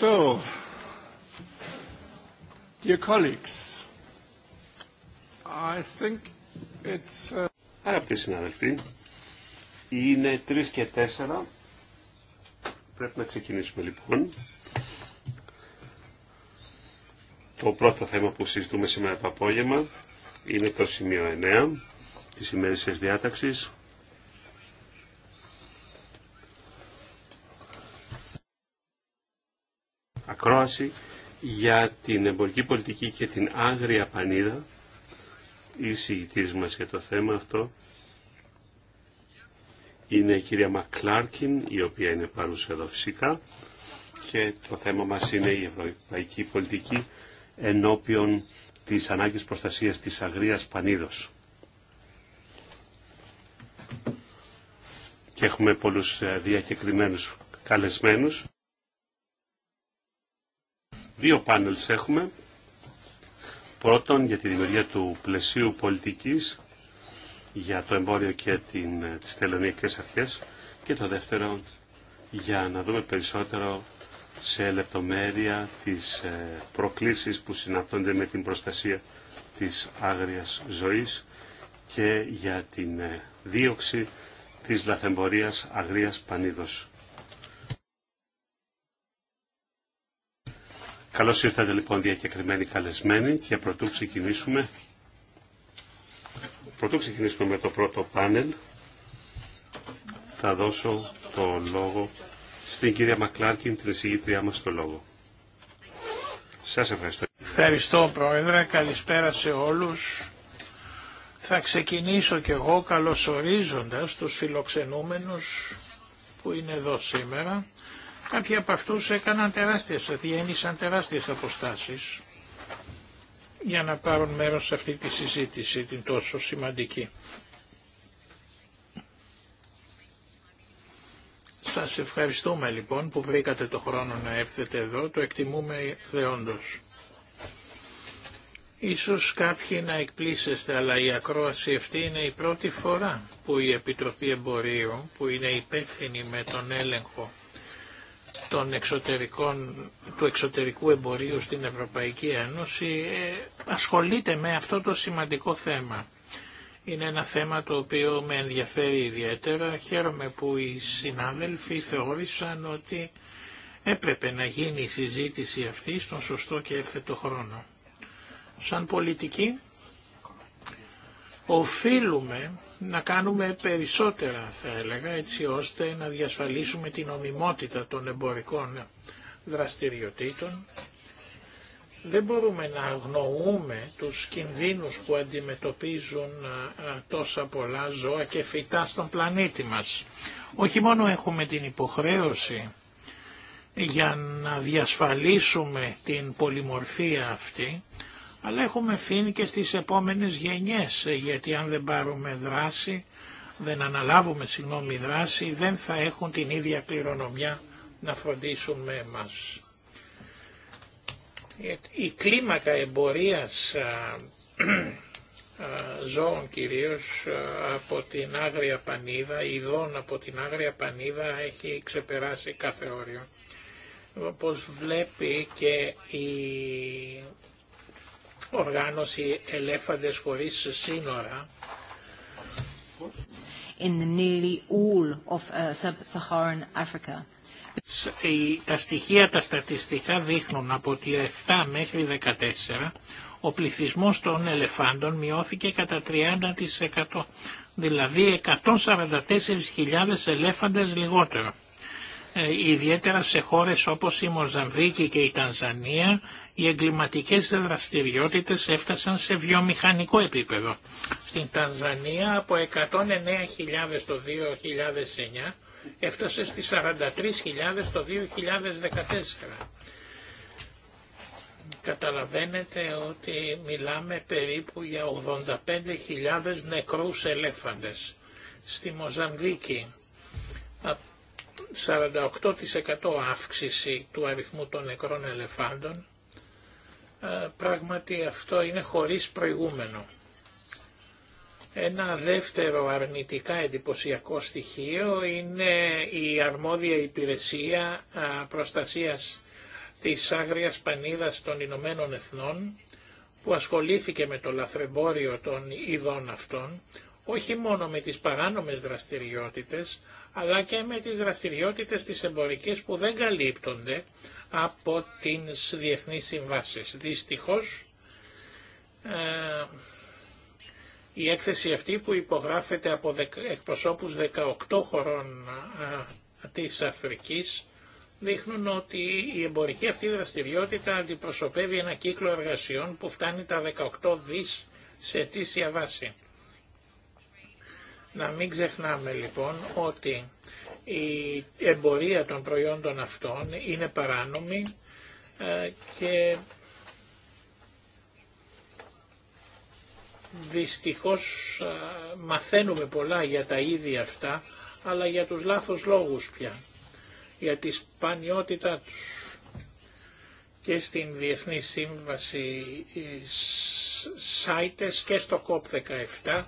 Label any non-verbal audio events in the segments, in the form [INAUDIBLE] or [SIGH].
So, dear colleagues, I think it's... Uh, Αγαπητοί συναδελφοί, είναι 3 και 4. Πρέπει να ξεκινήσουμε λοιπόν. Το πρώτο θέμα που συζητούμε σήμερα το απόγευμα είναι το σημείο 9 της ημέρησης διάταξης για την εμπορική πολιτική και την άγρια πανίδα, η συγητής μας για το θέμα αυτό, είναι η κυρία Μακλάρκιν, η οποία είναι παρούσα εδώ φυσικά, και το θέμα μας είναι η ευρωπαϊκή πολιτική ενώπιον της ανάγκης προστασίας της αγρίας πανίδος. Και έχουμε πολλούς ε, διακεκριμένους καλεσμένους. Δύο πάνελ έχουμε. Πρώτον για τη δημιουργία του πλαισίου πολιτικής για το εμπόριο και την, τις αρχέ και το δεύτερο για να δούμε περισσότερο σε λεπτομέρεια τις ε, προκλήσεις που συναπτώνται με την προστασία της άγριας ζωής και για την ε, δίωξη της λαθεμπορίας αγρίας πανίδος. Καλώς ήρθατε λοιπόν διακεκριμένοι καλεσμένοι και πρωτού ξεκινήσουμε, ξεκινήσουμε με το πρώτο πάνελ. Θα δώσω το λόγο στην κυρία Μακλάρκιν, την εισηγήτριά μας το λόγο. Σας ευχαριστώ. Ευχαριστώ Πρόεδρε, καλησπέρα σε όλους. Θα ξεκινήσω κι εγώ καλωσορίζοντας τους φιλοξενούμενους που είναι εδώ σήμερα Κάποιοι από αυτούς έκαναν τεράστιες, διένυσαν τεράστιες αποστάσεις για να πάρουν μέρος σε αυτή τη συζήτηση, την τόσο σημαντική. Σας ευχαριστούμε λοιπόν που βρήκατε το χρόνο να έρθετε εδώ, το εκτιμούμε δεόντως. Ίσως κάποιοι να εκπλήσεστε, αλλά η ακρόαση αυτή είναι η πρώτη φορά που η Επιτροπή Εμπορίου, που είναι υπεύθυνη με τον έλεγχο των εξωτερικών, του εξωτερικού εμπορίου στην Ευρωπαϊκή Ένωση ε, ασχολείται με αυτό το σημαντικό θέμα. Είναι ένα θέμα το οποίο με ενδιαφέρει ιδιαίτερα. Χαίρομαι που οι συνάδελφοι θεώρησαν ότι έπρεπε να γίνει η συζήτηση αυτή στον σωστό και έφθετο χρόνο. Σαν πολιτική οφείλουμε να κάνουμε περισσότερα θα έλεγα έτσι ώστε να διασφαλίσουμε την ομιμότητα των εμπορικών δραστηριοτήτων. Δεν μπορούμε να αγνοούμε τους κινδύνους που αντιμετωπίζουν τόσα πολλά ζώα και φυτά στον πλανήτη μας. Όχι μόνο έχουμε την υποχρέωση για να διασφαλίσουμε την πολυμορφία αυτή, αλλά έχουμε ευθύνη και στις επόμενες γενιές, γιατί αν δεν πάρουμε δράση, δεν αναλάβουμε συγγνώμη δράση, δεν θα έχουν την ίδια κληρονομιά να φροντίσουν με εμάς. Η κλίμακα εμπορίας ζώων κυρίως από την Άγρια Πανίδα, ειδών από την Άγρια Πανίδα έχει ξεπεράσει κάθε όριο. Όπως βλέπει και η οργάνωση Ελέφαντες Χωρίς Σύνορα in nearly all of uh, sub-Saharan Africa. Τα στοιχεία τα στατιστικά δείχνουν από τη 7 μέχρι 14 ο πληθυσμός των ελεφάντων μειώθηκε κατά 30%, δηλαδή 144.000 ελέφαντες λιγότερο. Ε, ιδιαίτερα σε χώρες όπως η Μοζαμβίκη και η Τανζανία οι εγκληματικές δραστηριότητες έφτασαν σε βιομηχανικό επίπεδο. Στην Τανζανία από 109.000 το 2009 έφτασε στις 43.000 το 2014. Καταλαβαίνετε ότι μιλάμε περίπου για 85.000 νεκρούς ελέφαντες. Στη Μοζαμβίκη 48% αύξηση του αριθμού των νεκρών ελεφάντων πράγματι αυτό είναι χωρίς προηγούμενο. Ένα δεύτερο αρνητικά εντυπωσιακό στοιχείο είναι η αρμόδια υπηρεσία προστασίας της Άγριας Πανίδας των Ηνωμένων Εθνών που ασχολήθηκε με το λαθρεμπόριο των ειδών αυτών, όχι μόνο με τις παράνομες δραστηριότητες, αλλά και με τις δραστηριότητες της εμπορικές που δεν καλύπτονται από τις διεθνείς συμβάσεις. Δυστυχώς ε, η έκθεση αυτή που υπογράφεται από εκπροσώπους 18 χωρών ε, της Αφρικής δείχνουν ότι η εμπορική αυτή δραστηριότητα αντιπροσωπεύει ένα κύκλο εργασιών που φτάνει τα 18 δις σε αιτήσια βάση. Να μην ξεχνάμε λοιπόν ότι η εμπορία των προϊόντων αυτών είναι παράνομη και δυστυχώς μαθαίνουμε πολλά για τα ίδια αυτά, αλλά για τους λάθος λόγους πια, για τη σπανιότητά τους. Και στην Διεθνή Σύμβαση Σάιτες και στο COP17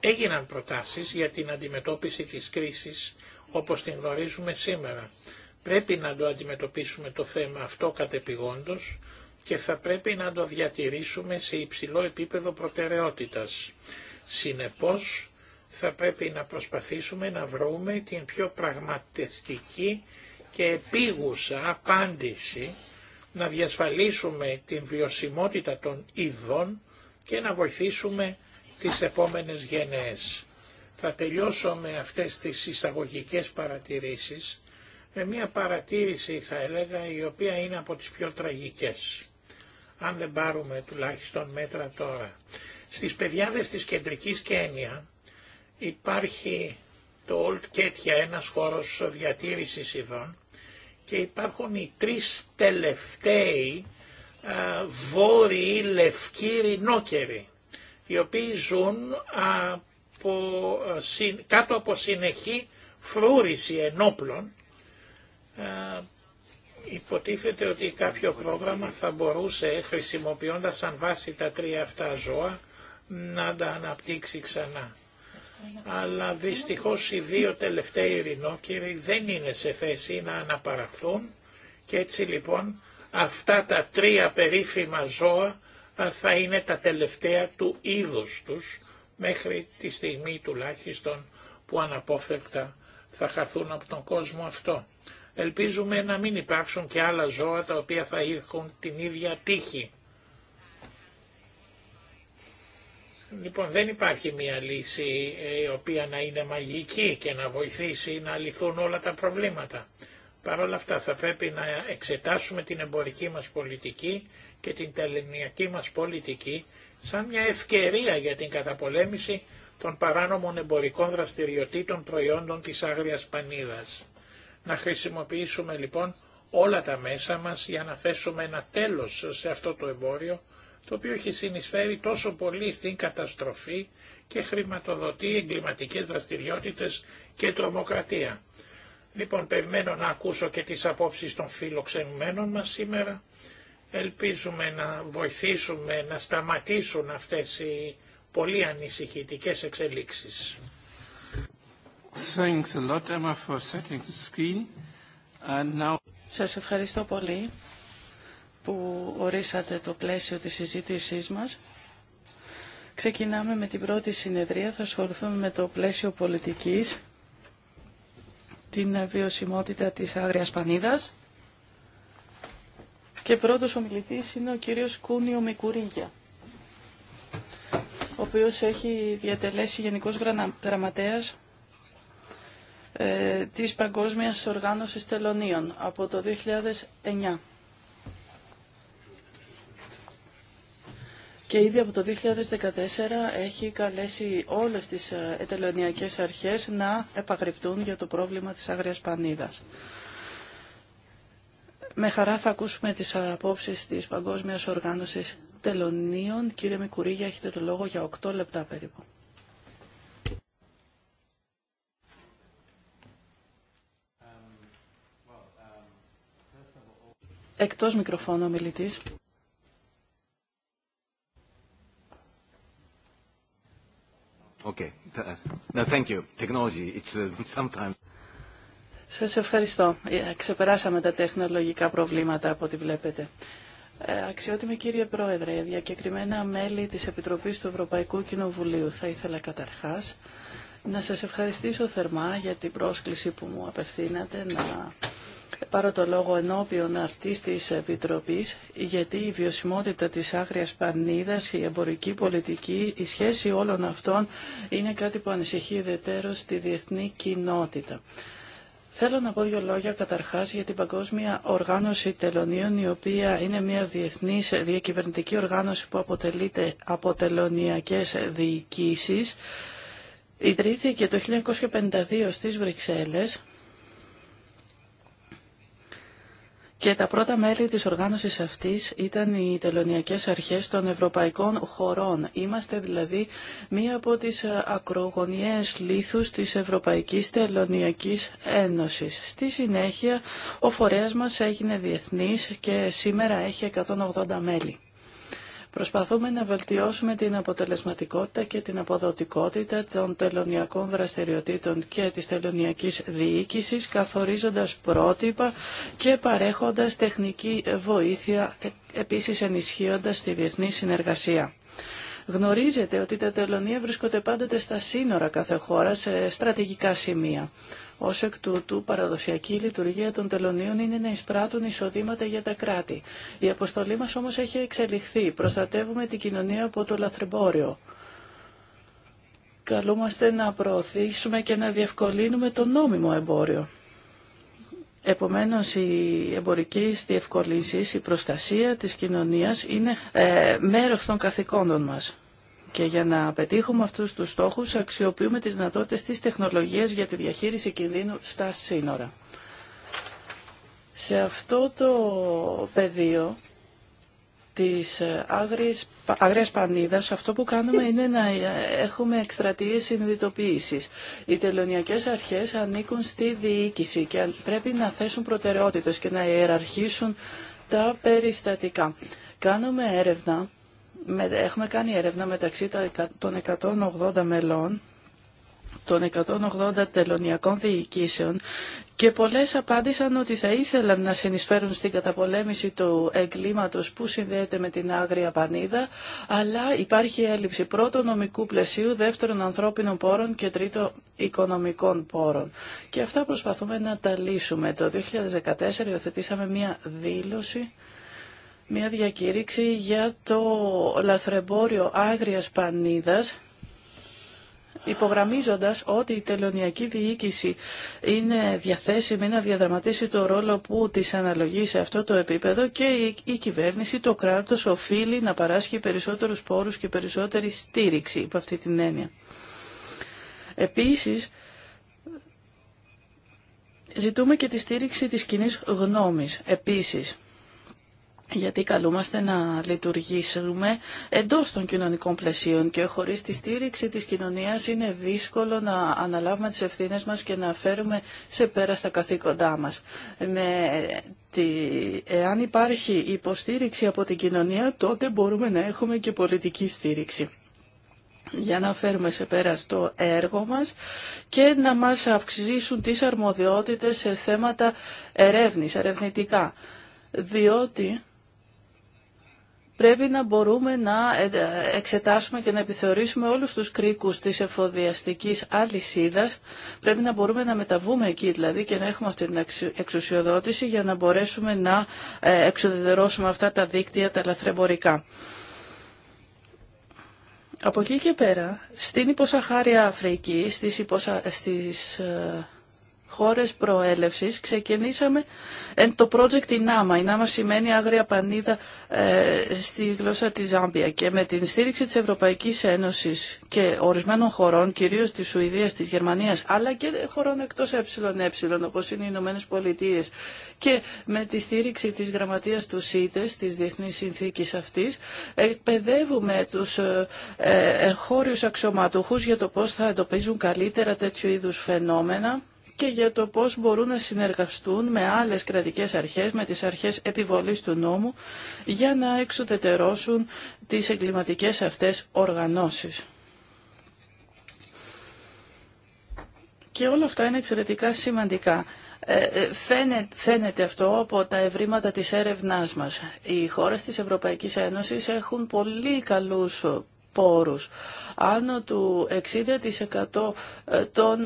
Έγιναν προτάσεις για την αντιμετώπιση της κρίσης όπως την γνωρίζουμε σήμερα. Πρέπει να το αντιμετωπίσουμε το θέμα αυτό κατεπηγόντως και θα πρέπει να το διατηρήσουμε σε υψηλό επίπεδο προτεραιότητας. Συνεπώς θα πρέπει να προσπαθήσουμε να βρούμε την πιο πραγματιστική και επίγουσα απάντηση να διασφαλίσουμε την βιωσιμότητα των ειδών και να βοηθήσουμε τις επόμενες γενναίες. Θα τελειώσω με αυτές τις εισαγωγικές παρατηρήσεις, με μια παρατήρηση θα έλεγα η οποία είναι από τις πιο τραγικές, αν δεν πάρουμε τουλάχιστον μέτρα τώρα. Στις παιδιάδες της κεντρικής Κένια υπάρχει το Old Ketia, ένας χώρος διατήρησης ειδών, και υπάρχουν οι τρεις τελευταίοι βόρειοι λευκοί ρινόκεροι οι οποίοι ζουν από, κάτω από συνεχή φρούρηση ενόπλων. Ε, υποτίθεται ότι κάποιο πρόγραμμα θα μπορούσε χρησιμοποιώντας σαν βάση τα τρία αυτά ζώα να τα αναπτύξει ξανά. Αλλά δυστυχώς οι δύο τελευταίοι ειρηνόκυροι δεν είναι σε θέση να αναπαραχθούν και έτσι λοιπόν αυτά τα τρία περίφημα ζώα θα είναι τα τελευταία του είδους τους μέχρι τη στιγμή τουλάχιστον που αναπόφευκτα θα χαθούν από τον κόσμο αυτό. Ελπίζουμε να μην υπάρξουν και άλλα ζώα τα οποία θα έχουν την ίδια τύχη. Λοιπόν δεν υπάρχει μια λύση ε, η οποία να είναι μαγική και να βοηθήσει να λυθούν όλα τα προβλήματα. Παρ' όλα αυτά θα πρέπει να εξετάσουμε την εμπορική μας πολιτική και την τελεμιακή μας πολιτική σαν μια ευκαιρία για την καταπολέμηση των παράνομων εμπορικών δραστηριοτήτων προϊόντων της Άγριας Πανίδας. Να χρησιμοποιήσουμε λοιπόν όλα τα μέσα μας για να θέσουμε ένα τέλος σε αυτό το εμπόριο, το οποίο έχει συνεισφέρει τόσο πολύ στην καταστροφή και χρηματοδοτεί εγκληματικές δραστηριότητες και τρομοκρατία. Λοιπόν, περιμένω να ακούσω και τις απόψεις των φιλοξενουμένων μας σήμερα Ελπίζουμε να βοηθήσουμε να σταματήσουν αυτές οι πολύ ανησυχητικές εξελίξεις. Thanks Σας ευχαριστώ πολύ που ορίσατε το πλαίσιο της συζήτησής μας. Ξεκινάμε με την πρώτη συνεδρία. Θα ασχοληθούμε με το πλαίσιο πολιτικής, την βιωσιμότητα της Άγριας Πανίδας. Και πρώτος ομιλητής είναι ο κύριος Κούνιο Μικουρίγια, ο οποίος έχει διατελέσει Γενικός Γραμματέας ε, της Παγκόσμιας Οργάνωσης Τελωνίων από το 2009. Και ήδη από το 2014 έχει καλέσει όλες τις ετελωνιακές αρχές να επαγρυπτούν για το πρόβλημα της άγριας πανίδας. Με χαρά θα ακούσουμε τις απόψεις της Παγκόσμιας Οργάνωσης Τελωνίων. Κύριε Μικουρίγια, έχετε το λόγο για 8 λεπτά περίπου. Εκτός μικροφώνου ο μιλητής. Okay. No, thank you. Technology, it's uh, sometimes... Σας ευχαριστώ. Ε, ξεπεράσαμε τα τεχνολογικά προβλήματα από ό,τι βλέπετε. Ε, αξιότιμη κύριε Πρόεδρε, διακεκριμένα μέλη της Επιτροπής του Ευρωπαϊκού Κοινοβουλίου, θα ήθελα καταρχάς να σας ευχαριστήσω θερμά για την πρόσκληση που μου απευθύνατε να πάρω το λόγο ενώπιον αρτής της Επιτροπής, γιατί η βιωσιμότητα της άγριας πανίδας, η εμπορική πολιτική, η σχέση όλων αυτών είναι κάτι που ανησυχεί στη διεθνή κοινότητα. Θέλω να πω δύο λόγια καταρχάς για την Παγκόσμια Οργάνωση Τελωνίων, η οποία είναι μια διεθνής διακυβερνητική οργάνωση που αποτελείται από τελωνιακέ διοικήσει. Ιδρύθηκε το 1952 στις Βρυξέλλες Και τα πρώτα μέλη της οργάνωσης αυτής ήταν οι τελωνιακές αρχές των ευρωπαϊκών χωρών. Είμαστε δηλαδή μία από τις ακρογωνιές λίθους της Ευρωπαϊκής Τελωνιακής Ένωσης. Στη συνέχεια ο φορέας μας έγινε διεθνής και σήμερα έχει 180 μέλη. Προσπαθούμε να βελτιώσουμε την αποτελεσματικότητα και την αποδοτικότητα των τελωνιακών δραστηριοτήτων και της τελωνιακής διοίκησης, καθορίζοντας πρότυπα και παρέχοντας τεχνική βοήθεια, ε, επίσης ενισχύοντας τη διεθνή συνεργασία. Γνωρίζετε ότι τα τελωνία βρίσκονται πάντοτε στα σύνορα κάθε χώρα σε στρατηγικά σημεία. Ω εκ τούτου, παραδοσιακή λειτουργία των τελωνίων είναι να εισπράττουν εισοδήματα για τα κράτη. Η αποστολή μα όμω έχει εξελιχθεί. Προστατεύουμε την κοινωνία από το λαθρεμπόριο. Καλούμαστε να προωθήσουμε και να διευκολύνουμε το νόμιμο εμπόριο. Επομένως, η εμπορική διευκολύνσεις, η προστασία της κοινωνίας είναι ε, μέρος των καθηκόντων μας. Και για να πετύχουμε αυτούς τους στόχους αξιοποιούμε τις δυνατότητε τη τεχνολογία για τη διαχείριση κινδύνου στα σύνορα. Σε αυτό το πεδίο της ε, άγριας, πανίδα αυτό που κάνουμε είναι να ε, έχουμε εκστρατείες συνειδητοποίησης. Οι τελωνιακές αρχές ανήκουν στη διοίκηση και πρέπει να θέσουν προτεραιότητες και να ιεραρχήσουν τα περιστατικά. Κάνουμε έρευνα Έχουμε κάνει έρευνα μεταξύ των 180 μελών των 180 τελωνιακών διοικήσεων και πολλές απάντησαν ότι θα ήθελαν να συνεισφέρουν στην καταπολέμηση του εγκλήματος που συνδέεται με την άγρια πανίδα, αλλά υπάρχει έλλειψη πρώτον νομικού πλαισίου, δεύτερον ανθρώπινων πόρων και τρίτον οικονομικών πόρων. Και αυτά προσπαθούμε να τα λύσουμε. Το 2014 υιοθετήσαμε μία δήλωση μια διακήρυξη για το λαθρεμπόριο άγριας πανίδας υπογραμμίζοντας ότι η τελωνιακή διοίκηση είναι διαθέσιμη να διαδραματίσει το ρόλο που της αναλογεί σε αυτό το επίπεδο και η κυβέρνηση, το κράτος, οφείλει να παράσχει περισσότερους πόρους και περισσότερη στήριξη υπό αυτή την έννοια. Επίσης, ζητούμε και τη στήριξη της κοινή γνώμης. Επίσης, γιατί καλούμαστε να λειτουργήσουμε εντός των κοινωνικών πλαισίων και χωρίς τη στήριξη της κοινωνίας είναι δύσκολο να αναλάβουμε τις ευθύνες μας και να φέρουμε σε πέρα στα καθήκοντά μας. Με τη... Εάν υπάρχει υποστήριξη από την κοινωνία τότε μπορούμε να έχουμε και πολιτική στήριξη για να φέρουμε σε πέρα στο έργο μας και να μας αυξήσουν τις αρμοδιότητες σε θέματα ερεύνης, ερευνητικά. Διότι πρέπει να μπορούμε να ε, ε, εξετάσουμε και να επιθεωρήσουμε όλους τους κρίκους της εφοδιαστικής αλυσίδας. Πρέπει να μπορούμε να μεταβούμε εκεί δηλαδή και να έχουμε αυτή την εξουσιοδότηση για να μπορέσουμε να ε, εξουδετερώσουμε αυτά τα δίκτυα τα λαθρεμπορικά. Από εκεί και πέρα, στην υποσαχάρια Αφρική, στις, υποσα... στις χώρες προέλευσης ξεκινήσαμε εν το project Inama. Inama σημαίνει άγρια πανίδα ε, στη γλώσσα της Ζάμπια και με την στήριξη της Ευρωπαϊκής Ένωσης και ορισμένων χωρών, κυρίως της Σουηδίας, της Γερμανίας, αλλά και χωρών εκτός ΕΕ, όπως είναι οι Ηνωμένε Πολιτείε. Και με τη στήριξη της γραμματείας του ΣΥΤΕΣ, της Διεθνής Συνθήκης αυτής, εκπαιδεύουμε τους ε, ε, αξιωματούχους για το πώς θα εντοπίζουν καλύτερα τέτοιου είδους φαινόμενα και για το πώς μπορούν να συνεργαστούν με άλλες κρατικές αρχές, με τις αρχές επιβολής του νόμου, για να εξουδετερώσουν τις εγκληματικές αυτές οργανώσεις. Και όλα αυτά είναι εξαιρετικά σημαντικά. Ε, ε, φαίνεται, αυτό από τα ευρήματα της έρευνάς μας. Οι χώρες της Ευρωπαϊκής Ένωσης έχουν πολύ καλούς πόρους. Άνω του 60% ε, των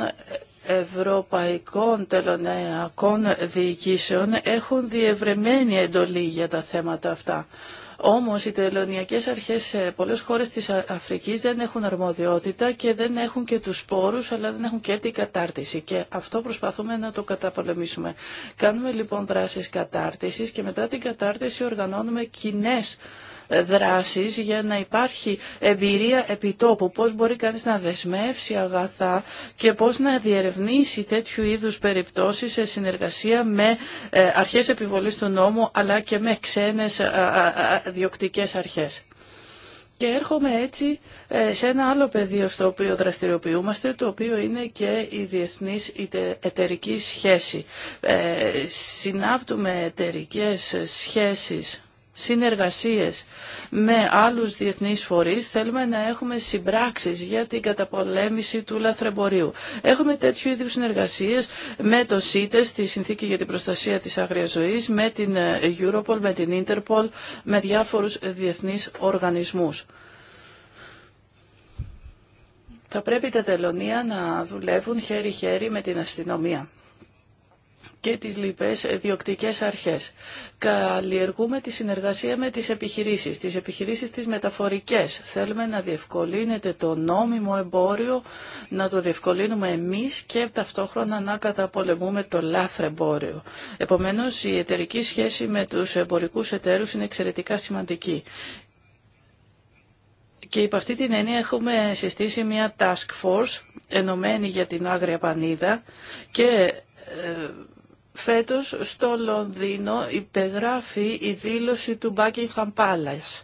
ευρωπαϊκών τελωνιακών διοικήσεων έχουν διευρεμένη εντολή για τα θέματα αυτά. Όμως οι τελωνιακές αρχές σε πολλές χώρες της Αφρικής δεν έχουν αρμοδιότητα και δεν έχουν και τους σπόρους αλλά δεν έχουν και την κατάρτιση και αυτό προσπαθούμε να το καταπολεμήσουμε. Κάνουμε λοιπόν δράσεις κατάρτισης και μετά την κατάρτιση οργανώνουμε κοινέ δράσεις για να υπάρχει εμπειρία επιτόπου. Πώς μπορεί κανείς να δεσμεύσει αγαθά και πώς να διερευνήσει τέτοιου είδους περιπτώσεις σε συνεργασία με ε, αρχές επιβολής του νόμου αλλά και με ξένες διοκτικές αρχές. Και έρχομαι έτσι ε, σε ένα άλλο πεδίο στο οποίο δραστηριοποιούμαστε, το οποίο είναι και η διεθνής εταιρική σχέση. Ε, συνάπτουμε εταιρικές σχέσεις συνεργασίες με άλλους διεθνείς φορείς, θέλουμε να έχουμε συμπράξεις για την καταπολέμηση του λαθρεμπορίου. Έχουμε τέτοιου είδου συνεργασίες με το ΣΥΤΕΣ, τη Συνθήκη για την Προστασία της Άγριας Ζωής, με την ε, Europol, με την Interpol, με διάφορους διεθνείς οργανισμούς. Θα πρέπει τα τελωνία να δουλεύουν χέρι-χέρι με την αστυνομία και τις λοιπές διοκτικές αρχές. Καλλιεργούμε τη συνεργασία με τις επιχειρήσεις, τις επιχειρήσεις τις μεταφορικές. Θέλουμε να διευκολύνεται το νόμιμο εμπόριο, να το διευκολύνουμε εμείς και ταυτόχρονα να καταπολεμούμε το λάθρο εμπόριο. Επομένως, η εταιρική σχέση με τους εμπορικούς εταίρους είναι εξαιρετικά σημαντική. Και υπ' αυτή την έννοια έχουμε συστήσει μια task force ενωμένη για την άγρια πανίδα και ε, Φέτος στο Λονδίνο υπεγράφει η δήλωση του Buckingham Palace,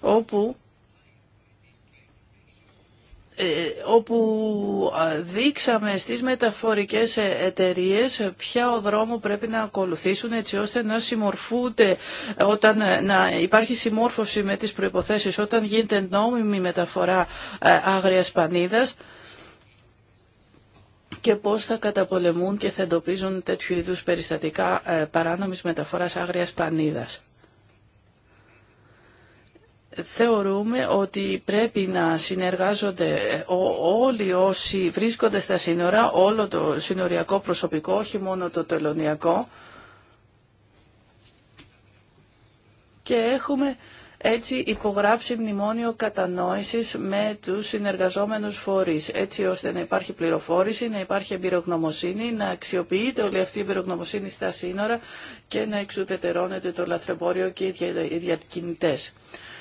όπου ε, όπου δείξαμε στις μεταφορικές ε, εταιρείες ποια ο δρόμο πρέπει να ακολουθήσουν έτσι ώστε να συμμορφούνται όταν ε, να υπάρχει συμμόρφωση με τις προϋποθέσεις όταν γίνεται νόμιμη μεταφορά άγριας πανίδας και πώ θα καταπολεμούν και θα εντοπίζουν τέτοιου είδου περιστατικά ε, παράνομη μεταφορά άγρια πανίδα. Θεωρούμε ότι πρέπει να συνεργάζονται ε, όλοι όσοι βρίσκονται στα σύνορα, όλο το συνοριακό προσωπικό, όχι μόνο το τελωνιακό. Και έχουμε έτσι υπογράψει μνημόνιο κατανόησης με τους συνεργαζόμενους φορείς, έτσι ώστε να υπάρχει πληροφόρηση, να υπάρχει εμπειρογνωμοσύνη, να αξιοποιείται όλη αυτή η εμπειρογνωμοσύνη στα σύνορα και να εξουδετερώνεται το λαθρεμπόριο και οι διακινητές.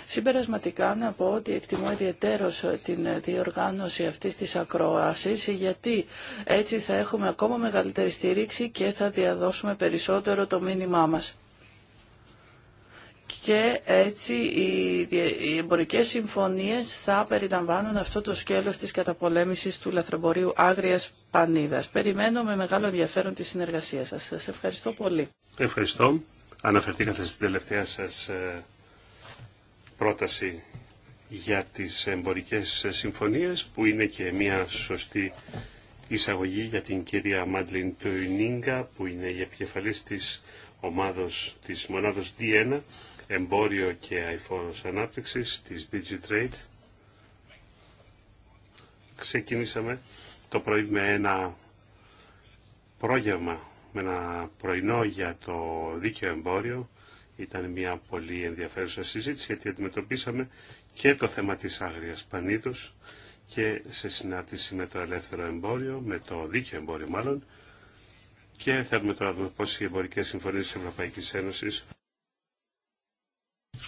Συμπερασματικά να πω ότι εκτιμώ ιδιαίτερως την διοργάνωση αυτής της ακροάσης γιατί έτσι θα έχουμε ακόμα μεγαλύτερη στήριξη και θα διαδώσουμε περισσότερο το μήνυμά μας και έτσι οι εμπορικές συμφωνίες θα περιλαμβάνουν αυτό το σκέλος της καταπολέμησης του λαθρομπορίου άγριας πανίδας. Περιμένω με μεγάλο ενδιαφέρον τη συνεργασία σας. Σας ευχαριστώ πολύ. Ευχαριστώ. Αναφερθήκατε στην τελευταία σας ε, πρόταση για τις εμπορικές συμφωνίες που είναι και μια σωστή εισαγωγή για την κυρία Μάντλιν Τουινίγκα που είναι η επικεφαλής της ομάδος της μονάδος D1 εμπόριο και αηφόρος ανάπτυξης της DigiTrade. Ξεκινήσαμε το πρωί με ένα πρόγευμα, με ένα πρωινό για το δίκαιο εμπόριο. Ήταν μια πολύ ενδιαφέρουσα συζήτηση γιατί αντιμετωπίσαμε και το θέμα της άγριας πανίδους και σε συνάρτηση με το ελεύθερο εμπόριο, με το δίκαιο εμπόριο μάλλον, και θέλουμε τώρα να δούμε πώς οι εμπορικές συμφωνίες της Ευρωπαϊκής Ένωσης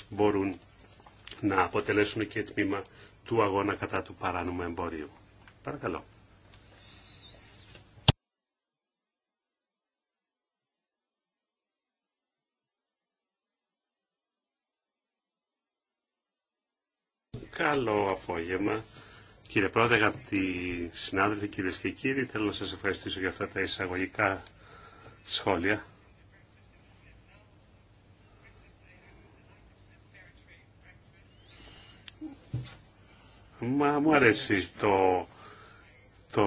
μπορούν να αποτελέσουν και τμήμα του αγώνα κατά του παράνομου εμπορίου. Παρακαλώ. Καλό απόγευμα. Κύριε Πρόεδρε, αγαπητοί συνάδελφοι, κυρίε και κύριοι, θέλω να σα ευχαριστήσω για αυτά τα εισαγωγικά σχόλια. Μα μου αρέσει το, το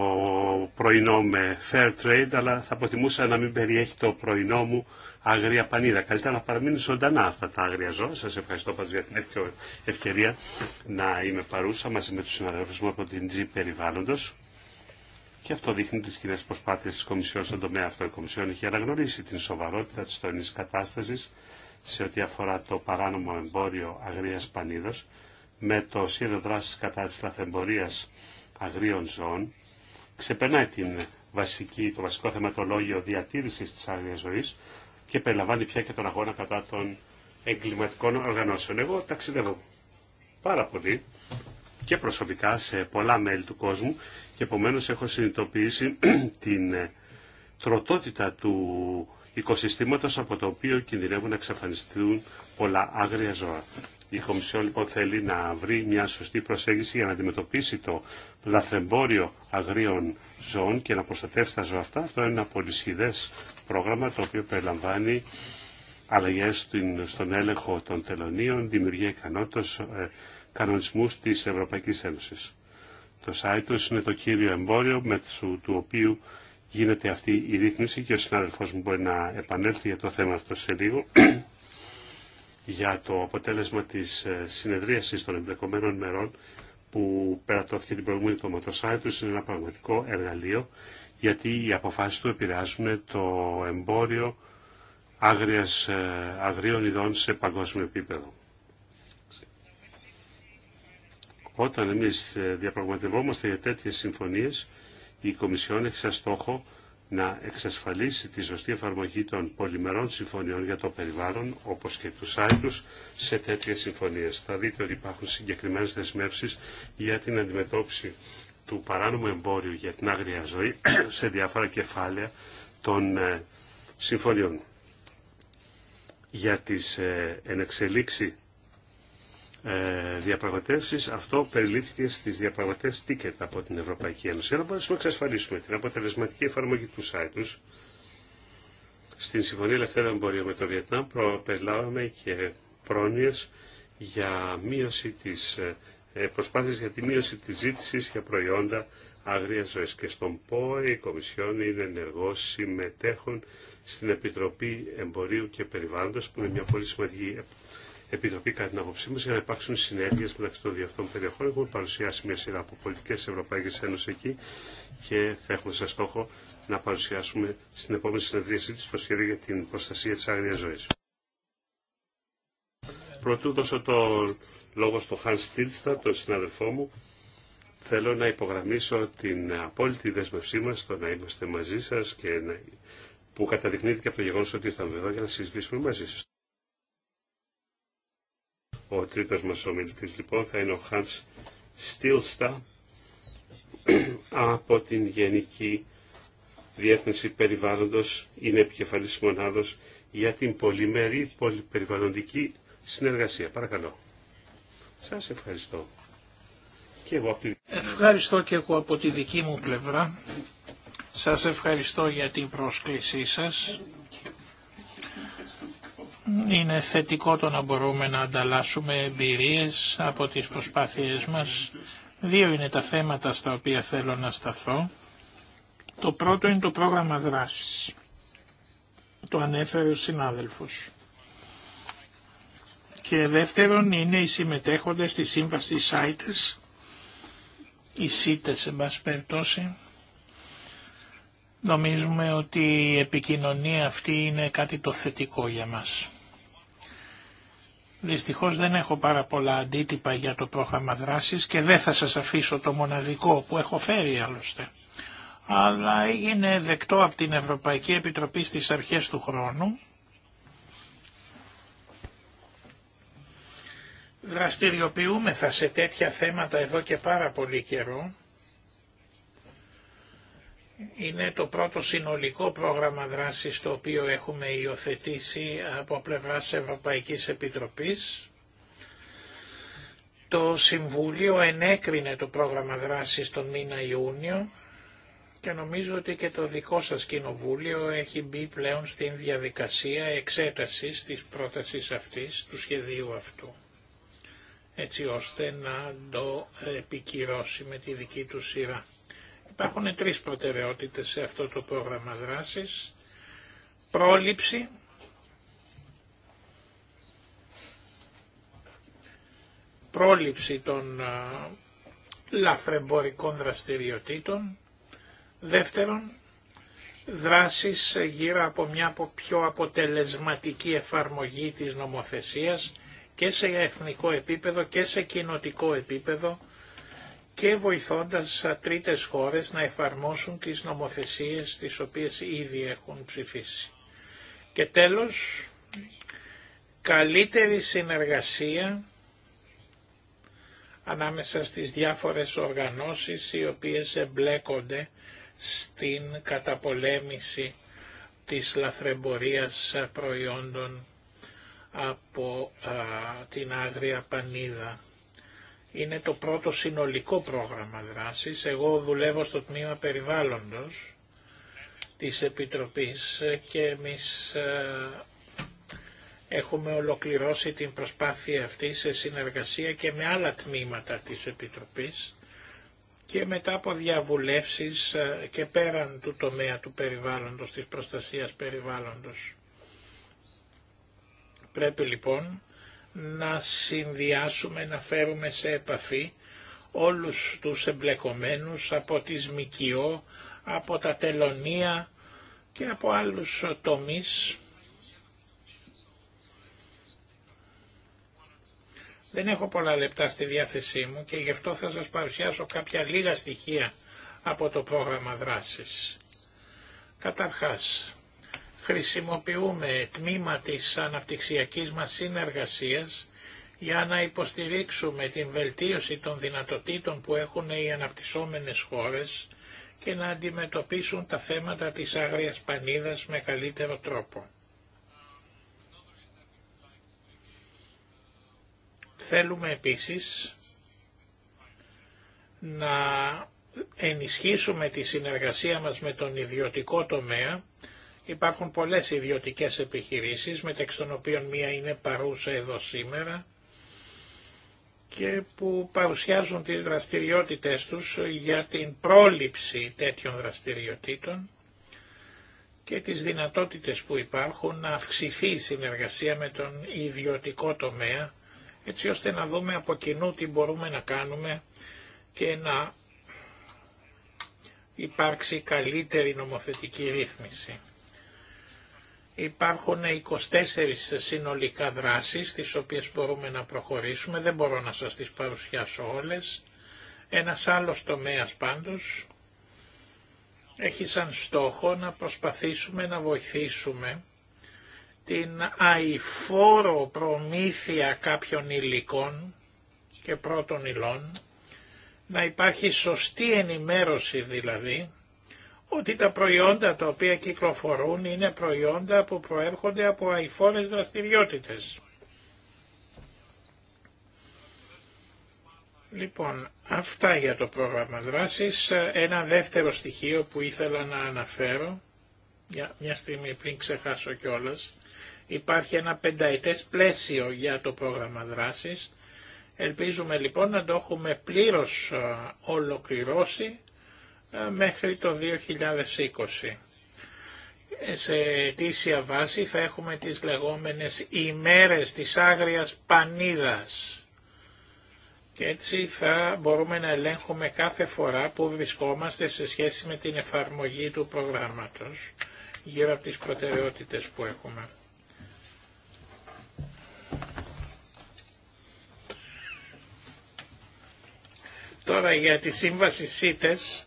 πρωινό με fair trade, αλλά θα προτιμούσα να μην περιέχει το πρωινό μου άγρια πανίδα. Καλύτερα να παραμείνουν ζωντανά αυτά τα άγρια ζώα. Σας ευχαριστώ πάντως για την ευκαιρία να είμαι παρούσα μαζί με τους συναδέλφους μου από την G Περιβάλλοντος. Και αυτό δείχνει τι κοινέ προσπάθειε τη Κομισιόν στον τομέα αυτό. Η Κομισιόν έχει αναγνωρίσει την σοβαρότητα τη τωρινή κατάσταση σε ό,τι αφορά το παράνομο εμπόριο αγρίας πανίδα με το σχέδιο δράση κατά της λαθεμπορίας αγρίων ζώων ξεπερνάει την βασική, το βασικό θεματολόγιο διατήρησης της άγρια ζωή, και περιλαμβάνει πια και τον αγώνα κατά των εγκληματικών οργανώσεων. Εγώ ταξιδεύω πάρα πολύ και προσωπικά σε πολλά μέλη του κόσμου και επομένω έχω συνειδητοποιήσει [CLEARS THROAT] την τροτότητα του οικοσυστήματος από το οποίο κινδυνεύουν να εξαφανιστούν πολλά άγρια ζώα. Η Κομισιόν λοιπόν θέλει να βρει μια σωστή προσέγγιση για να αντιμετωπίσει το λαθρεμπόριο αγρίων ζώων και να προστατεύσει τα ζώα αυτά. Αυτό είναι ένα πολυσχηδές πρόγραμμα το οποίο περιλαμβάνει αλλαγέ στον έλεγχο των τελωνίων, δημιουργία ικανότητα ε, κανονισμού τη Ευρωπαϊκή Ένωση. Το Σάιτος είναι το κύριο εμπόριο με του, του οποίου γίνεται αυτή η ρύθμιση και ο συνάδελφός μου μπορεί να επανέλθει για το θέμα αυτό σε λίγο για το αποτέλεσμα της ε, συνεδρίασης των εμπλεκομένων μερών που περατώθηκε την προηγούμενη εβδομάδα. Το site του είναι ένα πραγματικό εργαλείο γιατί οι αποφάσεις του επηρεάζουν το εμπόριο άγριας, ε, αγρίων ειδών σε παγκόσμιο επίπεδο. Όταν εμείς ε, διαπραγματευόμαστε για τέτοιες συμφωνίες, η Κομισιόν έχει σαν στόχο να εξασφαλίσει τη σωστή εφαρμογή των πολυμερών συμφωνιών για το περιβάλλον, όπως και του άλλου σε τέτοιες συμφωνίες. Θα δείτε ότι υπάρχουν συγκεκριμένες δεσμεύσεις για την αντιμετώπιση του παράνομου εμπόριου για την άγρια ζωή σε διάφορα κεφάλαια των ε, συμφωνιών. Για τις ε, ενεξελίξει ε, διαπραγματεύσεις, αυτό περιλήφθηκε στις διαπραγματεύσεις ticket από την Ευρωπαϊκή Ένωση. Για να μπορέσουμε να εξασφαλίσουμε την αποτελεσματική εφαρμογή του τους στην Συμφωνία Ελευθερία Εμπορίου με το Βιετνάμ περιλάβαμε και πρόνοιες για μείωση της ε, προσπάθειας για τη μείωση της ζήτησης για προϊόντα άγριας ζωής. Και στον ΠΟΕ η Κομισιόν είναι ενεργό συμμετέχων στην Επιτροπή Εμπορίου και Περιβάλλοντος που είναι μια πολύ σημαντική Επιτροπή, κατά την άποψή μα, για να υπάρξουν συνέργειε μεταξύ των δύο αυτών περιοχών. Έχουμε παρουσιάσει μια σειρά από πολιτικέ Ευρωπαϊκή Ένωση εκεί και θα έχουμε σαν στόχο να παρουσιάσουμε στην επόμενη συνεδρίασή τη το σχέδιο για την προστασία τη άγρια ζωή. Πρωτού δώσω το λόγο στον Χαν Στίλστα, τον συναδελφό μου, θέλω να υπογραμμίσω την απόλυτη δέσμευσή μα στο να είμαστε μαζί σα και να... που καταδεικνύεται και από το γεγονό ότι ήρθαμε εδώ για να συζητήσουμε μαζί σα. Ο τρίτος μας ομιλητής λοιπόν θα είναι ο Hans Στίλστα από την Γενική Διεύθυνση Περιβάλλοντος, είναι επικεφαλής μονάδος για την πολυμερή πολυπεριβαλλοντική συνεργασία. Παρακαλώ. Σας ευχαριστώ. Και Ευχαριστώ και εγώ από τη δική μου πλευρά. Σας ευχαριστώ για την πρόσκλησή σας είναι θετικό το να μπορούμε να ανταλλάσσουμε εμπειρίες από τις προσπάθειές μας. Δύο είναι τα θέματα στα οποία θέλω να σταθώ. Το πρώτο είναι το πρόγραμμα δράσης. Το ανέφερε ο συνάδελφος. Και δεύτερον είναι οι συμμετέχοντες στη σύμβαση ΣΑΙΤΕΣ, οι ΣΥΤΕΣ σε περιπτώσει. Νομίζουμε ότι η επικοινωνία αυτή είναι κάτι το θετικό για μας. Δυστυχώς δεν έχω πάρα πολλά αντίτυπα για το πρόγραμμα δράσης και δεν θα σας αφήσω το μοναδικό που έχω φέρει άλλωστε. Αλλά έγινε δεκτό από την Ευρωπαϊκή Επιτροπή στις αρχές του χρόνου δραστηριοποιούμεθα σε τέτοια θέματα εδώ και πάρα πολύ καιρό είναι το πρώτο συνολικό πρόγραμμα δράσης το οποίο έχουμε υιοθετήσει από πλευράς Ευρωπαϊκής Επιτροπής. Το Συμβούλιο ενέκρινε το πρόγραμμα δράσης τον μήνα Ιούνιο και νομίζω ότι και το δικό σας Κοινοβούλιο έχει μπει πλέον στην διαδικασία εξέτασης της πρότασης αυτής, του σχεδίου αυτού, έτσι ώστε να το επικυρώσει με τη δική του σειρά. Υπάρχουν τρεις προτεραιότητες σε αυτό το πρόγραμμα δράσης. Πρόληψη, πρόληψη των λαθρεμπορικών δραστηριοτήτων. Δεύτερον, δράσεις γύρω από μια πιο αποτελεσματική εφαρμογή της νομοθεσίας και σε εθνικό επίπεδο και σε κοινοτικό επίπεδο και βοηθώντας τρίτες χώρες να εφαρμόσουν τις νομοθεσίες τις οποίες ήδη έχουν ψηφίσει. Και τέλος, καλύτερη συνεργασία ανάμεσα στις διάφορες οργανώσεις οι οποίες εμπλέκονται στην καταπολέμηση της λαθρεμπορίας προϊόντων από την Άγρια Πανίδα είναι το πρώτο συνολικό πρόγραμμα δράσης. Εγώ δουλεύω στο τμήμα περιβάλλοντος της Επιτροπής και εμείς ε, έχουμε ολοκληρώσει την προσπάθεια αυτή σε συνεργασία και με άλλα τμήματα της Επιτροπής και μετά από διαβουλεύσεις ε, και πέραν του τομέα του περιβάλλοντος, της προστασίας περιβάλλοντος. Πρέπει λοιπόν να συνδυάσουμε, να φέρουμε σε επαφή όλους τους εμπλεκομένους από τις ΜΚΟ, από τα τελωνία και από άλλους τομείς. Δεν έχω πολλά λεπτά στη διάθεσή μου και γι' αυτό θα σας παρουσιάσω κάποια λίγα στοιχεία από το πρόγραμμα δράσης. Καταρχάς, χρησιμοποιούμε τμήμα της αναπτυξιακής μας συνεργασίας για να υποστηρίξουμε την βελτίωση των δυνατοτήτων που έχουν οι αναπτυσσόμενες χώρες και να αντιμετωπίσουν τα θέματα της άγριας πανίδας με καλύτερο τρόπο. Θέλουμε επίσης να ενισχύσουμε τη συνεργασία μας με τον ιδιωτικό τομέα Υπάρχουν πολλές ιδιωτικές επιχειρήσεις, μεταξύ των οποίων μία είναι παρούσα εδώ σήμερα και που παρουσιάζουν τις δραστηριότητες τους για την πρόληψη τέτοιων δραστηριοτήτων και τις δυνατότητες που υπάρχουν να αυξηθεί η συνεργασία με τον ιδιωτικό τομέα, έτσι ώστε να δούμε από κοινού τι μπορούμε να κάνουμε και να υπάρξει καλύτερη νομοθετική ρύθμιση. Υπάρχουν 24 συνολικά δράσεις τις οποίες μπορούμε να προχωρήσουμε, δεν μπορώ να σας τις παρουσιάσω όλες. Ένας άλλος τομέας πάντως έχει σαν στόχο να προσπαθήσουμε να βοηθήσουμε την αηφόρο προμήθεια κάποιων υλικών και πρώτων υλών, να υπάρχει σωστή ενημέρωση δηλαδή ότι τα προϊόντα τα οποία κυκλοφορούν είναι προϊόντα που προέρχονται από αηφόρες δραστηριότητες. Λοιπόν, αυτά για το πρόγραμμα δράσης. Ένα δεύτερο στοιχείο που ήθελα να αναφέρω, για μια στιγμή πριν ξεχάσω κιόλας, υπάρχει ένα πενταετές πλαίσιο για το πρόγραμμα δράσης. Ελπίζουμε λοιπόν να το έχουμε πλήρως ε, ολοκληρώσει ε, μέχρι το 2020. Ε, σε αιτήσια βάση θα έχουμε τις λεγόμενες ημέρες της άγριας πανίδας. Και έτσι θα μπορούμε να ελέγχουμε κάθε φορά που βρισκόμαστε σε σχέση με την εφαρμογή του προγράμματος γύρω από τις προτεραιότητες που έχουμε. Τώρα για τη σύμβαση ΣΥΤΕΣ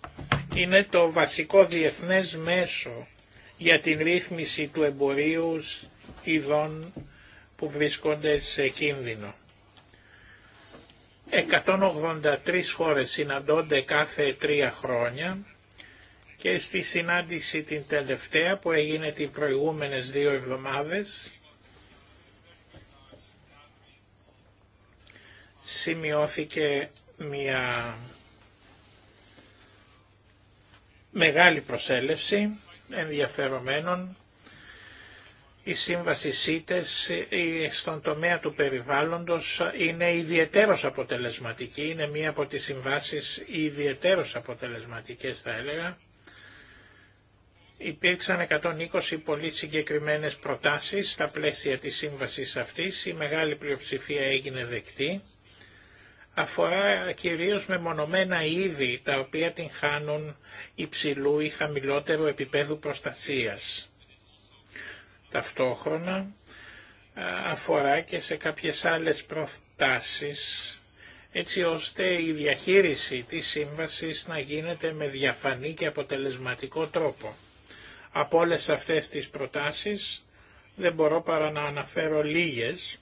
είναι το βασικό διεθνές μέσο για την ρύθμιση του εμπορίου ειδών που βρίσκονται σε κίνδυνο. 183 χώρες συναντώνται κάθε τρία χρόνια και στη συνάντηση την τελευταία που έγινε την προηγούμενες δύο εβδομάδες σημειώθηκε μια μεγάλη προσέλευση ενδιαφερομένων. Η σύμβαση ΣΥΤΕΣ στον τομέα του περιβάλλοντος είναι ιδιαίτερος αποτελεσματική, είναι μία από τις συμβάσεις ιδιαίτερος αποτελεσματικές θα έλεγα. Υπήρξαν 120 πολύ συγκεκριμένες προτάσεις στα πλαίσια της σύμβασης αυτής, η μεγάλη πλειοψηφία έγινε δεκτή αφορά κυρίως μονομενα είδη τα οποία την χάνουν υψηλού ή χαμηλότερου επίπεδου προστασίας. Ταυτόχρονα αφορά και σε κάποιες άλλες προτάσεις έτσι ώστε η διαχείριση της σύμβασης να γίνεται με διαφανή και αποτελεσματικό τρόπο. Από όλες αυτές τις προτάσεις δεν μπορώ παρά να αναφέρω λίγες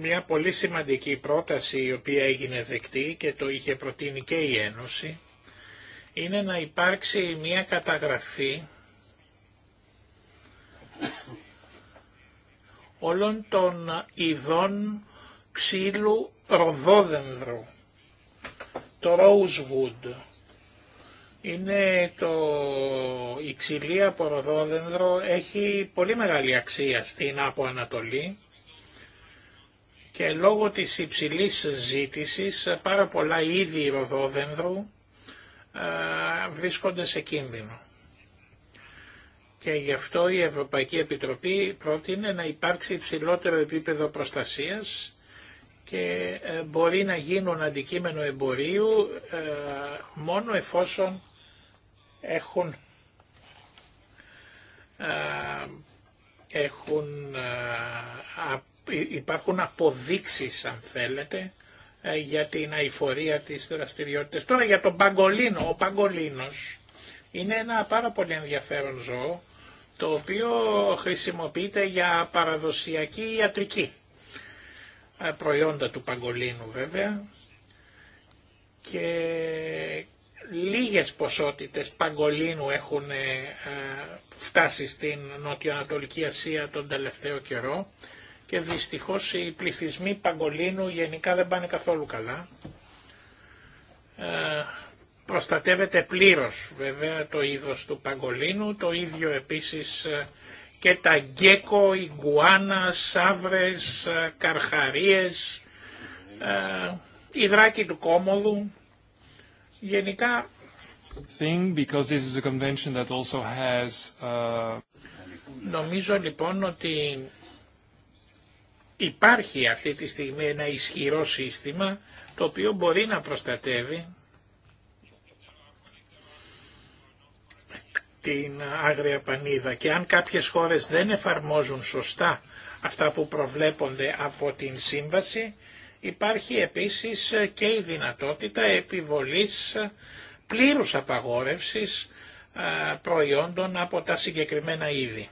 Μια πολύ σημαντική πρόταση η οποία έγινε δεκτή και το είχε προτείνει και η Ένωση είναι να υπάρξει μια καταγραφή όλων των ειδών ξύλου ροδόδενδρου. Το rosewood είναι το... η ξυλία από ροδόδενδρο έχει πολύ μεγάλη αξία στην Άπο Ανατολή και λόγω της υψηλής ζήτησης πάρα πολλά είδη ροδόδενδρου ε, βρίσκονται σε κίνδυνο. Και γι' αυτό η Ευρωπαϊκή Επιτροπή πρότεινε να υπάρξει υψηλότερο επίπεδο προστασίας και ε, μπορεί να γίνουν αντικείμενο εμπορίου ε, μόνο εφόσον έχουν, έχουν υπάρχουν αποδείξεις αν θέλετε ε, για την αηφορία της δραστηριότητας. Τώρα για τον παγκολίνο, ο παγκολίνος είναι ένα πάρα πολύ ενδιαφέρον ζώο το οποίο χρησιμοποιείται για παραδοσιακή ιατρική ε, προϊόντα του παγκολίνου βέβαια και λίγες ποσότητες παγκολίνου έχουν ε, φτάσει στην Νοτιοανατολική Ασία τον τελευταίο καιρό και δυστυχώς οι πληθυσμοί παγκολίνου γενικά δεν πάνε καθόλου καλά. Ε, προστατεύεται πλήρως βέβαια το είδος του παγκολίνου, το ίδιο επίσης ε, και τα γκέκο, ηγκουάνα, σάβρες, ε, καρχαρίες, ε, υδράκι του κόμοδου. Γενικά... Thing, because this uh, Νομίζω λοιπόν ότι Υπάρχει αυτή τη στιγμή ένα ισχυρό σύστημα το οποίο μπορεί να προστατεύει την άγρια πανίδα και αν κάποιες χώρες δεν εφαρμόζουν σωστά αυτά που προβλέπονται από την σύμβαση υπάρχει επίσης και η δυνατότητα επιβολής πλήρους απαγόρευσης ε, προϊόντων από τα συγκεκριμένα είδη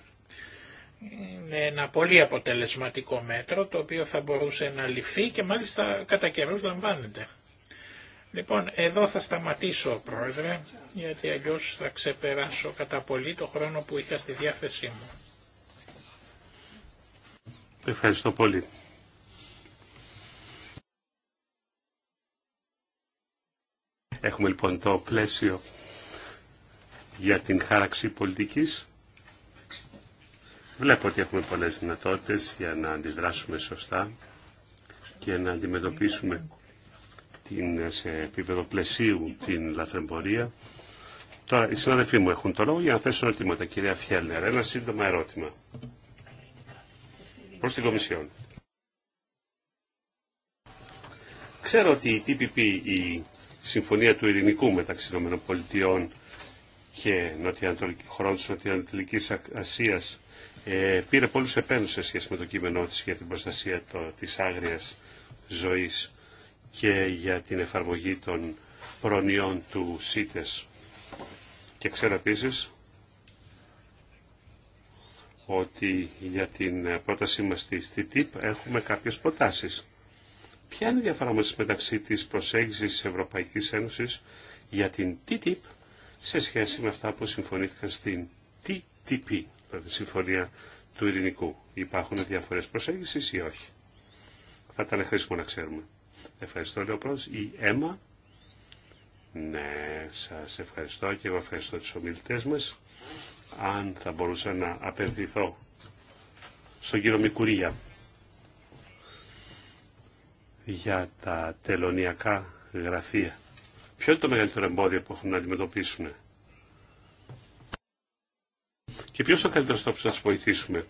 είναι ένα πολύ αποτελεσματικό μέτρο το οποίο θα μπορούσε να ληφθεί και μάλιστα κατά καιρούς λαμβάνεται. Λοιπόν, εδώ θα σταματήσω, Πρόεδρε, γιατί αλλιώς θα ξεπεράσω κατά πολύ το χρόνο που είχα στη διάθεσή μου. Ευχαριστώ πολύ. Έχουμε λοιπόν το πλαίσιο για την χάραξη πολιτικής Βλέπω ότι έχουμε πολλές δυνατότητες για να αντιδράσουμε σωστά και να αντιμετωπίσουμε την, σε επίπεδο πλαισίου την λαθρεμπορία. Τώρα, οι συναδελφοί μου έχουν το λόγο για να θέσουν ερωτήματα. Κυρία Φιέλνερ, ένα σύντομα ερώτημα προς την Κομισιόν. Ξέρω ότι η TPP, η Συμφωνία του Ειρηνικού μεταξύ των Πολιτείων και χωρών της Νοτιοανατολικής Ασίας ε, πήρε πολλούς επένους σε σχέση με το κείμενό της για την προστασία το, της άγριας ζωής και για την εφαρμογή των προνοιών του ΣΥΤΕΣ. Και ξέρω επίσης ότι για την πρότασή μας της TTIP έχουμε κάποιες προτάσεις. Ποια είναι η διαφορά μας μεταξύ της προσέγγισης της Ευρωπαϊκής Ένωσης για την TTIP σε σχέση με αυτά που συμφωνήθηκαν στην TTP κατά τη συμφωνία του ειρηνικού. Υπάρχουν διαφορές προσέγγισης ή όχι. διαφορέ προσέγγιση Η οχι θα ηταν χρησιμο να ξερουμε ευχαριστω λοιπόν η εμα Ναι, σας ευχαριστώ και εγώ ευχαριστώ τους ομιλητές μας. Αν θα μπορούσα να απευθυνθώ στον κύριο Μικουρία για τα τελωνιακά γραφεία. Ποιο είναι το μεγαλύτερο εμπόδιο που έχουν να αντιμετωπίσουν και ποιο ο καλύτερο τρόπο να του βοηθήσουμε.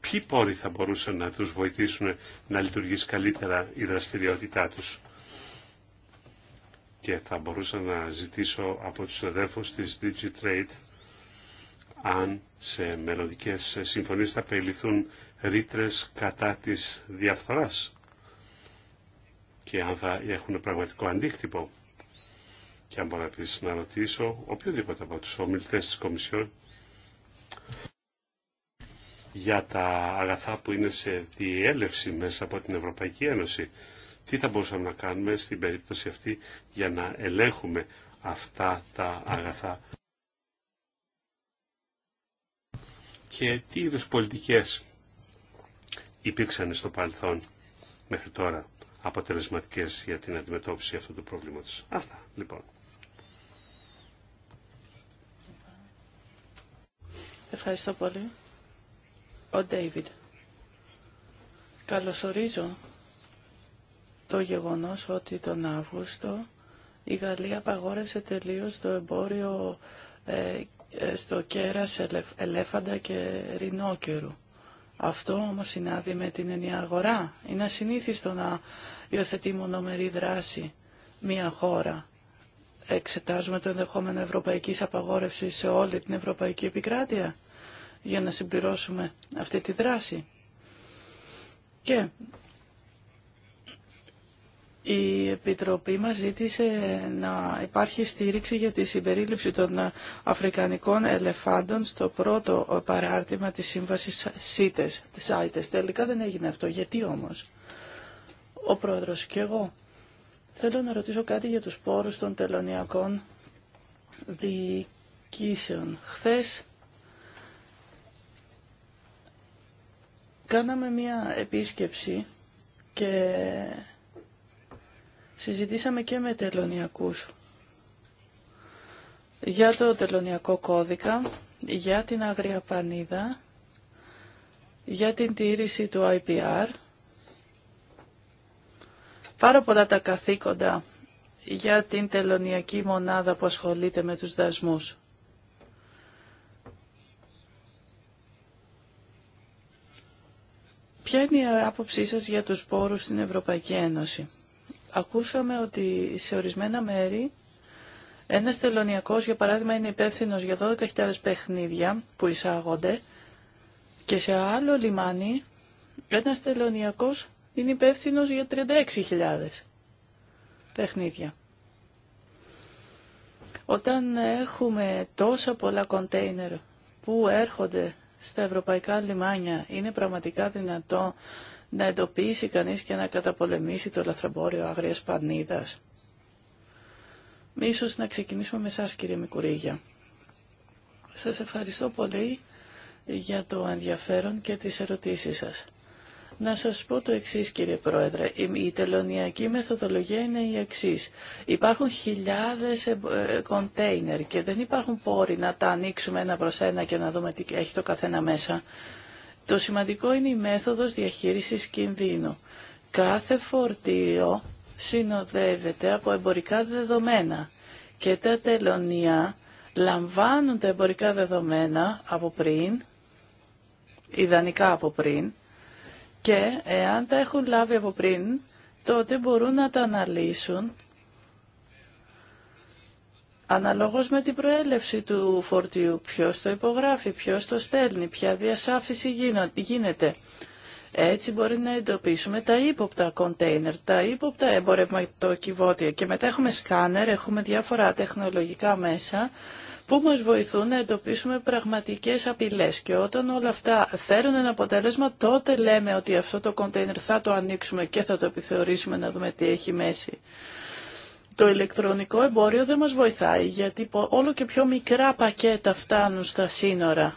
Ποιοι πόροι θα μπορούσαν να του βοηθήσουν να λειτουργήσει καλύτερα η δραστηριότητά του, Και θα μπορούσα να ζητήσω από τους συναδέλφους της DigiTrade αν σε μελλοντικέ συμφωνίες θα περιληφθούν ρήτρε κατά της διαφθοράς και αν θα έχουν πραγματικό αντίκτυπο. Και αν μπορώ επίσης να ρωτήσω οποιοδήποτε από τους ομιλητές της Κομισιόν για τα αγαθά που είναι σε διέλευση μέσα από την Ευρωπαϊκή Ένωση. Τι θα μπορούσαμε να κάνουμε στην περίπτωση αυτή για να ελέγχουμε αυτά τα αγαθά. Και τι είδου πολιτικές υπήρξαν στο παρελθόν μέχρι τώρα αποτελεσματικές για την αντιμετώπιση αυτού του προβλήματος. Αυτά λοιπόν. Ευχαριστώ πολύ. Ο Ντέιβιντ. Καλωσορίζω το γεγονός ότι τον Αύγουστο η Γαλλία απαγόρευσε τελείως το εμπόριο ε, ε, στο κέρας ελέφαντα και ρινόκερου. Αυτό όμως συνάδει με την ενιαία αγορά. Είναι ασυνήθιστο να υιοθετεί μονομερή δράση μια χώρα. Εξετάζουμε το ενδεχόμενο ευρωπαϊκής απαγόρευσης σε όλη την ευρωπαϊκή επικράτεια για να συμπληρώσουμε αυτή τη δράση. Και η Επιτροπή μας ζήτησε να υπάρχει στήριξη για τη συμπερίληψη των Αφρικανικών ελεφάντων στο πρώτο παράρτημα της σύμβασης ΣΥΤΕΣ, της ΆΙΤΕΣ. Τελικά δεν έγινε αυτό. Γιατί όμως. Ο Πρόεδρος και εγώ θέλω να ρωτήσω κάτι για τους πόρους των τελωνιακών διοικήσεων. Χθες Κάναμε μία επίσκεψη και συζητήσαμε και με τελωνιακούς για το τελωνιακό κώδικα, για την Αγρία Πανίδα, για την τήρηση του IPR. Πάρα πολλά τα καθήκοντα για την τελωνιακή μονάδα που ασχολείται με τους δασμούς. Ποια είναι η άποψή σας για τους πόρους στην Ευρωπαϊκή Ένωση. Ακούσαμε ότι σε ορισμένα μέρη ένα τελωνιακό, για παράδειγμα, είναι υπεύθυνο για 12.000 παιχνίδια που εισάγονται και σε άλλο λιμάνι ένα τελωνιακό είναι υπεύθυνο για 36.000 παιχνίδια. Όταν έχουμε τόσα πολλά κοντέινερ που έρχονται στα ευρωπαϊκά λιμάνια. Είναι πραγματικά δυνατό να εντοπίσει κανείς και να καταπολεμήσει το λαθρομπόριο άγριας πανίδας. Ίσως να ξεκινήσουμε με εσάς κύριε Μικουρίγια. Σας ευχαριστώ πολύ για το ενδιαφέρον και τις ερωτήσεις σας. Να σας πω το εξής κύριε Πρόεδρε, η τελωνιακή μεθοδολογία είναι η εξής. Υπάρχουν χιλιάδες ε, ε, κοντέινερ και δεν υπάρχουν πόροι να τα ανοίξουμε ένα προς ένα και να δούμε τι έχει το καθένα μέσα. Το σημαντικό είναι η μέθοδος διαχείρισης κινδύνου. Κάθε φορτίο συνοδεύεται από εμπορικά δεδομένα και τα τελωνία λαμβάνουν τα εμπορικά δεδομένα από πριν, ιδανικά από πριν, και εάν τα έχουν λάβει από πριν, τότε μπορούν να τα αναλύσουν Αναλόγως με την προέλευση του φορτίου, ποιος το υπογράφει, ποιος το στέλνει, ποια διασάφηση γίνεται. Έτσι μπορεί να εντοπίσουμε τα ύποπτα κοντέινερ, τα ύποπτα εμπορευματοκιβώτια και μετά έχουμε σκάνερ, έχουμε διάφορα τεχνολογικά μέσα που μας βοηθούν να εντοπίσουμε πραγματικές απειλές. Και όταν όλα αυτά φέρουν ένα αποτέλεσμα, τότε λέμε ότι αυτό το κοντέινερ θα το ανοίξουμε και θα το επιθεωρήσουμε να δούμε τι έχει μέση. Το ηλεκτρονικό εμπόριο δεν μας βοηθάει, γιατί όλο και πιο μικρά πακέτα φτάνουν στα σύνορα.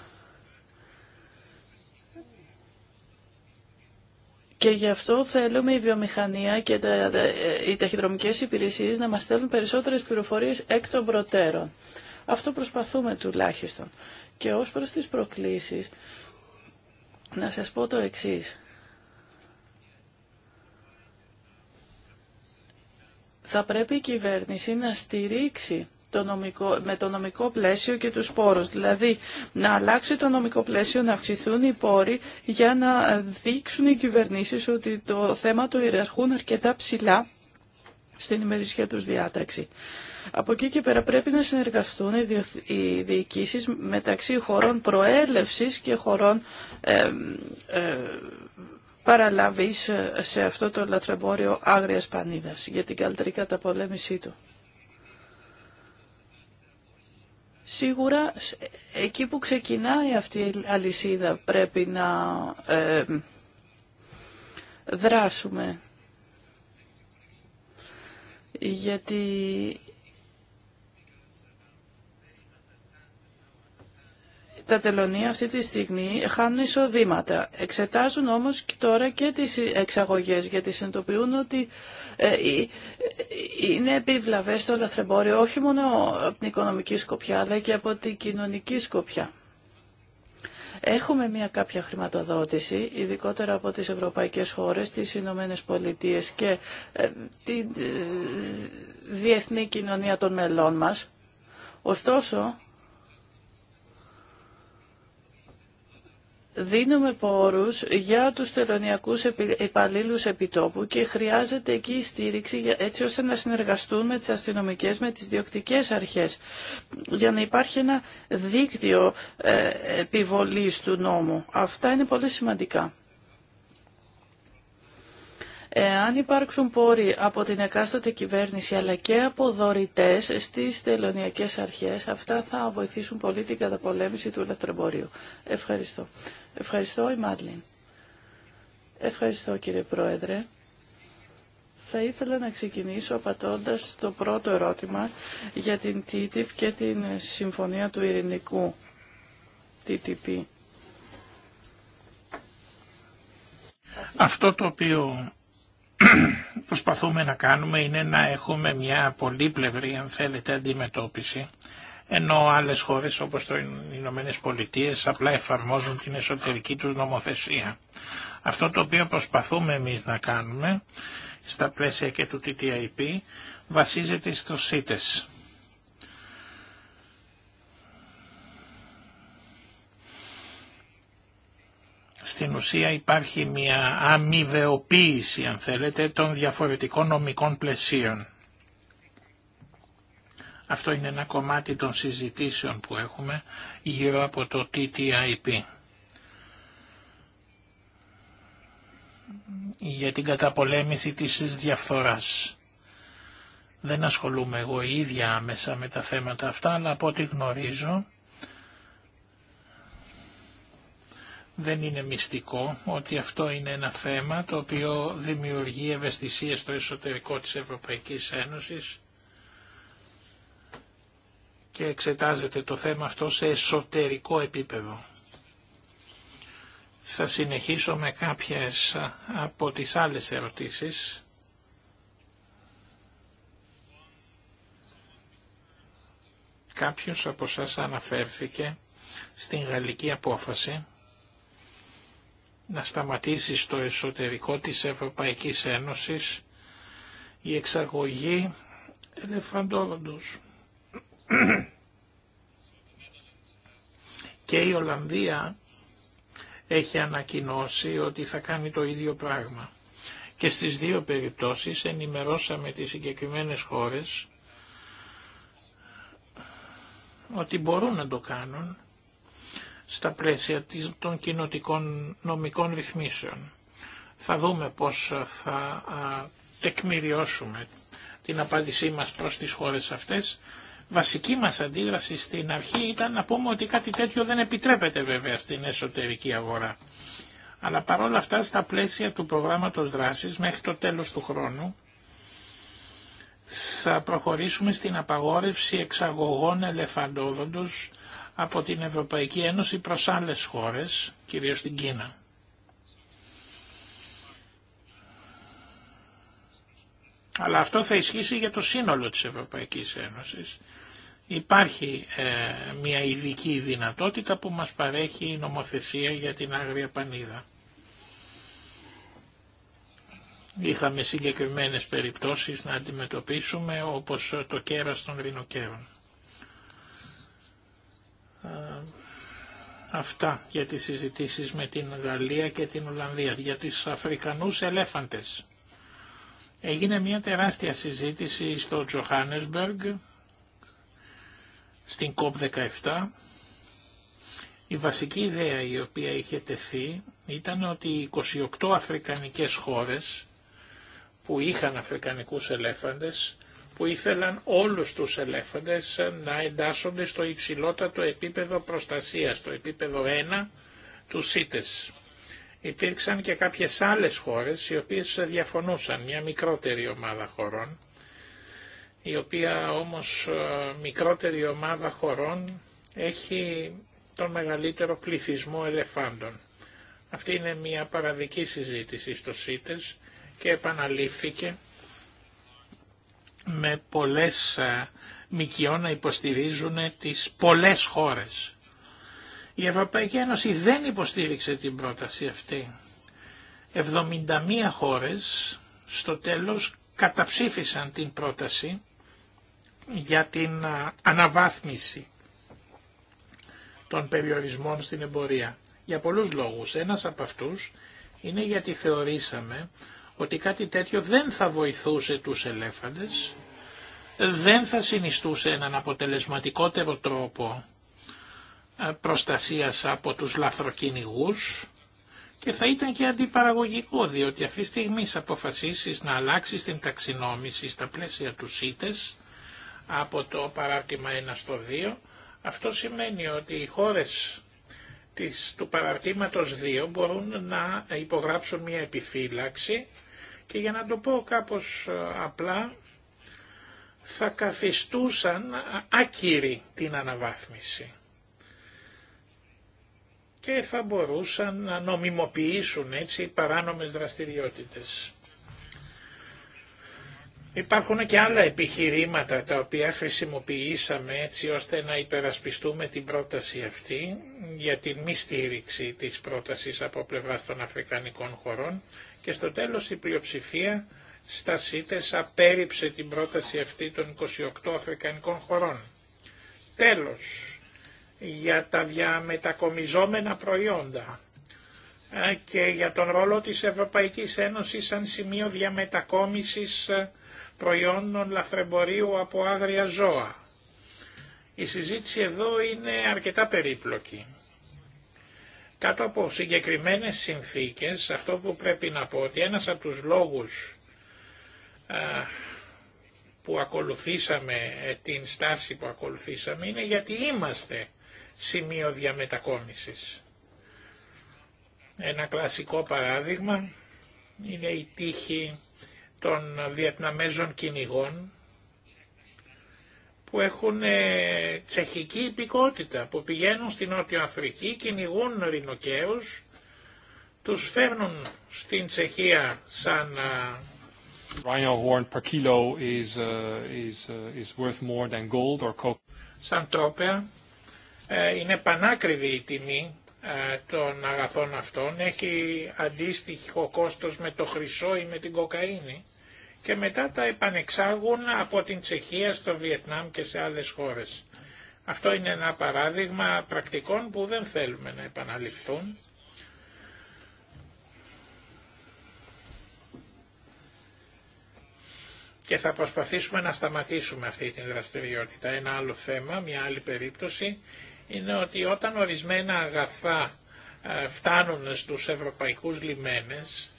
Και γι' αυτό θέλουμε η βιομηχανία και τα, ε, οι ταχυδρομικές υπηρεσίες να μας στέλνουν περισσότερες πληροφορίες εκ των προτέρων. Αυτό προσπαθούμε τουλάχιστον. Και ως προς τις προκλήσεις, να σας πω το εξής. Θα πρέπει η κυβέρνηση να στηρίξει το νομικό, με το νομικό πλαίσιο και τους πόρους. Δηλαδή να αλλάξει το νομικό πλαίσιο, να αυξηθούν οι πόροι για να δείξουν οι κυβερνήσεις ότι το θέμα το ιεραρχούν αρκετά ψηλά στην ημερησία τους διάταξη. Από εκεί και πέρα πρέπει να συνεργαστούν οι διοικήσεις μεταξύ χωρών προέλευσης και χωρών ε, παραλαβής ε, σε αυτό το λαθρεμπόριο άγριας πανίδας για την καλύτερη καταπολέμησή του. Σίγουρα εκεί που ξεκινάει αυτή η αλυσίδα πρέπει να δράσουμε γιατί τα τελωνία αυτή τη στιγμή χάνουν εισοδήματα. Εξετάζουν όμως και τώρα και τις εξαγωγές γιατί συνειδητοποιούν ότι ε, ε, είναι επιβλαβές το λαθρεμπόριο όχι μόνο από την οικονομική σκοπιά αλλά και από την κοινωνική σκοπιά. Έχουμε μια κάποια χρηματοδότηση, ειδικότερα από τις ευρωπαϊκές χώρες, τις Ηνωμένε Πολιτείε και ε, τη διεθνή κοινωνία των μελών μας. Ωστόσο, δίνουμε πόρους για τους τελωνιακούς υπαλλήλους επιτόπου και χρειάζεται εκεί στήριξη έτσι ώστε να συνεργαστούν με τις αστυνομικές, με τις διοκτικές αρχές για να υπάρχει ένα δίκτυο ε, επιβολής του νόμου. Αυτά είναι πολύ σημαντικά. Εάν υπάρξουν πόροι από την εκάστοτε κυβέρνηση αλλά και από δωρητές στις τελωνιακές αρχές, αυτά θα βοηθήσουν πολύ την καταπολέμηση του ελευθερμπορίου. Ευχαριστώ. Ευχαριστώ, η Μάτλιν. Ευχαριστώ, κύριε Πρόεδρε. Θα ήθελα να ξεκινήσω απατώντας το πρώτο ερώτημα για την TTIP και την Συμφωνία του Ειρηνικού, TTP. Αυτό το οποίο προσπαθούμε να κάνουμε είναι να έχουμε μια πολύπλευρη, αν θέλετε, αντιμετώπιση ενώ άλλες χώρες όπως το Ηνωμένε Πολιτείε απλά εφαρμόζουν την εσωτερική τους νομοθεσία. Αυτό το οποίο προσπαθούμε εμείς να κάνουμε στα πλαίσια και του TTIP βασίζεται στους ΣΥΤΕΣ. στην ουσία υπάρχει μια αμοιβεοποίηση, αν θέλετε, των διαφορετικών νομικών πλαισίων. Αυτό είναι ένα κομμάτι των συζητήσεων που έχουμε γύρω από το TTIP. για την καταπολέμηση της διαφθοράς. Δεν ασχολούμαι εγώ ίδια άμεσα με τα θέματα αυτά, αλλά από ό,τι γνωρίζω δεν είναι μυστικό ότι αυτό είναι ένα θέμα το οποίο δημιουργεί ευαισθησία στο εσωτερικό της Ευρωπαϊκής Ένωσης και εξετάζεται το θέμα αυτό σε εσωτερικό επίπεδο. Θα συνεχίσω με κάποιες από τις άλλες ερωτήσεις. Κάποιος από σας αναφέρθηκε στην γαλλική απόφαση να σταματήσει στο εσωτερικό της Ευρωπαϊκής Ένωσης η εξαγωγή ελεφαντόδοντος. Και η Ολλανδία έχει ανακοινώσει ότι θα κάνει το ίδιο πράγμα. Και στις δύο περιπτώσεις ενημερώσαμε τις συγκεκριμένες χώρες ότι μπορούν να το κάνουν στα πλαίσια των κοινοτικών νομικών ρυθμίσεων. Θα δούμε πώς θα τεκμηριώσουμε την απάντησή μας προς τις χώρες αυτές βασική μας αντίδραση στην αρχή ήταν να πούμε ότι κάτι τέτοιο δεν επιτρέπεται βέβαια στην εσωτερική αγορά. Αλλά παρόλα αυτά στα πλαίσια του προγράμματος δράσης μέχρι το τέλος του χρόνου θα προχωρήσουμε στην απαγόρευση εξαγωγών ελεφαντόδοντος από την Ευρωπαϊκή Ένωση προς άλλες χώρες, κυρίως την Κίνα. Αλλά αυτό θα ισχύσει για το σύνολο της Ευρωπαϊκής Ένωσης. Υπάρχει ε, μια ειδική δυνατότητα που μας παρέχει η νομοθεσία για την Άγρια Πανίδα. Είχαμε συγκεκριμένες περιπτώσεις να αντιμετωπίσουμε όπως το κέρας των ρινοκέρων. Ε, αυτά για τις συζητήσεις με την Γαλλία και την Ολλανδία. Για τις Αφρικανούς ελέφαντες. Έγινε μια τεράστια συζήτηση στο Τζοχάνεσμπεργκ, στην COP17. Η βασική ιδέα η οποία είχε τεθεί ήταν ότι 28 αφρικανικές χώρες που είχαν αφρικανικούς ελέφαντες, που ήθελαν όλους τους ελέφαντες να εντάσσονται στο υψηλότατο επίπεδο προστασίας, το επίπεδο 1 του ΣΥΤΕΣ. Υπήρξαν και κάποιες άλλες χώρες οι οποίες διαφωνούσαν, μια μικρότερη ομάδα χωρών, η οποία όμως ε, μικρότερη ομάδα χωρών έχει τον μεγαλύτερο πληθυσμό ελεφάντων. Αυτή είναι μια παραδική συζήτηση στο ΣΥΤΕΣ και επαναλήφθηκε με πολλές ε, μικιό να υποστηρίζουν τις πολλές χώρες. Η Ευρωπαϊκή Ένωση δεν υποστήριξε την πρόταση αυτή. 71 χώρες στο τέλος καταψήφισαν την πρόταση για την αναβάθμιση των περιορισμών στην εμπορία. Για πολλούς λόγους. Ένας από αυτούς είναι γιατί θεωρήσαμε ότι κάτι τέτοιο δεν θα βοηθούσε τους ελέφαντες, δεν θα συνιστούσε έναν αποτελεσματικότερο τρόπο ε, προστασίας από τους λαθροκυνηγούς και θα ήταν και αντιπαραγωγικό διότι αυτή τη στιγμή αποφασίσεις να αλλάξει την ταξινόμηση στα πλαίσια του ΣΥΤΕΣ από το παράρτημα 1 στο 2 αυτό σημαίνει ότι οι χώρες της, του παραρτήματος 2 μπορούν να υπογράψουν μια επιφύλαξη και για να το πω κάπως ε, απλά θα καθιστούσαν ε, άκυρη την αναβάθμιση και θα μπορούσαν να νομιμοποιήσουν έτσι παράνομες δραστηριότητες. Υπάρχουν και άλλα επιχειρήματα τα οποία χρησιμοποιήσαμε έτσι ώστε να υπερασπιστούμε την πρόταση αυτή για την μη στήριξη της πρότασης από πλευράς των Αφρικανικών χωρών και στο τέλος η πλειοψηφία στα ΣΥΤΕΣ απέρριψε την πρόταση αυτή των 28 Αφρικανικών χωρών. Τέλος, για τα διαμετακομιζόμενα προϊόντα ε, και για τον ρόλο της Ευρωπαϊκής Ένωσης σαν σημείο διαμετακόμισης ε, προϊόντων λαθρεμπορίου από άγρια ζώα. Η συζήτηση εδώ είναι αρκετά περίπλοκη. Κάτω από συγκεκριμένες συνθήκες, αυτό που πρέπει να πω ότι ένας από τους λόγους ε, που ακολουθήσαμε, την στάση που ακολουθήσαμε, είναι γιατί είμαστε σημείο διαμετακόμισης. Ένα κλασικό παράδειγμα είναι η τύχη των Βιετναμέζων κυνηγών που έχουν ε, τσεχική υπηκότητα, που πηγαίνουν στην Νότια Αφρική, κυνηγούν ρινοκαίους, τους φέρνουν στην Τσεχία σαν σαν ε, είναι πανάκριβη η τιμή ε, των αγαθών αυτών, έχει αντίστοιχο κόστος με το χρυσό ή με την κοκαΐνη και μετά τα επανεξάγουν από την Τσεχία στο Βιετνάμ και σε άλλες χώρες. Αυτό είναι ένα παράδειγμα πρακτικών που δεν θέλουμε να επαναληφθούν. Και θα προσπαθήσουμε να σταματήσουμε αυτή την δραστηριότητα. Ένα άλλο θέμα, μια άλλη περίπτωση, είναι ότι όταν ορισμένα αγαθά ε, φτάνουν στους ευρωπαϊκούς λιμένες,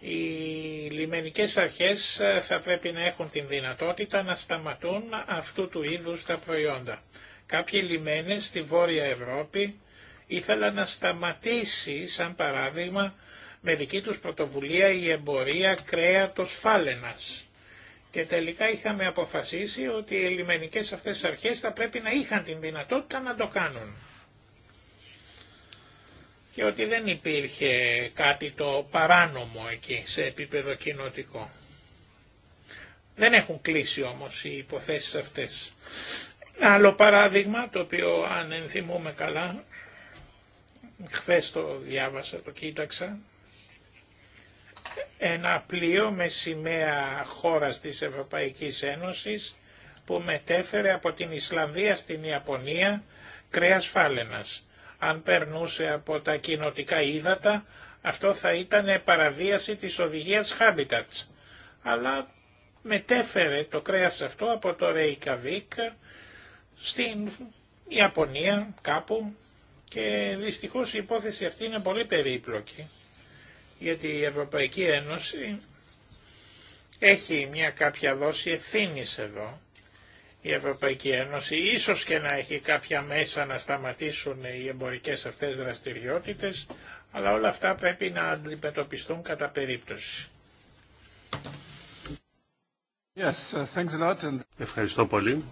οι λιμενικές αρχές ε, θα πρέπει να έχουν την δυνατότητα να σταματούν αυτού του είδους τα προϊόντα. Κάποιοι λιμένες στη Βόρεια Ευρώπη ήθελαν να σταματήσει, σαν παράδειγμα, με δική τους πρωτοβουλία η εμπορία κρέατος φάλαινας. Και τελικά είχαμε αποφασίσει ότι οι λιμενικές αυτές αρχές θα πρέπει να είχαν την δυνατότητα να το κάνουν. Και ότι δεν υπήρχε κάτι το παράνομο εκεί σε επίπεδο κοινοτικό. Δεν έχουν κλείσει όμως οι υποθέσεις αυτές. Άλλο παράδειγμα, το οποίο αν ενθυμούμε καλά, χθες το διάβασα, το κοίταξα, ένα πλοίο με σημαία χώρας της Ευρωπαϊκής Ένωσης που μετέφερε από την Ισλανδία στην Ιαπωνία κρέας φάλαινας. Αν περνούσε από τα κοινοτικά ύδατα αυτό θα ήταν παραβίαση της οδηγίας Habitats. Αλλά μετέφερε το κρέας αυτό από το Reykjavik στην Ιαπωνία κάπου και δυστυχώς η υπόθεση αυτή είναι πολύ περίπλοκη γιατί η Ευρωπαϊκή Ένωση έχει μια κάποια δόση ευθύνη εδώ. Η Ευρωπαϊκή Ένωση ίσως και να έχει κάποια μέσα να σταματήσουν οι εμπορικές αυτές δραστηριότητες, αλλά όλα αυτά πρέπει να αντιμετωπιστούν κατά περίπτωση. Yes, uh, thanks a lot. Ευχαριστώ πολύ.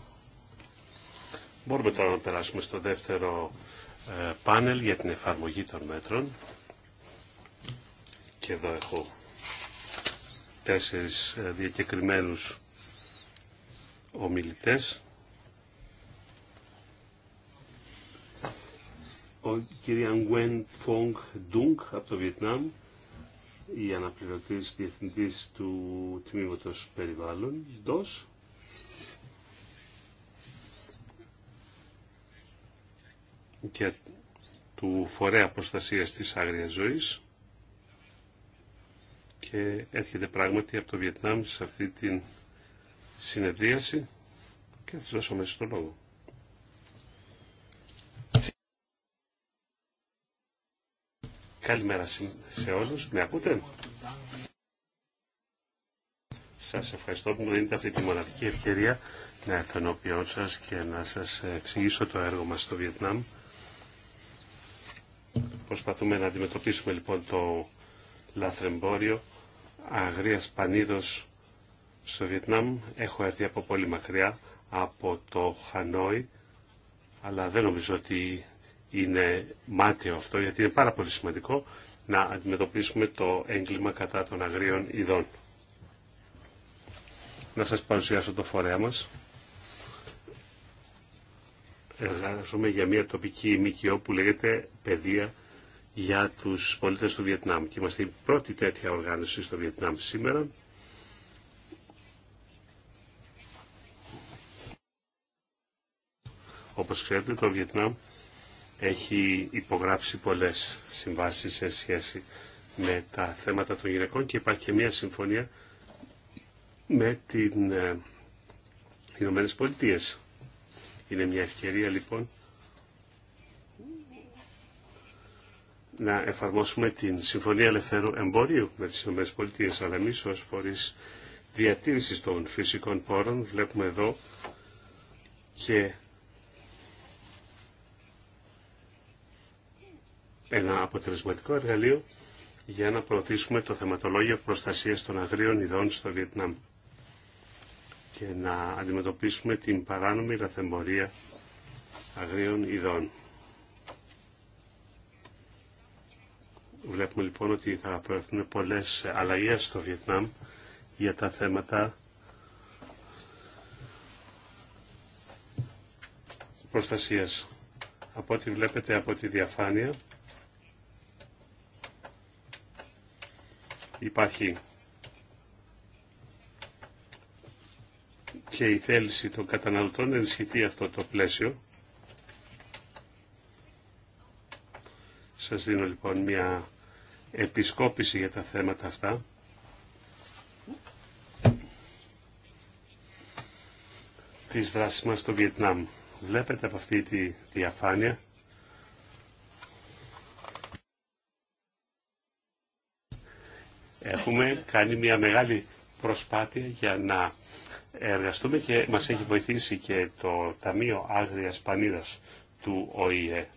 Μπορούμε τώρα να περάσουμε στο δεύτερο ε, πάνελ για την εφαρμογή των μέτρων και εδώ έχω τέσσερις ε, διακεκριμένους ομιλητές. Ο κυρία Γουέν Φόγκ Ντούγκ από το Βιετνάμ, η αναπληρωτής διευθυντής του Τμήματος Περιβάλλον, και του Φορέα Προστασίας της Άγριας Ζωής και έρχεται πράγματι από το Βιετνάμ σε αυτή την συνεδρίαση και θα σας δώσω μέσα στο λόγο. Καλημέρα σε όλους. Με ακούτε? Σας ευχαριστώ που μου δίνετε αυτή τη μοναδική ευκαιρία να έρθω ενώπιόν σας και να σας εξηγήσω το έργο μας στο Βιετνάμ. Προσπαθούμε να αντιμετωπίσουμε λοιπόν το λαθρεμπόριο αγρίας πανίδος στο Βιετνάμ. Έχω έρθει από πολύ μακριά, από το Χανόι, αλλά δεν νομίζω ότι είναι μάτιο αυτό, γιατί είναι πάρα πολύ σημαντικό να αντιμετωπίσουμε το έγκλημα κατά των αγρίων ειδών. Να σας παρουσιάσω το φορέα μας. Εργάζομαι για μια τοπική ΜΚΟ που λέγεται Παιδεία για τους πολίτες του Βιετνάμ. Και είμαστε η πρώτη τέτοια οργάνωση στο Βιετνάμ σήμερα. Όπως ξέρετε το Βιετνάμ έχει υπογράψει πολλές συμβάσεις σε σχέση με τα θέματα των γυναικών και υπάρχει και μια συμφωνία με την ε, Ηνωμένε Πολιτείε. Είναι μια ευκαιρία λοιπόν να εφαρμόσουμε την Συμφωνία Ελευθερού Εμπορίου με τις ΗΠΑ, αλλά εμεί ω φορείς διατήρησης των φυσικών πόρων βλέπουμε εδώ και ένα αποτελεσματικό εργαλείο για να προωθήσουμε το θεματολόγιο προστασίας των αγρίων ειδών στο Βιετνάμ και να αντιμετωπίσουμε την παράνομη λαθεμπορία αγρίων ειδών. Βλέπουμε λοιπόν ότι θα προέρχονται πολλές αλλαγές στο Βιετνάμ για τα θέματα προστασίας. Από ό,τι βλέπετε από τη διαφάνεια υπάρχει και η θέληση των καταναλωτών να ενισχυθεί αυτό το πλαίσιο. Σας δίνω λοιπόν μια επισκόπηση για τα θέματα αυτά. τη δράση μας στο Βιετνάμ. Βλέπετε από αυτή τη διαφάνεια έχουμε κάνει μια μεγάλη προσπάθεια για να εργαστούμε και μας έχει βοηθήσει και το Ταμείο Άγριας Πανίδας του ΟΗΕ.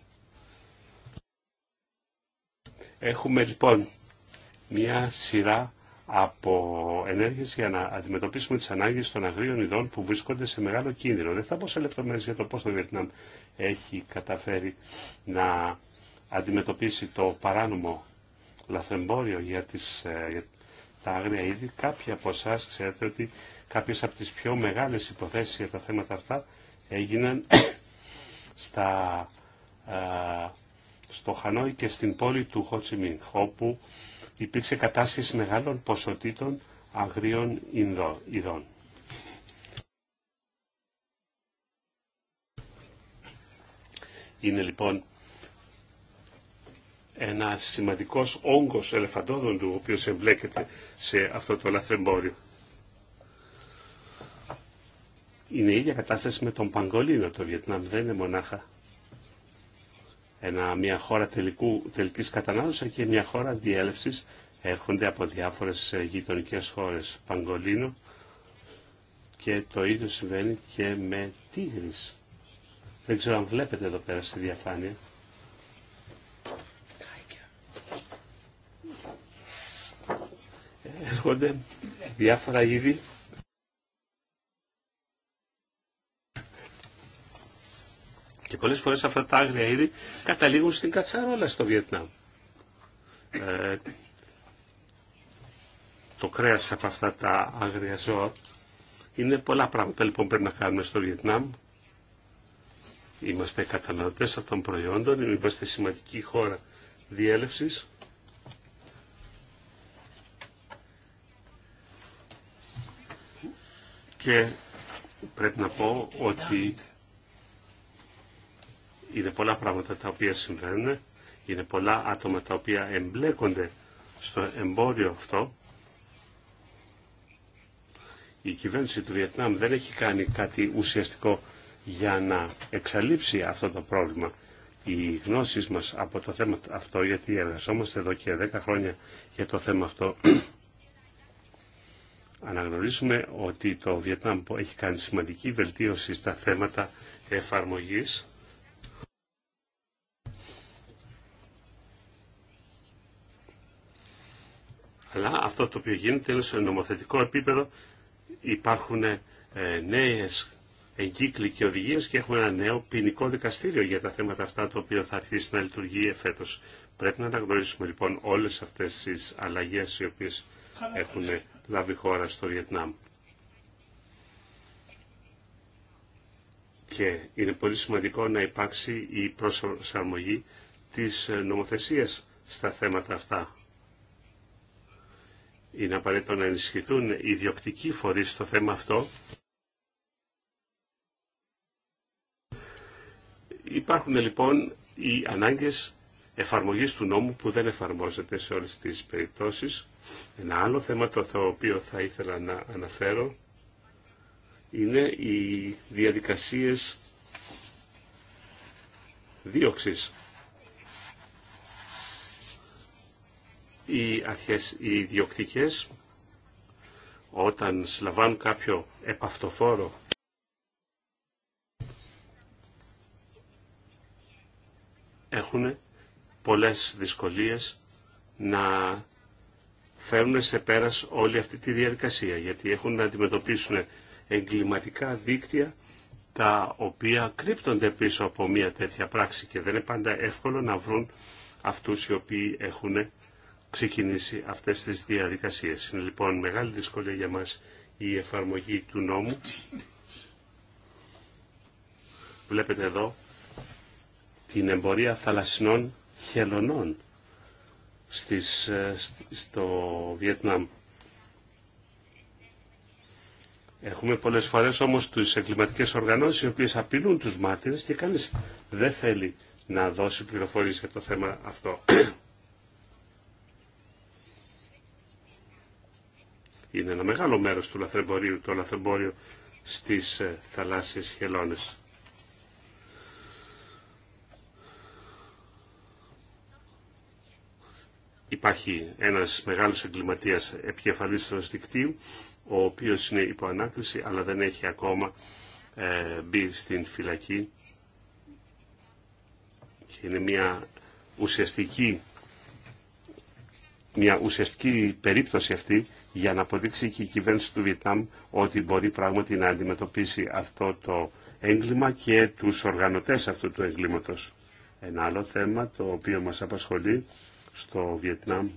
Έχουμε λοιπόν μια σειρά από ενέργειες για να αντιμετωπίσουμε τι ανάγκε των αγρίων ειδών που βρίσκονται σε μεγάλο κίνδυνο. Δεν θα πω σε λεπτομέρειε για το πώ το Βιετνάμ έχει καταφέρει να αντιμετωπίσει το παράνομο λαθρεμπόριο για, τις, ε, για τα άγρια είδη. Κάποιοι από εσά ξέρετε ότι κάποιε από τι πιο μεγάλε υποθέσει για τα θέματα αυτά έγιναν [COUGHS] στα ε, στο Χανόι και στην πόλη του Χοτσιμίνγκ, όπου υπήρξε κατάσχεση μεγάλων ποσοτήτων αγρίων ειδών. Είναι λοιπόν ένα σημαντικός όγκος ελεφαντόδων του, ο οποίος εμπλέκεται σε αυτό το λαθρεμπόριο. Είναι η ίδια κατάσταση με τον Παγκολίνο. Το Βιετνάμ δεν είναι μονάχα ένα, μια χώρα τελικού, τελικής κατανάλωσης και μια χώρα διέλευσης έρχονται από διάφορες ε, γειτονικέ χώρες παγκολίνο και το ίδιο συμβαίνει και με τίγρης. Δεν ξέρω αν βλέπετε εδώ πέρα στη διαφάνεια. Έρχονται διάφορα είδη Και πολλές φορές αυτά τα άγρια είδη καταλήγουν στην κατσαρόλα στο Βιετνάμ. Ε, το κρέας από αυτά τα άγρια ζώα είναι πολλά πράγματα λοιπόν πρέπει να κάνουμε στο Βιετνάμ. Είμαστε καταναλωτές αυτών των προϊόντων, είμαστε σημαντική χώρα διέλευσης. Και πρέπει να πω ότι είναι πολλά πράγματα τα οποία συμβαίνουν, είναι πολλά άτομα τα οποία εμπλέκονται στο εμπόριο αυτό. Η κυβέρνηση του Βιετνάμ δεν έχει κάνει κάτι ουσιαστικό για να εξαλείψει αυτό το πρόβλημα. Οι γνώσεις μας από το θέμα αυτό, γιατί εργαζόμαστε εδώ και 10 χρόνια για το θέμα αυτό, [CLEARS THROAT] αναγνωρίζουμε ότι το Βιετνάμ έχει κάνει σημαντική βελτίωση στα θέματα εφαρμογής Αλλά αυτό το οποίο γίνεται είναι σε νομοθετικό επίπεδο υπάρχουν ε, νέες εγκύκλοι και οδηγίες και έχουμε ένα νέο ποινικό δικαστήριο για τα θέματα αυτά το οποίο θα αρχίσει να λειτουργεί εφέτος. Πρέπει να αναγνωρίσουμε λοιπόν όλες αυτές τις αλλαγές οι οποίες έχουν λάβει χώρα στο Βιετνάμ. Και είναι πολύ σημαντικό να υπάρξει η προσαρμογή της νομοθεσίας στα θέματα αυτά. Είναι απαραίτητο να ενισχυθούν οι ιδιοκτικοί φορείς στο θέμα αυτό. Υπάρχουν λοιπόν οι ανάγκες εφαρμογής του νόμου που δεν εφαρμόζεται σε όλες τις περιπτώσεις. Ένα άλλο θέμα το οποίο θα ήθελα να αναφέρω είναι οι διαδικασίες δίωξης οι αρχές οι ιδιοκτικές όταν συλλαμβάνουν κάποιο επαυτοφόρο έχουν πολλές δυσκολίες να φέρουν σε πέρας όλη αυτή τη διαδικασία γιατί έχουν να αντιμετωπίσουν εγκληματικά δίκτυα τα οποία κρύπτονται πίσω από μια τέτοια πράξη και δεν είναι πάντα εύκολο να βρουν αυτούς οι οποίοι έχουν ξεκινήσει αυτές τις διαδικασίες. Είναι λοιπόν μεγάλη δυσκολία για μας η εφαρμογή του νόμου. Βλέπετε εδώ την εμπορία θαλασσινών χελωνών στις, ε, στο Βιετνάμ. Έχουμε πολλές φορές όμως τις εγκληματικές οργανώσεις οι οποίες απειλούν τους μάρτυρες και κανείς δεν θέλει να δώσει πληροφορίες για το θέμα αυτό. είναι ένα μεγάλο μέρος του λαθρεμπορίου, το λαθρεμπόριο στις ε, θαλάσσιες χελώνες. Υπάρχει ένας μεγάλος εγκληματίας επικεφαλής ενός δικτύου, ο οποίος είναι υπό ανάκριση, αλλά δεν έχει ακόμα ε, μπει στην φυλακή και είναι μια ουσιαστική, μια ουσιαστική περίπτωση αυτή για να αποδείξει και η κυβέρνηση του Βιετνάμ ότι μπορεί πράγματι να αντιμετωπίσει αυτό το έγκλημα και τους οργανωτές αυτού του εγκλήματος. Ένα άλλο θέμα το οποίο μας απασχολεί στο Βιετνάμ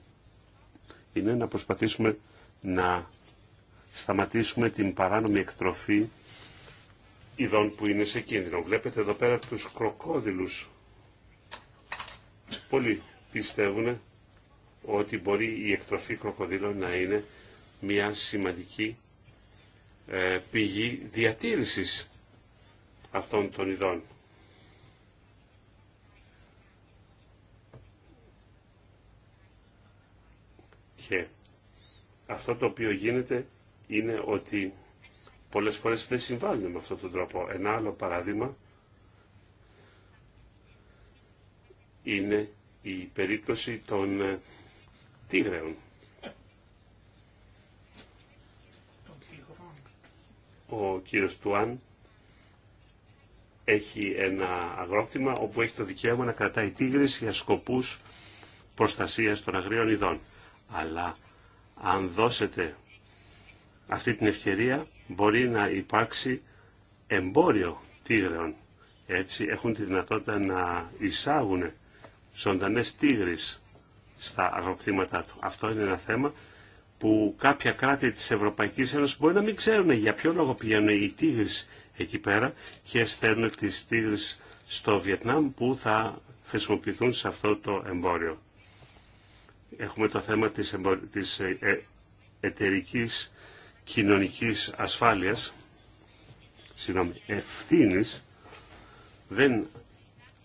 είναι να προσπαθήσουμε να σταματήσουμε την παράνομη εκτροφή ειδών που είναι σε κίνδυνο. Βλέπετε εδώ πέρα τους κροκόδιλους. Πολλοί πιστεύουν ότι μπορεί η εκτροφή κροκοδίλων να είναι μια σημαντική ε, πηγή διατήρησης αυτών των ειδών. Και αυτό το οποίο γίνεται είναι ότι πολλές φορές δεν συμβάλλουν με αυτόν τον τρόπο. Ένα άλλο παράδειγμα είναι η περίπτωση των ε, τίγρεων. ο κύριος Τουάν έχει ένα αγρόκτημα όπου έχει το δικαίωμα να κρατάει τίγρης για σκοπούς προστασίας των αγρίων ειδών. Αλλά αν δώσετε αυτή την ευκαιρία μπορεί να υπάρξει εμπόριο τίγρεων. Έτσι έχουν τη δυνατότητα να εισάγουν ζωντανές τίγρης στα αγροκτήματά του. Αυτό είναι ένα θέμα που κάποια κράτη της Ευρωπαϊκής Ένωσης μπορεί να μην ξέρουν για ποιο λόγο πηγαίνουν οι τίγρες εκεί πέρα και στέλνουν τις τίγρες στο Βιετνάμ που θα χρησιμοποιηθούν σε αυτό το εμπόριο. Έχουμε το θέμα της, εμπο... της ε, ε, εταιρικής κοινωνικής ασφάλειας, συγγνώμη, ευθύνης, δεν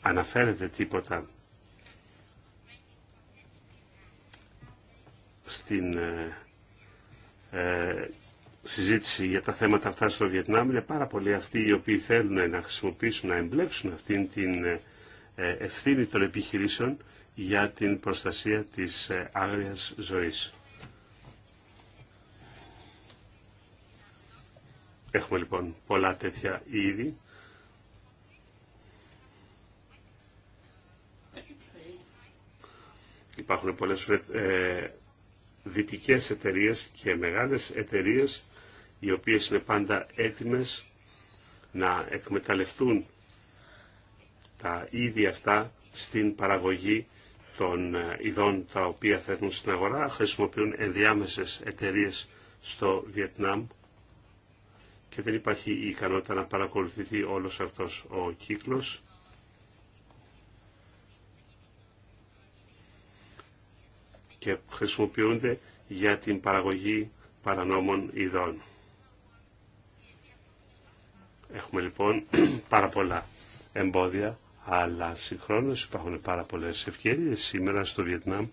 αναφέρεται τίποτα στην ε, ε, συζήτηση για τα θέματα αυτά στο Βιετνάμ είναι πάρα πολλοί αυτοί οι οποίοι θέλουν να χρησιμοποιήσουν, να εμπλέξουν αυτήν την ε, ευθύνη των επιχειρήσεων για την προστασία της άγριας ζωής. Έχουμε λοιπόν πολλά τέτοια είδη. Υπάρχουν πολλές δυτικές εταιρείες και μεγάλες εταιρείες οι οποίες είναι πάντα έτοιμες να εκμεταλλευτούν τα ίδια αυτά στην παραγωγή των ε, ειδών τα οποία θέλουν στην αγορά. Χρησιμοποιούν ενδιάμεσες εταιρείες στο Βιετνάμ και δεν υπάρχει η ικανότητα να παρακολουθηθεί όλος αυτός ο κύκλος. και χρησιμοποιούνται για την παραγωγή παρανόμων ειδών. Έχουμε λοιπόν [CLEARS THROAT] πάρα πολλά εμπόδια, αλλά συγχρόνως υπάρχουν πάρα πολλές ευκαιρίες σήμερα στο Βιετνάμ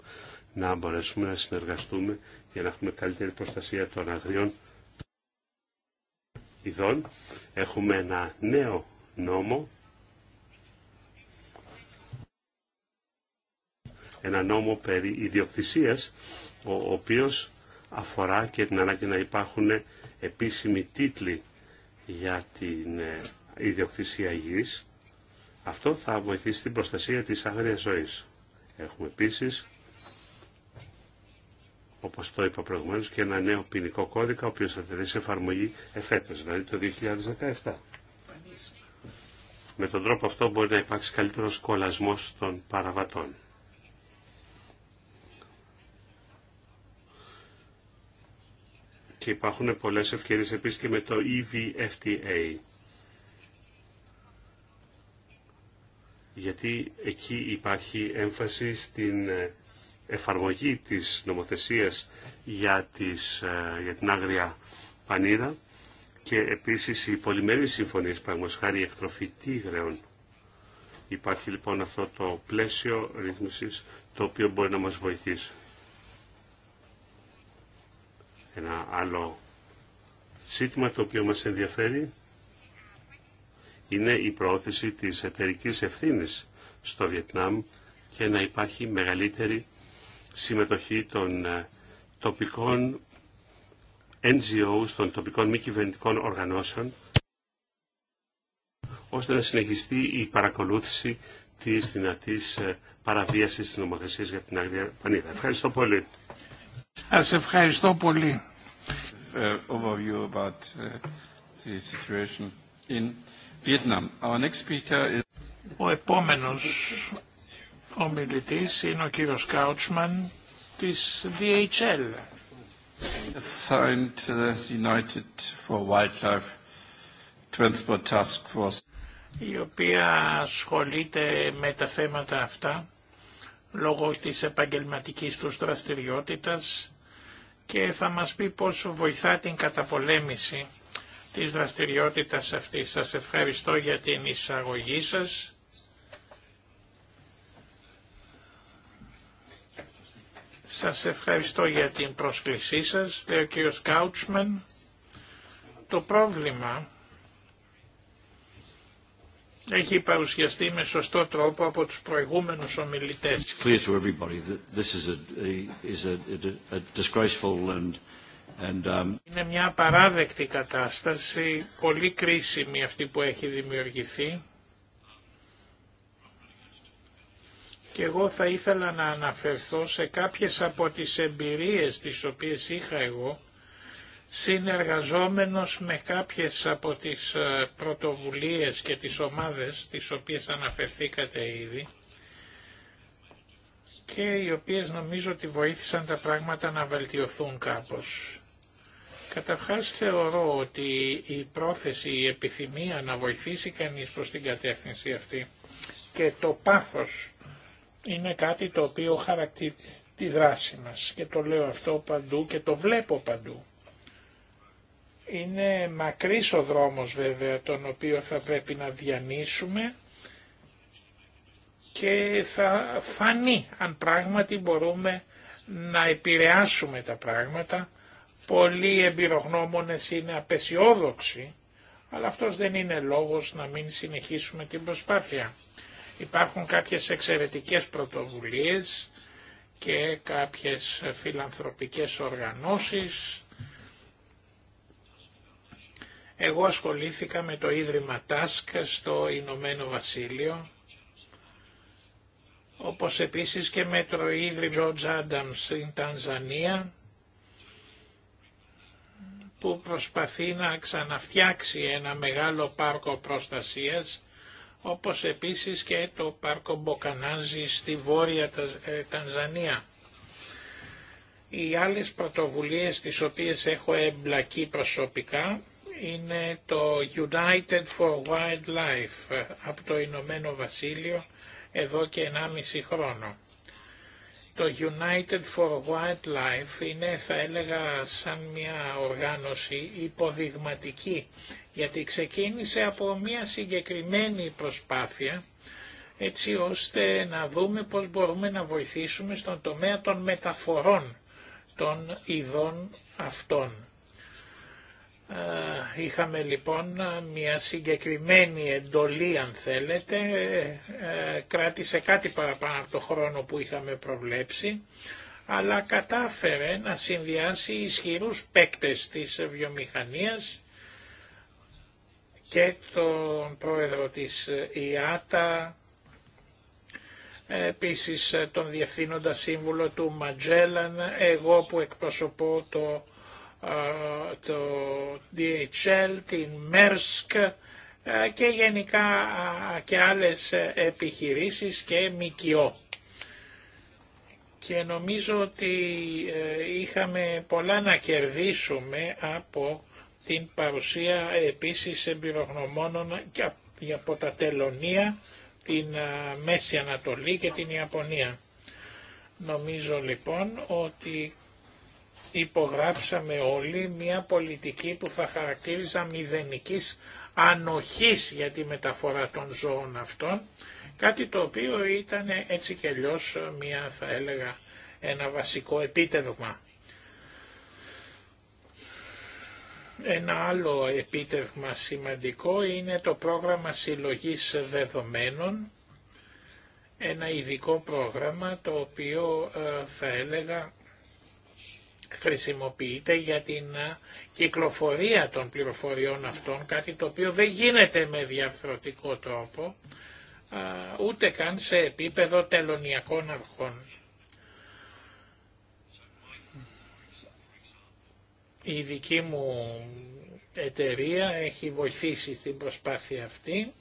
να μπορέσουμε να συνεργαστούμε για να έχουμε καλύτερη προστασία των αγριών ειδών. Έχουμε ένα νέο νόμο ένα νόμο περί ιδιοκτησίας, ο οποίος αφορά και την ανάγκη να υπάρχουν επίσημοι τίτλοι για την ε, ιδιοκτησία γης. Αυτό θα βοηθήσει την προστασία της άγριας ζωής. Έχουμε επίσης, όπως το είπα προηγουμένως, και ένα νέο ποινικό κώδικα, ο οποίος θα τεθεί σε εφαρμογή εφέτος, δηλαδή το 2017. Με τον τρόπο αυτό μπορεί να υπάρξει καλύτερος κολλασμός των παραβατών. και υπάρχουν πολλές ευκαιρίες επίσης και με το EVFTA. Γιατί εκεί υπάρχει έμφαση στην ε, εφαρμογή της νομοθεσίας για, τις, ε, για την άγρια πανίδα και επίσης οι πολυμερείς συμφωνίες, παραγωγός χάρη εκτροφή τίγρεων. Υπάρχει λοιπόν αυτό το πλαίσιο ρύθμισης το οποίο μπορεί να μας βοηθήσει. Ένα άλλο σύντημα το οποίο μας ενδιαφέρει είναι η πρόθεση της εταιρική ευθύνης στο Βιετνάμ και να υπάρχει μεγαλύτερη συμμετοχή των ε, τοπικών NGOs, των τοπικών μη κυβερνητικών οργανώσεων, ώστε να συνεχιστεί η παρακολούθηση της δυνατής ε, παραβίασης της νομοθεσίας για την Αγρία Πανίδα. Ευχαριστώ πολύ. Σας ευχαριστώ πολύ. Overview about the situation in Vietnam. Our next speaker is... Ο επόμενος ομιλητής είναι ο κύριος Κάουτσμαν της DHL. Signed the United for Wildlife Transport Task Force η οποία ασχολείται με τα θέματα αυτά λόγω της επαγγελματικής τους δραστηριότητας και θα μας πει πώς βοηθά την καταπολέμηση της δραστηριότητας αυτή. Σας ευχαριστώ για την εισαγωγή σας. Σας ευχαριστώ για την πρόσκλησή σας, λέει ο κ. Κάουτσμεν. Το πρόβλημα έχει παρουσιαστεί με σωστό τρόπο από τους προηγούμενους ομιλητές. Είναι μια παράδεκτη κατάσταση, πολύ κρίσιμη αυτή που έχει δημιουργηθεί. Και εγώ θα ήθελα να αναφερθώ σε κάποιες από τις εμπειρίες τις οποίες είχα εγώ συνεργαζόμενος με κάποιες από τις ε, πρωτοβουλίες και τις ομάδες τις οποίες αναφερθήκατε ήδη και οι οποίες νομίζω ότι βοήθησαν τα πράγματα να βελτιωθούν κάπως. Καταρχάς θεωρώ ότι η πρόθεση, η επιθυμία να βοηθήσει κανείς προς την κατεύθυνση αυτή και το πάθος είναι κάτι το οποίο χαρακτηρίζει τη δράση μας και το λέω αυτό παντού και το βλέπω παντού. Είναι μακρύς ο δρόμος βέβαια τον οποίο θα πρέπει να διανύσουμε και θα φανεί αν πράγματι μπορούμε να επηρεάσουμε τα πράγματα. Πολλοί εμπειρογνώμονες είναι απεσιόδοξοι, αλλά αυτός δεν είναι λόγος να μην συνεχίσουμε την προσπάθεια. Υπάρχουν κάποιες εξαιρετικές πρωτοβουλίες και κάποιες φιλανθρωπικές οργανώσεις εγώ ασχολήθηκα με το Ίδρυμα Τάσκ στο Ηνωμένο Βασίλειο, όπως επίσης και με το Ίδρυμα George Άνταμ στην Τανζανία, που προσπαθεί να ξαναφτιάξει ένα μεγάλο πάρκο προστασίας, όπως επίσης και το πάρκο Μποκανάζη στη Βόρεια ε, Τανζανία. Οι άλλες πρωτοβουλίες τις οποίες έχω εμπλακεί προσωπικά είναι το United for Wildlife από το Ηνωμένο Βασίλειο εδώ και 1,5 χρόνο. Το United for Wildlife είναι θα έλεγα σαν μια οργάνωση υποδειγματική γιατί ξεκίνησε από μια συγκεκριμένη προσπάθεια έτσι ώστε να δούμε πώς μπορούμε να βοηθήσουμε στον τομέα των μεταφορών των ειδών αυτών. Είχαμε λοιπόν μια συγκεκριμένη εντολή αν θέλετε, ε, κράτησε κάτι παραπάνω από το χρόνο που είχαμε προβλέψει, αλλά κατάφερε να συνδυάσει ισχυρούς παίκτες της βιομηχανίας και τον πρόεδρο της ΙΑΤΑ, επίσης τον διευθύνοντα σύμβουλο του Ματζέλαν, εγώ που εκπροσωπώ το ε, το DHL, την Maersk ε, και γενικά και άλλες επιχειρήσεις και ΜΚΟ. Και νομίζω ότι ε, είχαμε πολλά να κερδίσουμε από την παρουσία επίσης εμπειρογνωμόνων και από τα Τελωνία, την Μέση Ανατολή και την Ιαπωνία. Νομίζω λοιπόν ότι υπογράψαμε όλοι μια πολιτική που θα χαρακτήριζα μηδενικής ανοχής για τη μεταφορά των ζώων αυτών, κάτι το οποίο ήταν έτσι και αλλιώ μια θα έλεγα ένα βασικό επίτευγμα. Ένα άλλο επίτευγμα σημαντικό είναι το πρόγραμμα συλλογής δεδομένων, ένα ειδικό πρόγραμμα το οποίο ε, θα έλεγα χρησιμοποιείται για την ε, κυκλοφορία των πληροφοριών αυτών, κάτι το οποίο δεν γίνεται με διαφορετικό τρόπο, ε, ούτε καν σε επίπεδο τελωνιακών αρχών. Η δική μου εταιρεία έχει βοηθήσει στην προσπάθεια αυτή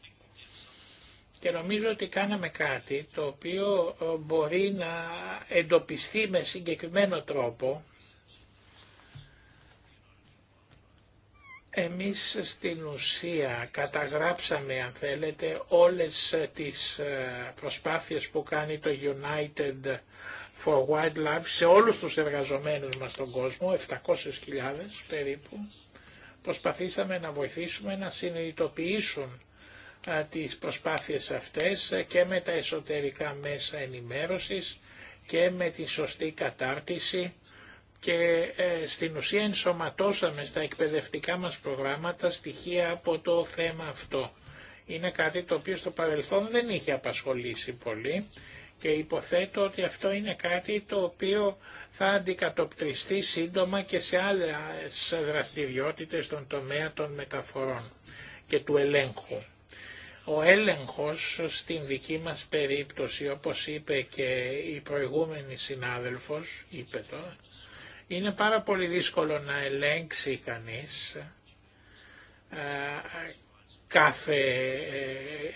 και νομίζω ότι κάναμε κάτι το οποίο ε, μπορεί να εντοπιστεί με συγκεκριμένο τρόπο Εμείς στην ουσία καταγράψαμε αν θέλετε όλες τις ε, προσπάθειες που κάνει το United for Wildlife σε όλους τους εργαζομένους μας στον κόσμο, 700.000 περίπου. Προσπαθήσαμε να βοηθήσουμε να συνειδητοποιήσουν ε, τις προσπάθειες αυτές και με τα εσωτερικά μέσα ενημέρωσης και με τη σωστή κατάρτιση και ε, στην ουσία ενσωματώσαμε στα εκπαιδευτικά μας προγράμματα στοιχεία από το θέμα αυτό. Είναι κάτι το οποίο στο παρελθόν δεν είχε απασχολήσει πολύ και υποθέτω ότι αυτό είναι κάτι το οποίο θα αντικατοπτριστεί σύντομα και σε άλλες δραστηριότητες των τομέα των μεταφορών και του ελέγχου. Ο έλεγχος στην δική μας περίπτωση, όπως είπε και η προηγούμενη συνάδελφος, είπε το, είναι πάρα πολύ δύσκολο να ελέγξει κανείς ε, κάθε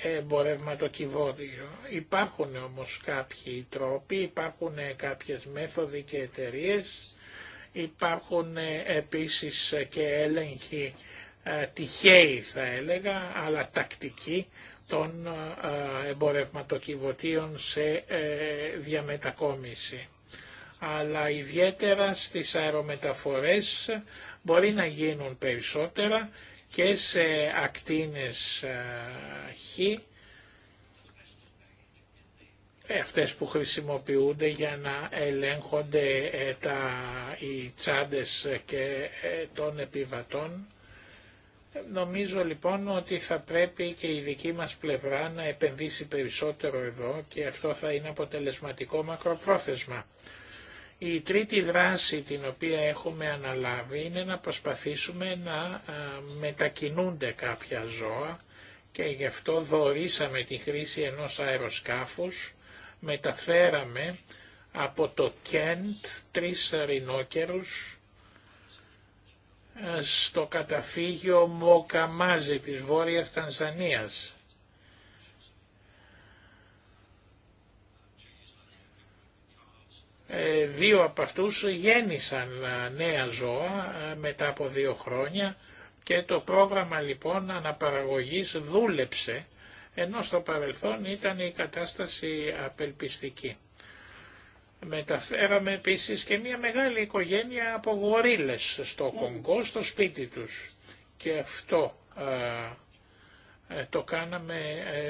ε, εμπορευματοκιβώτιο. Υπάρχουν όμως κάποιοι τρόποι, υπάρχουν κάποιες μέθοδοι και εταιρείε, υπάρχουν ε, επίσης και έλεγχοι τυχαίοι θα έλεγα, αλλά τακτικοί των εμπορευματοκιβωτίων σε διαμετακόμιση αλλά ιδιαίτερα στις αερομεταφορές μπορεί να γίνουν περισσότερα και σε ακτίνες ε, χ, ε, αυτές που χρησιμοποιούνται για να ελέγχονται ε, τα, οι τσάντες και των επιβατών. Νομίζω λοιπόν ότι θα πρέπει και η δική μας πλευρά να επενδύσει περισσότερο εδώ και αυτό θα είναι αποτελεσματικό μακροπρόθεσμα. Η τρίτη δράση την οποία έχουμε αναλάβει είναι να προσπαθήσουμε να μετακινούνται κάποια ζώα και γι' αυτό δωρήσαμε τη χρήση ενός αεροσκάφους, μεταφέραμε από το Κέντ τρεις ρινόκερους ε, στο καταφύγιο Μοκαμάζη της Βόρειας Τανζανίας Ε, δύο από αυτούς γέννησαν ε, νέα ζώα ε, μετά από δύο χρόνια και το πρόγραμμα λοιπόν αναπαραγωγής δούλεψε ενώ στο παρελθόν ήταν η κατάσταση απελπιστική. Μεταφέραμε επίσης και μια μεγάλη οικογένεια από γορίλες στο Κονγκό, στο σπίτι τους. Και αυτό το κάναμε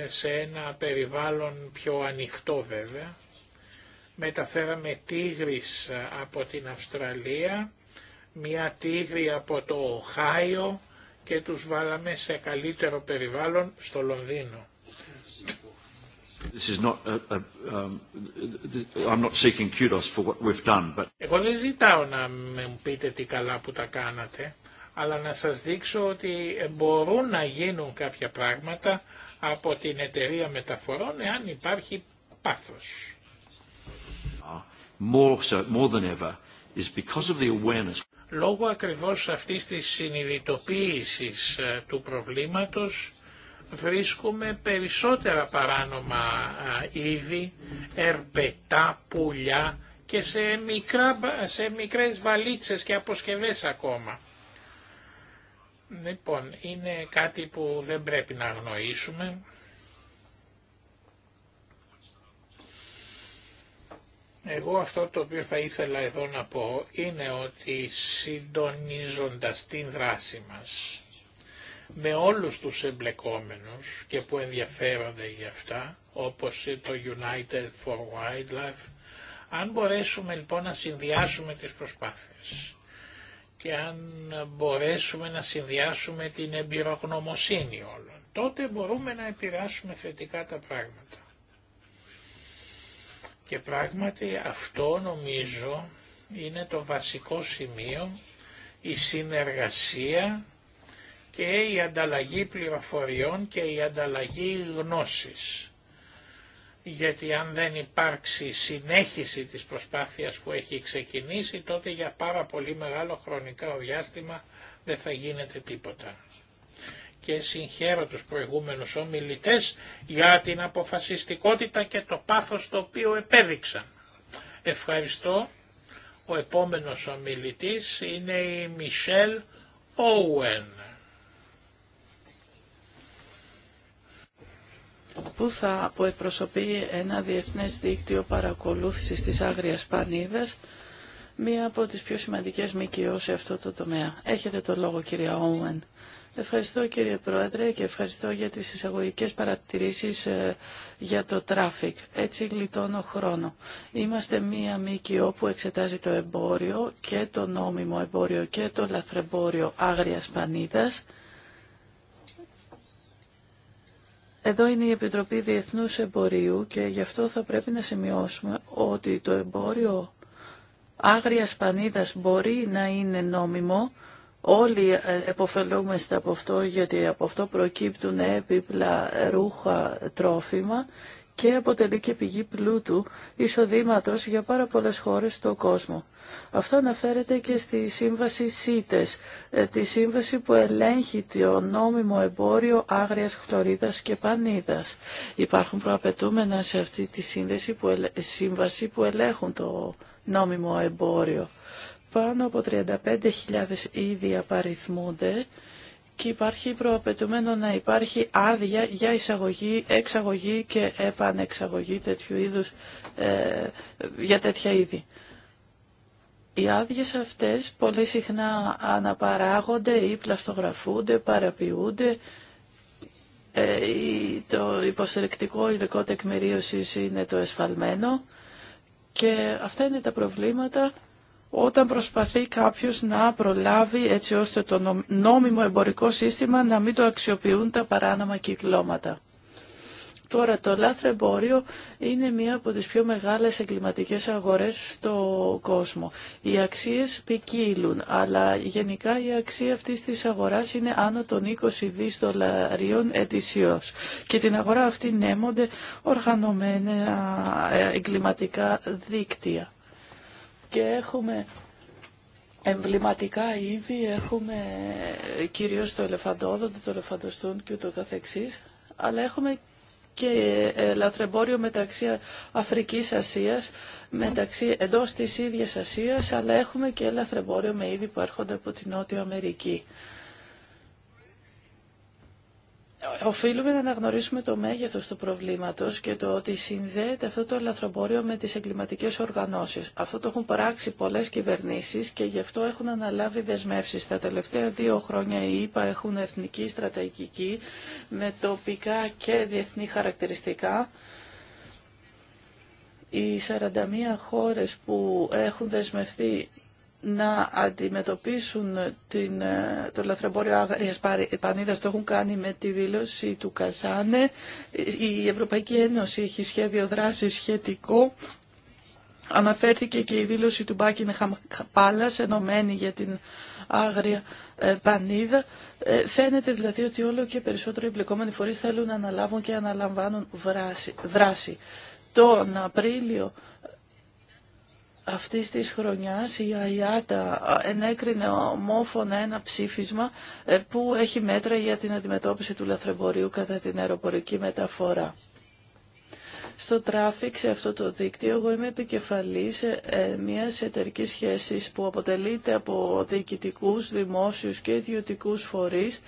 σε ένα περιβάλλον πιο ανοιχτό βέβαια μεταφέραμε τίγρης ε, από την Αυστραλία, μια τίγρη από το Οχάιο και τους βάλαμε σε καλύτερο περιβάλλον στο Λονδίνο. Εγώ δεν ζητάω να μου πείτε τι καλά που τα κάνατε, αλλά να σας δείξω ότι μπορούν να γίνουν κάποια πράγματα από την εταιρεία μεταφορών εάν υπάρχει πάθος. Λόγω ακριβώς αυτής της συνειδητοποίησης ε, του προβλήματος βρίσκουμε περισσότερα παράνομα ε, είδη, ερπετά, πουλιά και σε, μικρά, σε μικρές βαλίτσες και αποσκευές ακόμα. Λοιπόν, είναι κάτι που δεν πρέπει να αγνοήσουμε. Εγώ αυτό το οποίο θα ήθελα εδώ να πω είναι ότι συντονίζοντας την δράση μας με όλους τους εμπλεκόμενους και που ενδιαφέρονται για αυτά, όπως το United for Wildlife, αν μπορέσουμε λοιπόν να συνδυάσουμε τις προσπάθειες και αν μπορέσουμε να συνδυάσουμε την εμπειρογνωμοσύνη όλων, τότε μπορούμε να επηρεάσουμε θετικά τα πράγματα. Και πράγματι αυτό νομίζω είναι το βασικό σημείο, η συνεργασία και η ανταλλαγή πληροφοριών και η ανταλλαγή γνώσης. Γιατί αν δεν υπάρξει συνέχιση της προσπάθειας που έχει ξεκινήσει, τότε για πάρα πολύ μεγάλο χρονικά διάστημα δεν θα γίνεται τίποτα και συγχαίρω τους προηγούμενους ομιλητές για την αποφασιστικότητα και το πάθος το οποίο επέδειξαν. Ευχαριστώ. Ο επόμενος ομιλητής είναι η Μισελ Όουεν. που θα αποεπροσωπεί ένα διεθνές δίκτυο παρακολούθησης της Άγριας Πανίδας, μία από τις πιο σημαντικές ΜΚΟ σε αυτό το τομέα. Έχετε το λόγο κυρία Όουεν. Ευχαριστώ κύριε Πρόεδρε και ευχαριστώ για τις εισαγωγικές παρατηρήσεις ε, για το τράφικ. Έτσι γλιτώνω χρόνο. Είμαστε μία μήκη που εξετάζει το εμπόριο και το νόμιμο εμπόριο και το λαθρεμπόριο άγριας πανίδας. Εδώ είναι η Επιτροπή Διεθνούς Εμπορίου και γι' αυτό θα πρέπει να σημειώσουμε ότι το εμπόριο άγριας πανίδας μπορεί να είναι νόμιμο Όλοι εποφελούμαστε από αυτό γιατί από αυτό προκύπτουν έπιπλα ρούχα τρόφιμα και αποτελεί και πηγή πλούτου εισοδήματος για πάρα πολλές χώρες στον κόσμο. Αυτό αναφέρεται και στη σύμβαση ΣΥΤΕΣ, ε, τη σύμβαση που ελέγχει το νόμιμο εμπόριο άγριας χλωρίδας και πανίδας. Υπάρχουν προαπαιτούμενα σε αυτή τη σύνδεση που, σύμβαση που ελέγχουν το νόμιμο εμπόριο πάνω από 35.000 ήδη απαριθμούνται και υπάρχει προαπαιτούμενο να υπάρχει άδεια για εισαγωγή, εξαγωγή και επανεξαγωγή τέτοιου είδους, ε, για τέτοια είδη. Οι άδειε αυτές πολύ συχνά αναπαράγονται ή πλαστογραφούνται, παραποιούνται, ε, το υποστηρικτικό υλικό τεκμηρίωσης είναι το εσφαλμένο και αυτά είναι τα προβλήματα όταν προσπαθεί κάποιος να προλάβει έτσι ώστε το νόμιμο εμπορικό σύστημα να μην το αξιοποιούν τα παράνομα κυκλώματα. Τώρα το λάθρεμπόριο είναι μία από τις πιο μεγάλες εγκληματικές αγορές στο κόσμο. Οι αξίες ποικίλουν, αλλά γενικά η αξία αυτής της αγοράς είναι άνω των 20 δις δολαρίων ετησίως. Και την αγορά αυτή νέμονται οργανωμένα ε, εγκληματικά δίκτυα και έχουμε εμβληματικά ήδη έχουμε κυρίως το ελεφαντόδοντο, το ελεφαντοστούν και το καθεξής, αλλά έχουμε και ε, λαθρεμπόριο μεταξύ Αφρικής Ασίας, μεταξύ εντός της ίδιας Ασίας, αλλά έχουμε και λαθρεμπόριο με είδη που έρχονται από την Νότια Αμερική. Οφείλουμε να αναγνωρίσουμε το μέγεθος του προβλήματος και το ότι συνδέεται αυτό το λαθρομπόριο με τις εγκληματικές οργανώσεις. Αυτό το έχουν παράξει πολλές κυβερνήσεις και γι' αυτό έχουν αναλάβει δεσμεύσεις. Τα τελευταία δύο χρόνια οι ΙΠΑ έχουν εθνική στρατηγική με τοπικά και διεθνή χαρακτηριστικά. Οι 41 χώρες που έχουν δεσμευτεί να αντιμετωπίσουν την, το λαθρεμπόριο άγριας πανίδας το έχουν κάνει με τη δήλωση του Καζάνε. Η Ευρωπαϊκή Ένωση έχει σχέδιο δράση σχετικό. Αναφέρθηκε και η δήλωση του Μπάκιν Χαμπάλας, ενωμένη για την άγρια ε, πανίδα. Ε, φαίνεται δηλαδή ότι όλο και περισσότερο εμπλεκόμενοι φορείς θέλουν να αναλάβουν και αναλαμβάνουν δράση. Τον Απρίλιο αυτής της χρονιάς η ΑΙΑΤΑ ενέκρινε ομόφωνα ένα ψήφισμα ε, που έχει μέτρα για την αντιμετώπιση του λαθρεμπορίου κατά την αεροπορική μεταφορά στο τράφικ σε αυτό το δίκτυο. Εγώ είμαι επικεφαλής ε, μιας εταιρική σχέσης που αποτελείται από διοικητικούς, δημόσιους και ιδιωτικού φορείς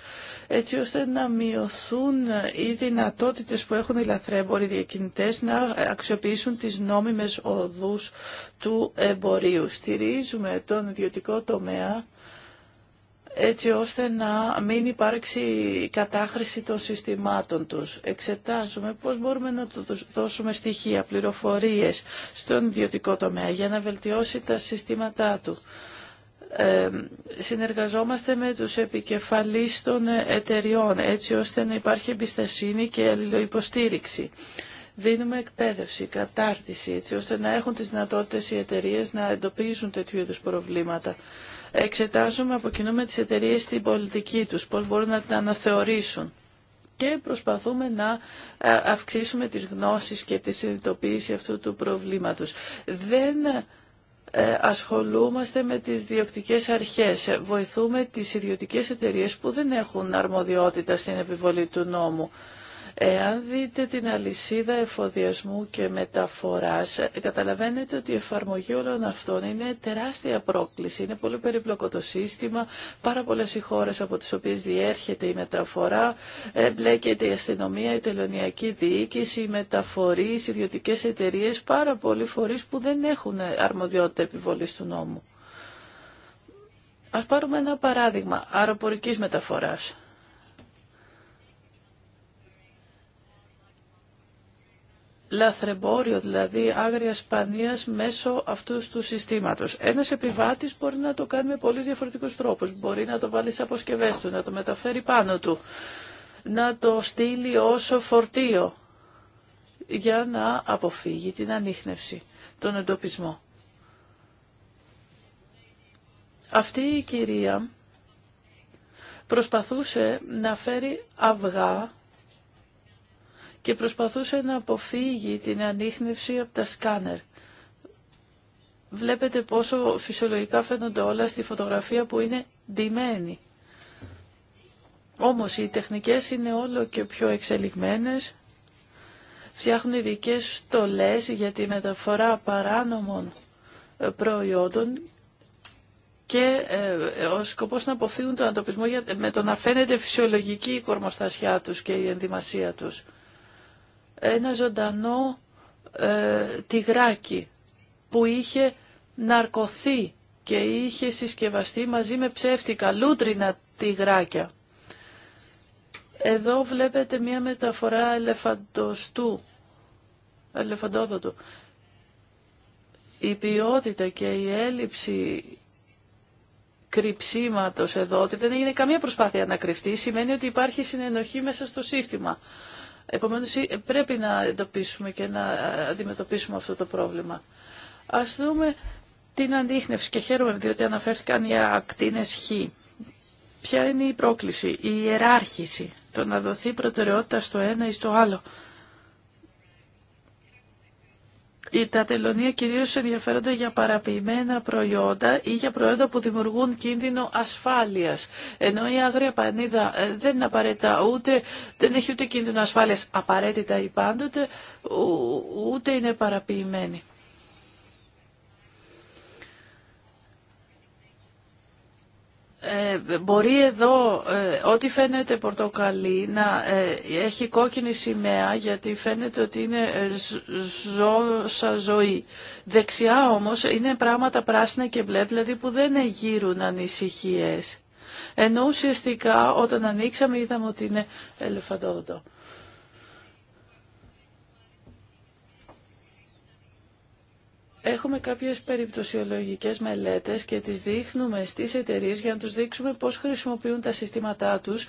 έτσι ώστε να μειωθούν οι δυνατότητες που έχουν οι λαθρέμποροι διακινητές να αξιοποιήσουν τις νόμιμες οδούς του εμπορίου. Στηρίζουμε τον ιδιωτικό τομέα έτσι ώστε να μην υπάρξει κατάχρηση των συστημάτων τους. Εξετάζουμε πώς μπορούμε να του δώσουμε στοιχεία, πληροφορίες στον ιδιωτικό τομέα για να βελτιώσει τα συστήματά του. Ε, συνεργαζόμαστε με τους επικεφαλείς των εταιριών έτσι ώστε να υπάρχει εμπιστασύνη και αλληλοϊποστήριξη. Δίνουμε εκπαίδευση, κατάρτιση έτσι ώστε να έχουν τις δυνατότητες οι εταιρείες να εντοπίζουν τέτοιου είδους προβλήματα εξετάζουμε από κοινού με τις εταιρείες την πολιτική τους, πώς μπορούν να την αναθεωρήσουν και προσπαθούμε να ε, αυξήσουμε τις γνώσεις και τη συνειδητοποίηση αυτού του προβλήματος. Δεν ε, ασχολούμαστε με τις διοκτικές αρχές. Ε, βοηθούμε τις ιδιωτικές εταιρείες που δεν έχουν αρμοδιότητα στην επιβολή του νόμου. Εάν δείτε την αλυσίδα εφοδιασμού και μεταφοράς, καταλαβαίνετε ότι η εφαρμογή όλων αυτών είναι τεράστια πρόκληση. Είναι πολύ περίπλοκο το σύστημα, πάρα πολλέ οι χώρε από τι οποίε διέρχεται η μεταφορά, Εμπλέκεται η αστυνομία, η τελωνιακή διοίκηση, οι μεταφορεί, οι ιδιωτικέ εταιρείε, πάρα πολλοί φορεί που δεν έχουν αρμοδιότητα επιβολή του νόμου. Α πάρουμε ένα παράδειγμα αεροπορική μεταφορά. λαθρεμπόριο, δηλαδή άγρια σπανία μέσω αυτού του συστήματο. Ένα επιβάτης μπορεί να το κάνει με πολλού διαφορετικού τρόπου. Μπορεί να το βάλει σε αποσκευέ του, να το μεταφέρει πάνω του, να το στείλει όσο φορτίο για να αποφύγει την ανείχνευση, τον εντοπισμό. Αυτή η κυρία προσπαθούσε να φέρει αυγά και προσπαθούσε να αποφύγει την ανείχνευση από τα σκάνερ. Βλέπετε πόσο φυσιολογικά φαίνονται όλα στη φωτογραφία που είναι ντυμένη. Όμως οι τεχνικές είναι όλο και πιο εξελιγμένες, φτιάχνουν ειδικέ στολές για τη μεταφορά παράνομων ε, προϊόντων και ε, ο σκοπός να αποφύγουν τον αντοπισμό με το να φαίνεται φυσιολογική η κορμοστασιά τους και η ενδυμασία τους ένα ζωντανό ε, τυγράκι που είχε ναρκωθεί και είχε συσκευαστεί μαζί με ψεύτικα λούτρινα τυγράκια. Εδώ βλέπετε μία μεταφορά ελεφαντοστού, ελεφαντόδοτου. Η ποιότητα και η έλλειψη κρυψίματος εδώ, ότι δεν έγινε καμία προσπάθεια να κρυφτεί, σημαίνει ότι υπάρχει συνενοχή μέσα στο σύστημα. Επομένως ε, πρέπει να εντοπίσουμε και να ε, αντιμετωπίσουμε αυτό το πρόβλημα. Ας δούμε την αντίχνευση και χαίρομαι διότι αναφέρθηκαν οι ακτίνες Χ. Ποια είναι η πρόκληση, η ιεράρχηση, το να δοθεί προτεραιότητα στο ένα ή στο άλλο. Η τελωνία κυρίως ενδιαφέρονται για παραποιημένα προϊόντα ή για προϊόντα που δημιουργούν κίνδυνο ασφάλειας. Ενώ η άγρια πανίδα ε, δεν είναι ούτε, δεν έχει ούτε κίνδυνο ασφάλειας απαραίτητα ή πάντοτε, ούτε είναι παραποιημένη. Ε, μπορεί εδώ ε, ό,τι φαίνεται πορτοκαλί να ε, έχει κόκκινη σημαία γιατί φαίνεται ότι είναι ζώσα ζωή. Δεξιά όμως είναι πράγματα πράσινα και μπλε δηλαδή που δεν εγείρουν ανησυχίες. Ενώ ουσιαστικά όταν ανοίξαμε είδαμε ότι είναι ελεφαντόδοτο. Έχουμε κάποιες περιπτωσιολογικές μελέτες και τις δείχνουμε στις εταιρείες για να τους δείξουμε πώς χρησιμοποιούν τα συστήματά τους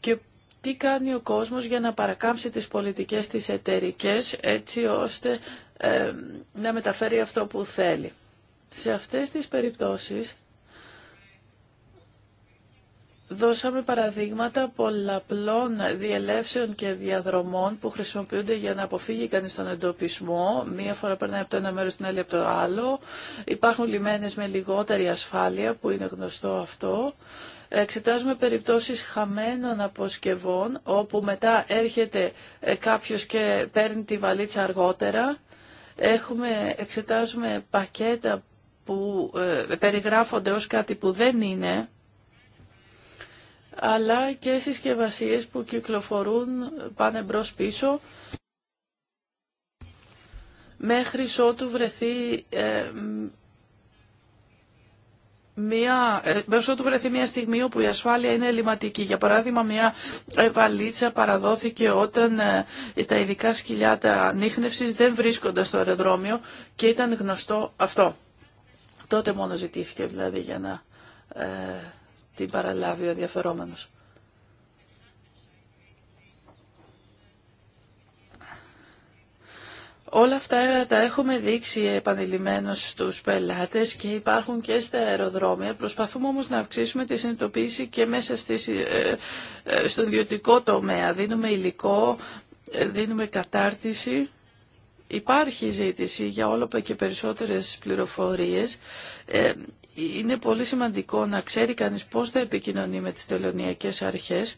και τι κάνει ο κόσμος για να παρακάμψει τις πολιτικές της εταιρικές έτσι ώστε ε, να μεταφέρει αυτό που θέλει. Σε αυτές τις περιπτώσεις Δώσαμε παραδείγματα πολλαπλών διελεύσεων και διαδρομών που χρησιμοποιούνται για να αποφύγει κανεί τον εντοπισμό. Μία φορά περνάει από το ένα μέρο στην άλλη από το άλλο. Υπάρχουν λιμένε με λιγότερη ασφάλεια που είναι γνωστό αυτό. Εξετάζουμε περιπτώσεις χαμένων αποσκευών όπου μετά έρχεται ε, κάποιος και παίρνει τη βαλίτσα αργότερα. Έχουμε, εξετάζουμε πακέτα που ε, περιγράφονται ως κάτι που δεν είναι αλλά και συσκευασίες που κυκλοφορούν πάνε μπρος πίσω μέχρι ότου βρεθεί ε, μια, ε, βρεθεί μια στιγμή όπου η ασφάλεια είναι ελληματική. Για παράδειγμα, μια ε, βαλίτσα παραδόθηκε όταν τα ειδικά σκυλιά τα ανείχνευσης δεν βρίσκονταν στο αεροδρόμιο και ήταν γνωστό αυτό. Τότε μόνο ζητήθηκε δηλαδή για να την παραλάβει ο ενδιαφερόμενος. Όλα αυτά τα έχουμε δείξει επανειλημμένως στους πελάτες και υπάρχουν και στα αεροδρόμια. Προσπαθούμε όμως να αυξήσουμε τη συνειδητοποίηση και μέσα στο ε, ε, στον ιδιωτικό τομέα. Δίνουμε υλικό, ε, δίνουμε κατάρτιση. Υπάρχει ζήτηση για όλο και περισσότερες πληροφορίες είναι πολύ σημαντικό να ξέρει κανείς πώς θα επικοινωνεί με τις τελωνιακές αρχές.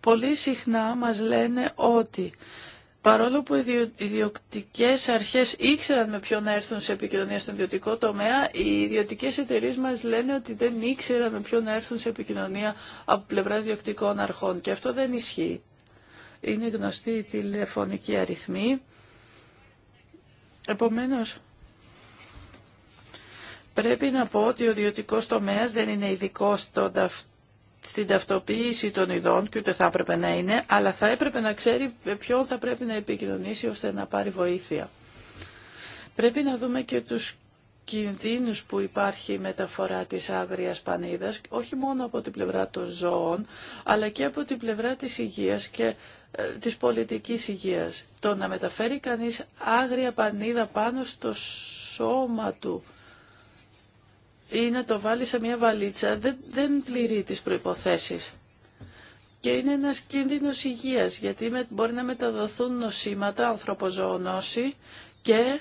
Πολύ συχνά μας λένε ότι παρόλο που οι ιδιωτικές αρχές ήξεραν με ποιον να έρθουν σε επικοινωνία στον ιδιωτικό τομέα, οι ιδιωτικές εταιρείες μας λένε ότι δεν ήξεραν με ποιον να έρθουν σε επικοινωνία από πλευράς διοκτικών αρχών και αυτό δεν ισχύει. Είναι γνωστή η τηλεφωνική αριθμή. Επομένως, Πρέπει να πω ότι ο ιδιωτικό τομέα δεν είναι ειδικό στην ταυτοποίηση των ειδών και ούτε θα έπρεπε να είναι, αλλά θα έπρεπε να ξέρει ποιον θα πρέπει να επικοινωνήσει ώστε να πάρει βοήθεια. Πρέπει να δούμε και τους κινδύνους που υπάρχει η μεταφορά της άγριας πανίδας, όχι μόνο από την πλευρά των ζώων, αλλά και από την πλευρά της υγείας και ε, της πολιτικής υγείας. Το να μεταφέρει κανείς άγρια πανίδα πάνω στο σώμα του ή να το βάλει σε μια βαλίτσα δεν, δεν πληρεί τις προϋποθέσεις. Και είναι ένας κίνδυνος υγείας, γιατί μπορεί να μεταδοθούν νοσήματα, ανθρωποζωονόση και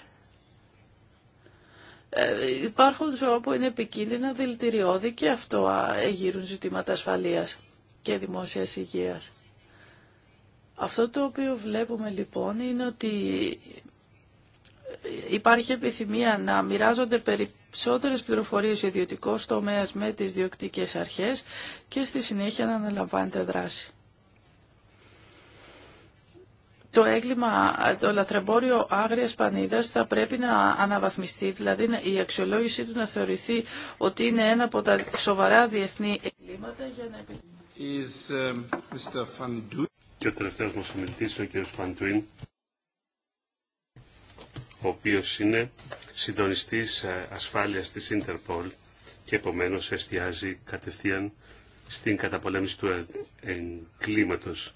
ε, υπάρχουν ζώα που είναι επικίνδυνα, δηλητηριώδη και αυτό γύρουν ζητήματα ασφαλείας και δημόσιας υγείας. Αυτό το οποίο βλέπουμε λοιπόν είναι ότι υπάρχει επιθυμία να μοιράζονται περισσότερες πληροφορίες ιδιωτικό τομέα με τις διοκτικές αρχές και στη συνέχεια να αναλαμβάνεται δράση. Το έγκλημα, το λαθρεμπόριο άγρια πανίδα θα πρέπει να αναβαθμιστεί, δηλαδή η αξιολόγησή του να θεωρηθεί ότι είναι ένα από τα σοβαρά διεθνή εγκλήματα για να ε, Και ο ο Φαντουίν ο οποίος είναι συντονιστής ε, ασφάλειας της Ιντερπολ και επομένως εστιάζει κατευθείαν στην καταπολέμηση του εγκλήματος.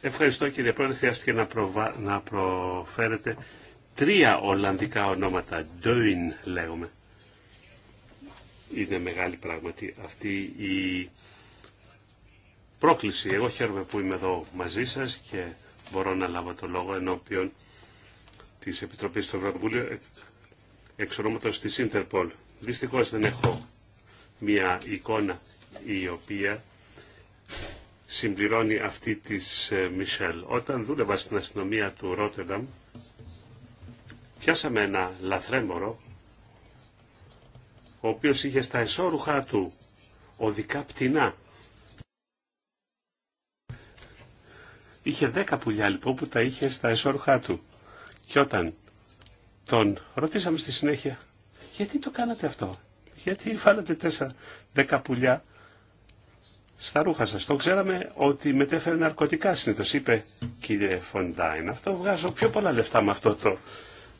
Ευχαριστώ κύριε Πρόεδρε, χρειάστηκε να, προβα... να προφέρετε τρία Ολλανδικά ονόματα, Ντόιν λέγουμε. Είναι μεγάλη πράγματι αυτή η πρόκληση. Εγώ χαίρομαι που είμαι εδώ μαζί σας και μπορώ να λάβω το λόγο ενώπιον της Επιτροπής του Ευρωβουλίου ε, εξ ονόματος της Ιντερπολ. Δυστυχώς δεν έχω μια εικόνα η οποία συμπληρώνει αυτή της ε, Μισελ. Όταν δούλευα στην αστυνομία του Ρότερνταμ, πιάσαμε ένα λαθρέμορο, ο οποίος είχε στα εσώρουχά του οδικά πτηνά. Είχε δέκα πουλιά λοιπόν που τα είχε στα εσώρουχά του. Και όταν τον ρωτήσαμε στη συνέχεια, γιατί το κάνατε αυτό, γιατί βάλατε τέσσερα δέκα πουλιά στα ρούχα σας. Το ξέραμε ότι μετέφερε ναρκωτικά συνήθως. Είπε, κύριε Φοντάιν, αυτό βγάζω πιο πολλά λεφτά με αυτό το,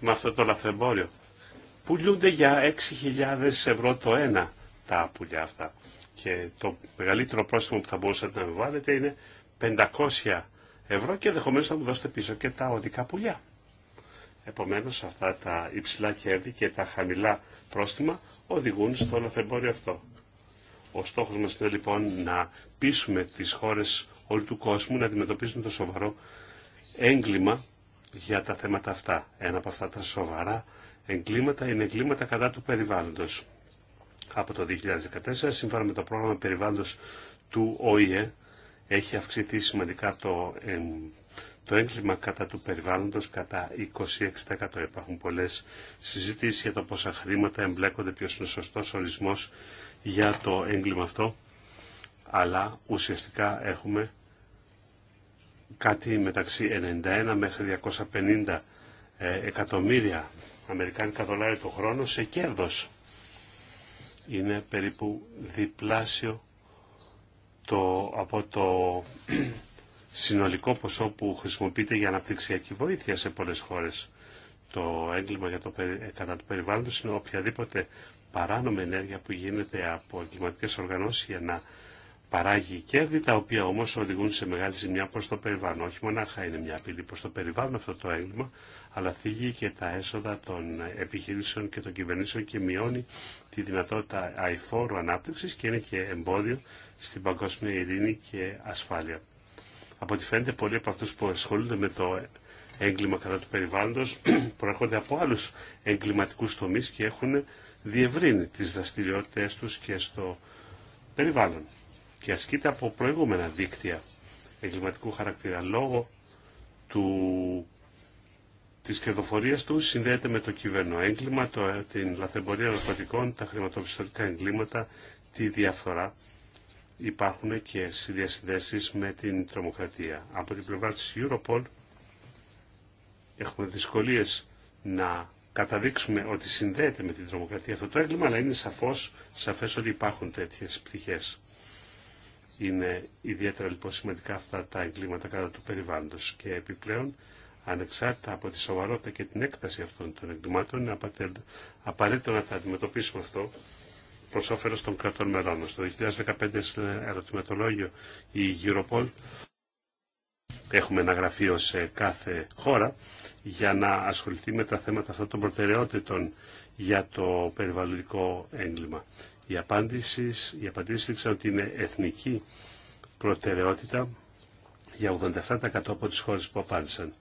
με αυτό το λαθρεμπόριο. Πουλούνται για 6.000 ευρώ το ένα τα πουλιά αυτά. Και το μεγαλύτερο πρόστιμο που θα μπορούσατε να βάλετε είναι 500 ευρώ και ενδεχομένω θα μου δώσετε πίσω και τα οδικά πουλιά. Επομένως αυτά τα υψηλά κέρδη και τα χαμηλά πρόστιμα οδηγούν στο λαθρεμπόριο αυτό. Ο στόχος μας είναι λοιπόν να πείσουμε τις χώρες όλου του κόσμου να αντιμετωπίσουν το σοβαρό έγκλημα για τα θέματα αυτά. Ένα από αυτά τα σοβαρά εγκλήματα είναι εγκλήματα κατά του περιβάλλοντος. Από το 2014, σύμφωνα με το πρόγραμμα περιβάλλοντος του ΟΗΕ, έχει αυξηθεί σημαντικά το το έγκλημα κατά του περιβάλλοντος κατά 26%. Υπάρχουν πολλές συζητήσεις για το πόσα χρήματα εμπλέκονται, ποιος είναι ο σωστός ορισμός για το έγκλημα αυτό, αλλά ουσιαστικά έχουμε κάτι μεταξύ 91 μέχρι 250 ε, εκατομμύρια αμερικάνικα δολάρια το χρόνο σε κέρδος. Είναι περίπου διπλάσιο το, από το συνολικό ποσό που χρησιμοποιείται για αναπτυξιακή βοήθεια σε πολλές χώρες. Το έγκλημα για το, κατά του περιβάλλοντο, είναι οποιαδήποτε παράνομη ενέργεια που γίνεται από εγκληματικές οργανώσεις για να παράγει κέρδη, τα οποία όμως οδηγούν σε μεγάλη ζημιά προς το περιβάλλον. Όχι μονάχα είναι μια απειλή προς το περιβάλλον αυτό το έγκλημα, αλλά θίγει και τα έσοδα των επιχειρήσεων και των κυβερνήσεων και μειώνει τη δυνατότητα αηφόρου ανάπτυξης και είναι και εμπόδιο στην παγκόσμια ειρήνη και ασφάλεια. Από ό,τι φαίνεται, πολλοί από αυτού που ασχολούνται με το έγκλημα κατά του περιβάλλοντο, [CLEARS THROAT] προέρχονται από άλλους εγκληματικού τομεί και έχουν διευρύνει τις δραστηριότητε τους και στο περιβάλλον και ασκείται από προηγούμενα δίκτυα εγκληματικού χαρακτήρα λόγω του, της κερδοφορία του συνδέεται με το κυβερνό έγκλημα, την λαθεμπορία ναρκωτικών, τα χρηματοπιστωτικά εγκλήματα, τη διαφθορά υπάρχουν και διασυνδέσεις με την τρομοκρατία. Από την πλευρά της Europol έχουμε δυσκολίες να καταδείξουμε ότι συνδέεται με την τρομοκρατία αυτό το έγκλημα, αλλά είναι σαφώς, σαφές ότι υπάρχουν τέτοιες πτυχές. Είναι ιδιαίτερα λοιπόν σημαντικά αυτά τα εγκλήματα κατά του περιβάλλοντος και επιπλέον ανεξάρτητα από τη σοβαρότητα και την έκταση αυτών των εγκλημάτων είναι απαραίτητο να τα αντιμετωπίσουμε αυτό προ όφελο των κρατών μελών. Το 2015 σε ερωτηματολόγιο η Europol έχουμε ένα γραφείο σε κάθε χώρα για να ασχοληθεί με τα θέματα αυτών των προτεραιότητων για το περιβαλλοντικό έγκλημα. Η απάντηση, η απάντηση δείξα ότι είναι εθνική προτεραιότητα για 87% από τις χώρες που απάντησαν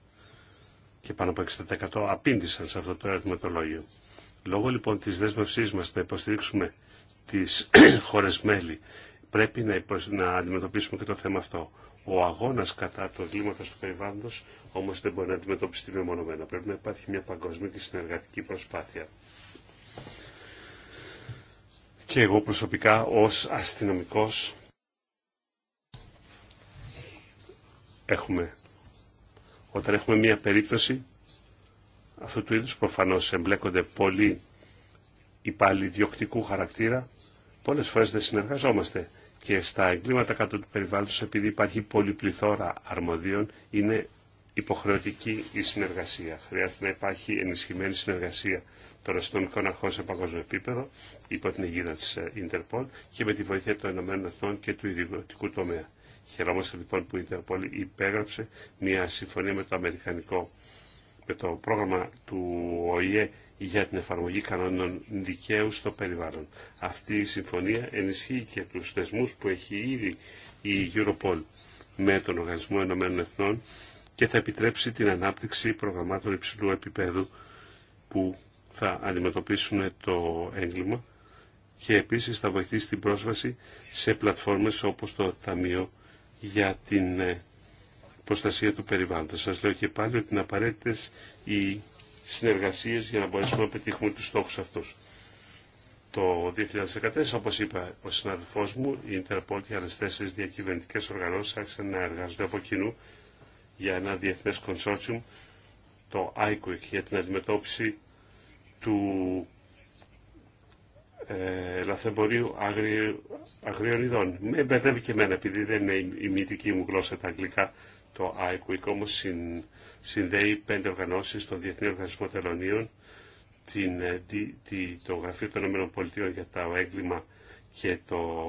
και πάνω από 60% απήντησαν σε αυτό το ερωτηματολόγιο. Λόγω λοιπόν της δέσμευσής μας να υποστηρίξουμε τις [CLEARS THROAT] χώρες μέλη. Πρέπει να, να αντιμετωπίσουμε και το θέμα αυτό. Ο αγώνα κατά το εγκλήματο του περιβάλλοντο όμω δεν μπορεί να αντιμετωπιστεί μεμονωμένα. Πρέπει να υπάρχει μια παγκόσμια και συνεργατική προσπάθεια. Και εγώ προσωπικά ως αστυνομικός έχουμε, όταν έχουμε μια περίπτωση αυτού του είδους προφανώς εμπλέκονται πολλοί υπαλληδιοκτικού διοκτικού χαρακτήρα, πολλές φορέ δεν συνεργαζόμαστε και στα εγκλήματα κάτω του περιβάλλοντος επειδή υπάρχει πολυπληθώρα αρμοδίων είναι υποχρεωτική η συνεργασία. Χρειάζεται να υπάρχει ενισχυμένη συνεργασία των αστυνομικών αρχών σε παγκόσμιο επίπεδο υπό την αιγύδα τη Interpol και με τη βοήθεια των Εθνών και του ιδιωτικού τομέα. Χαιρόμαστε λοιπόν που η Interpol υπέγραψε μια συμφωνία με το Αμερικανικό με το πρόγραμμα του ΟΗΕ για την εφαρμογή κανόνων δικαίου στο περιβάλλον. Αυτή η συμφωνία ενισχύει και τους θεσμούς που έχει ήδη η Europol με τον Οργανισμό Ενωμένων Εθνών και θα επιτρέψει την ανάπτυξη προγραμμάτων υψηλού επίπεδου που θα αντιμετωπίσουν το έγκλημα και επίσης θα βοηθήσει την πρόσβαση σε πλατφόρμες όπως το Ταμείο για την ε, προστασία του περιβάλλοντος. Σας λέω και πάλι ότι είναι απαραίτητες οι συνεργασίες για να μπορέσουμε να πετύχουμε τους στόχους αυτούς. Το 2014, όπως είπα, ο συναδελφός μου, η Interpol και άλλες τέσσερις διακυβερνητικές οργανώσεις άρχισαν να εργάζονται από κοινού για ένα διεθνές consortium, το IQIC, για την αντιμετώπιση του ε, λαθεμπορίου αγριων Με μπερδεύει και εμένα, επειδή δεν είναι η μυητική μου γλώσσα τα αγγλικά, το ΑΕΚΟΙΚ όμως συνδέει πέντε οργανώσεις, τον Διεθνή Οργανισμό Τελωνίων, την, ε, τη, το Γραφείο των ΗΠΑ για το έγκλημα και το,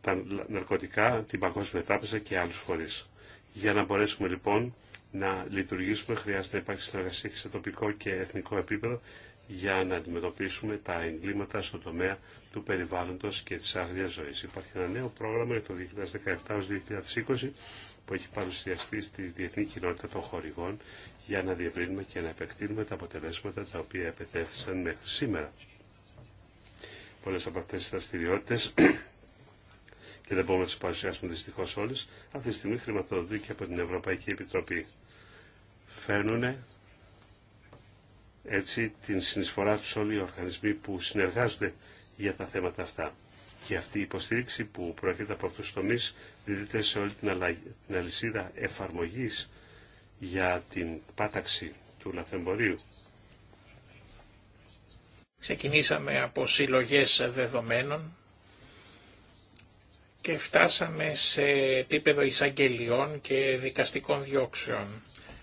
τα ναρκωτικά, την Παγκόσμια Τράπεζα και άλλους φορείς. Για να μπορέσουμε λοιπόν να λειτουργήσουμε χρειάζεται να υπάρξει συνεργασία και σε τοπικό και εθνικό επίπεδο για να αντιμετωπίσουμε τα εγκλήματα στο τομέα του περιβάλλοντος και της άγριας ζωής. Υπάρχει ένα νέο πρόγραμμα για το 2017-2020 που έχει παρουσιαστεί στη διεθνή κοινότητα των χορηγών για να διευρύνουμε και να επεκτείνουμε τα αποτελέσματα τα οποία επετέθησαν μέχρι σήμερα. Πολλές από αυτές τις δραστηριότητε [CLEARS THROAT] και δεν μπορούμε να τις παρουσιάσουμε δυστυχώς όλες, αυτή τη στιγμή χρηματοδοτεί και από την Ευρωπαϊκή Επιτροπή. Φέρνουν έτσι την συνεισφορά του όλοι οι οργανισμοί που συνεργάζονται για τα θέματα αυτά. Και αυτή η υποστήριξη που προέρχεται από αυτού του τομεί δίδεται σε όλη την αλυσίδα εφαρμογής για την πάταξη του λαθρεμπορίου. Ξεκινήσαμε από συλλογέ δεδομένων και φτάσαμε σε επίπεδο εισαγγελιών και δικαστικών διώξεων.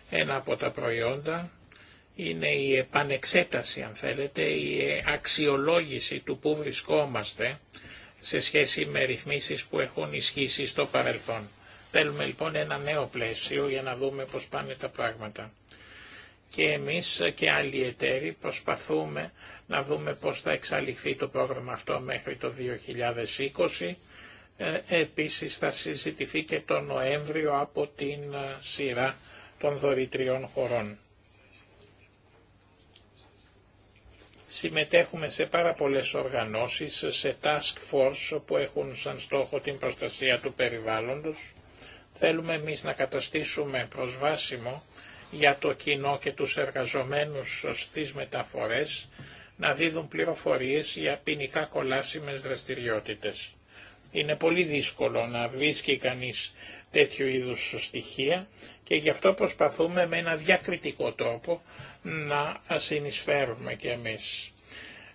Ένα από τα προϊόντα είναι η επανεξέταση, αν θέλετε, η αξιολόγηση του πού βρισκόμαστε σε σχέση με ρυθμίσεις που έχουν ισχύσει στο παρελθόν. Θέλουμε λοιπόν ένα νέο πλαίσιο για να δούμε πώς πάνε τα πράγματα. Και εμείς και άλλοι εταίροι προσπαθούμε να δούμε πώς θα εξαλειφθεί το πρόγραμμα αυτό μέχρι το 2020. Ε, επίσης θα συζητηθεί και το Νοέμβριο από την ε, σειρά των δωρητριών χωρών. Συμμετέχουμε σε πάρα πολλές οργανώσεις, σε task force που έχουν σαν στόχο την προστασία του περιβάλλοντος. Θέλουμε εμείς να καταστήσουμε προσβάσιμο για το κοινό και τους εργαζομένους στις μεταφορές να δίδουν πληροφορίες για ποινικά κολάσιμες δραστηριότητες. Είναι πολύ δύσκολο να βρίσκει κανείς τέτοιου είδους στοιχεία και γι' αυτό προσπαθούμε με ένα διακριτικό τρόπο να συνεισφέρουμε κι εμείς.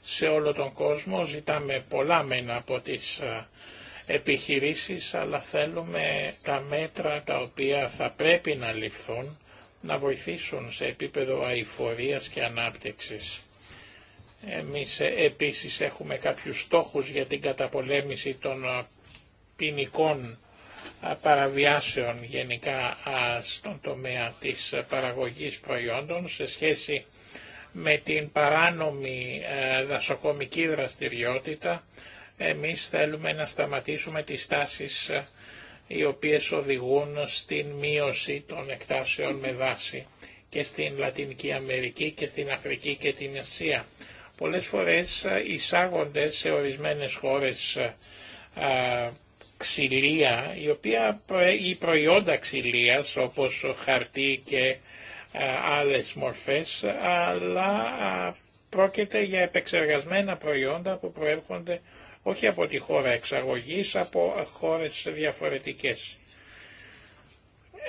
Σε όλο τον κόσμο ζητάμε πολλά μένα από τις ε, επιχειρήσεις, αλλά θέλουμε τα μέτρα τα οποία θα πρέπει να ληφθούν να βοηθήσουν σε επίπεδο αηφορίας και ανάπτυξης. Εμείς ε, επίσης έχουμε κάποιους στόχους για την καταπολέμηση των ε, ποινικών παραβιάσεων γενικά στον τομέα της παραγωγής προϊόντων σε σχέση με την παράνομη δασοκομική δραστηριότητα εμείς θέλουμε να σταματήσουμε τις τάσεις οι οποίες οδηγούν στην μείωση των εκτάσεων με δάση και στην Λατινική Αμερική και στην Αφρική και την Ασία. Πολλές φορές εισάγονται σε ορισμένες χώρες ξυλία, η οποία, η προϊόντα ξυλίας όπως χαρτί και ε, άλλες μορφές, αλλά πρόκειται για επεξεργασμένα προϊόντα που προέρχονται όχι από τη χώρα εξαγωγής, από χώρες διαφορετικές.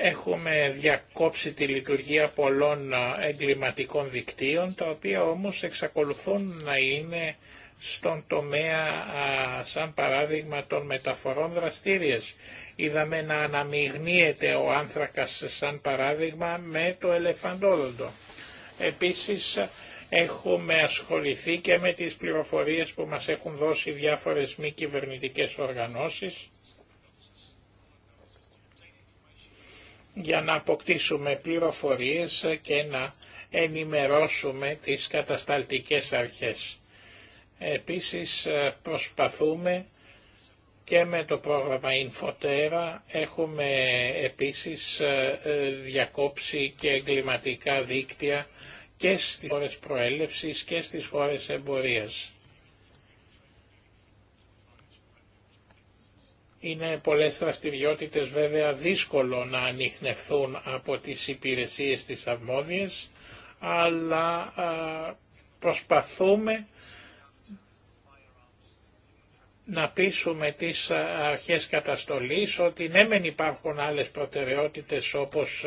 Έχουμε διακόψει τη λειτουργία πολλών ε, εγκληματικών δικτύων, τα οποία όμως εξακολουθούν να είναι στον τομέα σαν παράδειγμα των μεταφορών δραστήριες. Είδαμε να αναμειγνύεται ο άνθρακας σαν παράδειγμα με το ελεφαντόδοντο. Επίσης έχουμε ασχοληθεί και με τις πληροφορίες που μας έχουν δώσει διάφορες μη κυβερνητικέ οργανώσεις για να αποκτήσουμε πληροφορίες και να ενημερώσουμε τις κατασταλτικές αρχές. Επίσης ε, προσπαθούμε και με το πρόγραμμα Infotera έχουμε επίσης ε, ε, διακόψει και εγκληματικά δίκτυα και στις χώρες προέλευσης και στις χώρες εμπορίας. Είναι πολλές δραστηριότητες βέβαια δύσκολο να ανοιχνευθούν από τις υπηρεσίες της αρμόδιες, αλλά προσπαθούμε να πείσουμε τις αρχές καταστολής ότι ναι μεν υπάρχουν άλλες προτεραιότητες όπως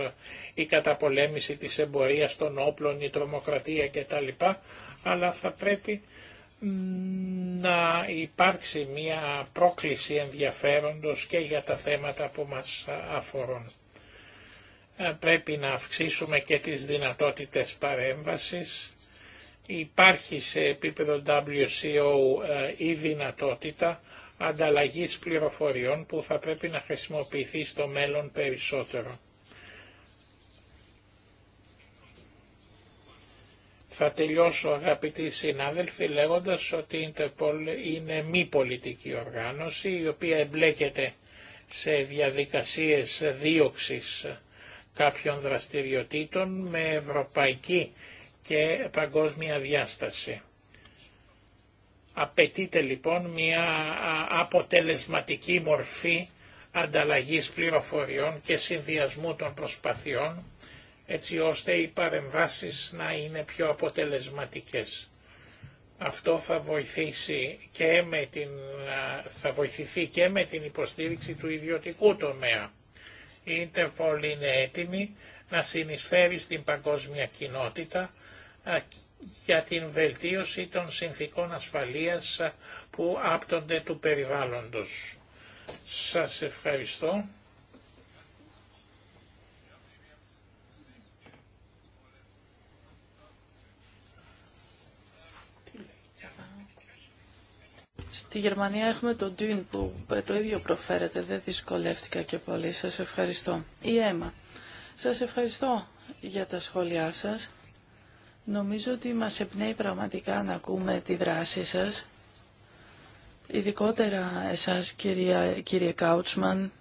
η καταπολέμηση της εμπορίας των όπλων, η τρομοκρατία κτλ. Αλλά θα πρέπει να υπάρξει μια πρόκληση ενδιαφέροντος και για τα θέματα που μας αφορούν. Ε, πρέπει να αυξήσουμε και τις δυνατότητες παρέμβασης Υπάρχει σε επίπεδο WCO ε, η δυνατότητα ανταλλαγής πληροφοριών που θα πρέπει να χρησιμοποιηθεί στο μέλλον περισσότερο. Θα τελειώσω αγαπητοί συνάδελφοι λέγοντας ότι η Interpol είναι μη πολιτική οργάνωση η οποία εμπλέκεται σε διαδικασίες δίωξης κάποιων δραστηριοτήτων με ευρωπαϊκή και παγκόσμια διάσταση. Απαιτείται λοιπόν μια αποτελεσματική μορφή ανταλλαγής πληροφοριών και συνδυασμού των προσπαθειών, έτσι ώστε οι παρεμβάσεις να είναι πιο αποτελεσματικές. Αυτό θα βοηθήσει και με την, θα βοηθηθεί και με την υποστήριξη του ιδιωτικού τομέα. Η Interpol είναι έτοιμη να συνεισφέρει στην παγκόσμια κοινότητα για την βελτίωση των συνθήκων ασφαλείας που άπτονται του περιβάλλοντος. Σας ευχαριστώ. Στη Γερμανία έχουμε το DUN που το ίδιο προφέρεται, δεν δυσκολεύτηκα και πολύ. Σας ευχαριστώ. Η Έμα. Σας ευχαριστώ για τα σχόλιά σας. Νομίζω ότι μας εμπνέει πραγματικά να ακούμε τη δράση σας, ειδικότερα εσάς κυρία, κύριε Κάουτσμαν.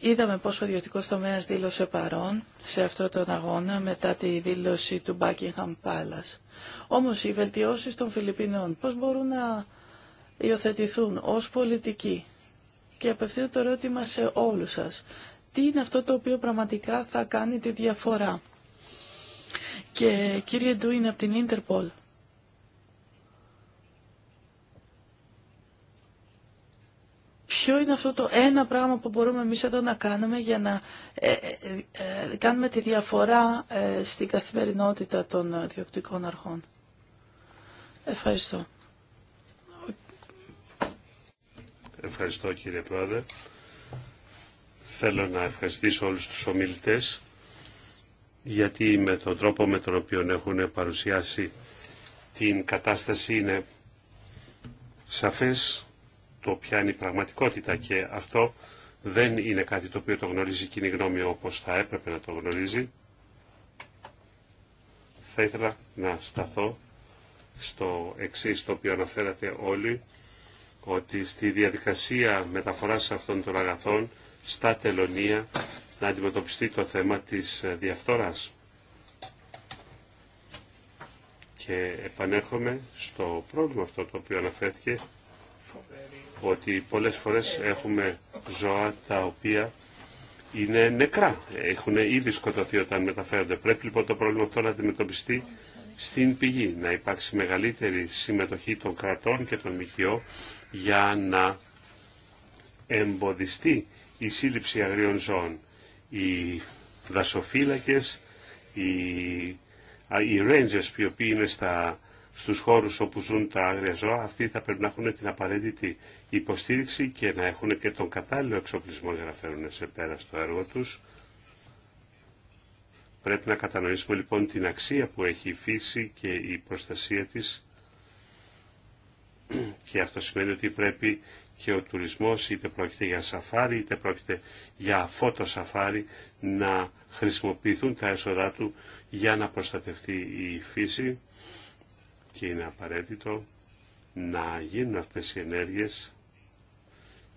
Είδαμε πόσο ο ιδιωτικό τομέα δήλωσε παρόν σε αυτόν τον αγώνα μετά τη δήλωση του Buckingham Palace. Όμως οι βελτιώσεις των Φιλιππινών πώς μπορούν να υιοθετηθούν ως πολιτικοί. Και απευθύνω το ερώτημα σε όλους σας. Τι είναι αυτό το οποίο πραγματικά θα κάνει τη διαφορά και κύριε Ντούιν από την Ίντερπολ. Ποιο είναι αυτό το ένα πράγμα που μπορούμε εμείς εδώ να κάνουμε για να ε, ε, ε, ε κάνουμε τη διαφορά στην καθημερινότητα των διοκτικών αρχών. Ευχαριστώ. Ευχαριστώ κύριε Πρόεδρε. Θέλω να ευχαριστήσω όλους τους ομιλητές γιατί με τον τρόπο με τον οποίο έχουν παρουσιάσει την κατάσταση είναι σαφές το ποια είναι η πραγματικότητα και αυτό δεν είναι κάτι το οποίο το γνωρίζει η κοινή γνώμη όπως θα έπρεπε να το γνωρίζει. Θα ήθελα να σταθώ στο εξή το οποίο αναφέρατε όλοι, ότι στη διαδικασία μεταφοράς αυτών των αγαθών στα τελωνία να αντιμετωπιστεί το θέμα της ε, διαφθοράς. Και επανέρχομαι στο πρόβλημα αυτό το οποίο αναφέρθηκε, ότι πολλές φορές έχουμε ζώα τα οποία είναι νεκρά, έχουν ήδη σκοτωθεί όταν μεταφέρονται. Πρέπει λοιπόν το πρόβλημα αυτό να αντιμετωπιστεί στην πηγή, να υπάρξει μεγαλύτερη συμμετοχή των κρατών και των ΜΚΟ για να εμποδιστεί η σύλληψη αγριών ζώων οι δασοφύλακες, οι, οι rangers οι οποίοι είναι στα, στους χώρους όπου ζουν τα άγρια ζώα, αυτοί θα πρέπει να έχουν την απαραίτητη υποστήριξη και να έχουν και τον κατάλληλο εξοπλισμό για να φέρουν σε πέρα στο έργο τους. Πρέπει να κατανοήσουμε λοιπόν την αξία που έχει η φύση και η προστασία της και αυτό σημαίνει ότι πρέπει και ο τουρισμός, είτε πρόκειται για σαφάρι, είτε πρόκειται για φωτοσαφάρι, να χρησιμοποιηθούν τα έσοδά του για να προστατευτεί η φύση και είναι απαραίτητο να γίνουν αυτές οι ενέργειες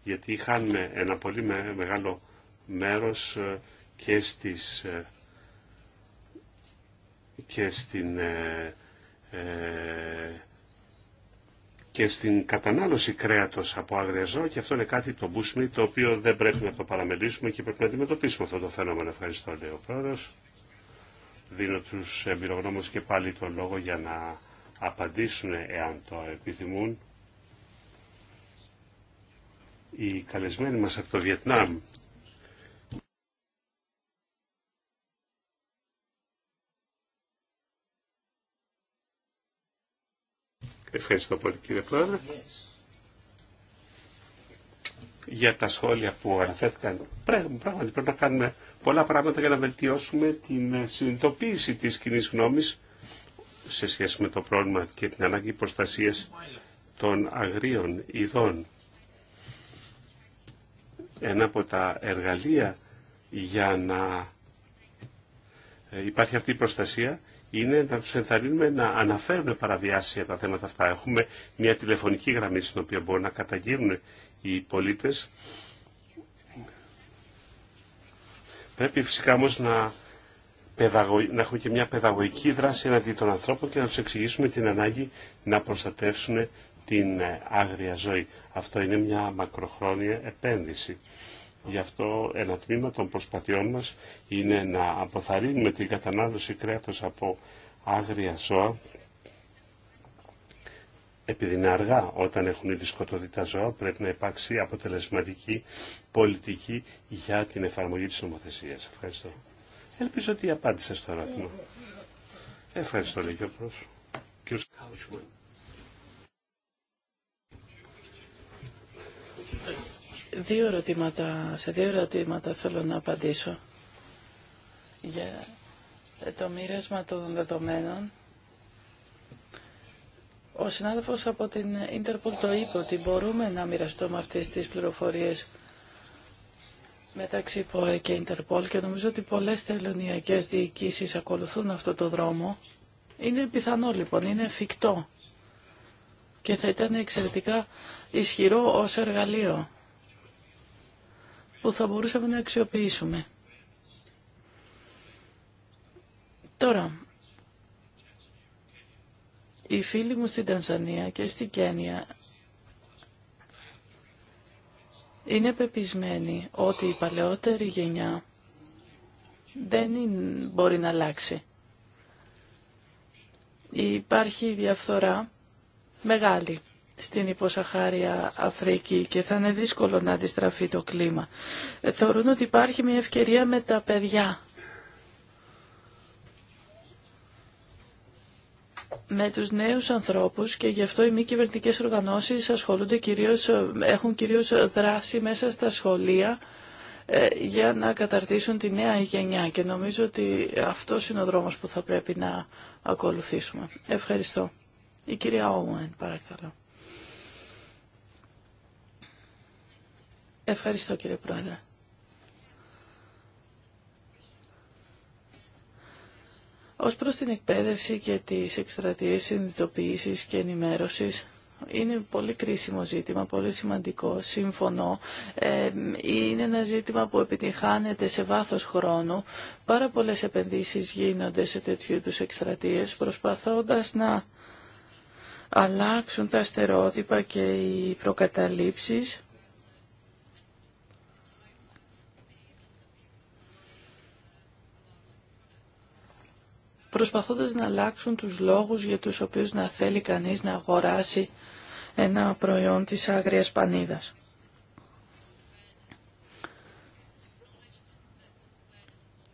γιατί χάνουμε ένα πολύ μεγάλο μέρος ε, και, στις, ε, και στην ε, ε και στην κατανάλωση κρέατος από άγρια ζώα και αυτό είναι κάτι το μπούσμι το οποίο δεν πρέπει να το παραμελήσουμε και πρέπει να αντιμετωπίσουμε αυτό το φαινόμενο. Ευχαριστώ λέει ο πρόεδρος. Δίνω του εμπειρογνώμου και πάλι τον λόγο για να απαντήσουν εάν το επιθυμούν. Οι καλεσμένοι μας από το Βιετνάμ Ευχαριστώ πολύ κύριε Πρόεδρε. Για τα σχόλια που αναφέρθηκαν, πράγματι πρέπει να κάνουμε πολλά πράγματα για να βελτιώσουμε την συνειδητοποίηση της κοινή γνώμης σε σχέση με το πρόβλημα και την ανάγκη προστασίας των αγρίων ειδών. Ένα από τα εργαλεία για να υπάρχει αυτή η προστασία είναι να του ενθαρρύνουμε να αναφέρουν παραβιάσια τα θέματα αυτά. Έχουμε μια τηλεφωνική γραμμή στην οποία μπορούν να καταγγείλουν οι πολίτες. Πρέπει φυσικά όμω να, να έχουμε και μια παιδαγωγική δράση εναντίον των ανθρώπων και να του εξηγήσουμε την ανάγκη να προστατεύσουν την ε, άγρια ζωή. Αυτό είναι μια μακροχρόνια επένδυση. Γι' αυτό ένα τμήμα των προσπαθειών μας είναι να αποθαρρύνουμε την κατανάλωση κρέατος από άγρια ζώα επειδή είναι αργά όταν έχουν ήδη σκοτωθεί τα ζώα, πρέπει να υπάρξει αποτελεσματική πολιτική για την εφαρμογή της νομοθεσίας. Ευχαριστώ. Ελπίζω ότι απάντησε στο ερώτημα. Ευχαριστώ, λέει και ο Δύο ερωτήματα, σε δύο ερωτήματα θέλω να απαντήσω για το μοίρασμα των δεδομένων. Ο συνάδελφος από την Interpol το είπε ότι μπορούμε να μοιραστούμε αυτές τις πληροφορίες μεταξύ ΠΟΕ και Interpol και νομίζω ότι πολλές τελωνιακές διοικήσεις ακολουθούν αυτό το δρόμο. Είναι πιθανό λοιπόν, είναι εφικτό και θα ήταν εξαιρετικά ισχυρό ως εργαλείο που θα μπορούσαμε να αξιοποιήσουμε. Τώρα, οι φίλοι μου στην Τανζανία και στην Κένια είναι πεπισμένοι ότι η παλαιότερη γενιά δεν μπορεί να αλλάξει. Υπάρχει διαφθορά μεγάλη στην υποσαχάρια Αφρική και θα είναι δύσκολο να αντιστραφεί το κλίμα. Ε, θεωρούν ότι υπάρχει μια ευκαιρία με τα παιδιά. με τους νέους ανθρώπους και γι' αυτό οι μη κυβερνητικέ οργανώσεις ασχολούνται κυρίως, έχουν κυρίως δράση μέσα στα σχολεία ε, για να καταρτήσουν τη νέα γενιά και νομίζω ότι αυτό είναι ο δρόμος που θα πρέπει να ακολουθήσουμε. Ευχαριστώ. Η κυρία Όμουεν, παρακαλώ. Ευχαριστώ κύριε Πρόεδρε. Ως προς την εκπαίδευση και τις εκστρατείες συνειδητοποίησης και ενημέρωσης, είναι πολύ κρίσιμο ζήτημα, πολύ σημαντικό, συμφωνώ. Ε, είναι ένα ζήτημα που επιτυχάνεται σε βάθος χρόνου. Πάρα πολλές επενδύσεις γίνονται σε τέτοιου είδους εκστρατείες, προσπαθώντας να αλλάξουν τα στερότυπα και οι προκαταλήψεις προσπαθώντας να αλλάξουν τους λόγους για τους οποίους να θέλει κανείς να αγοράσει ένα προϊόν της άγριας πανίδας.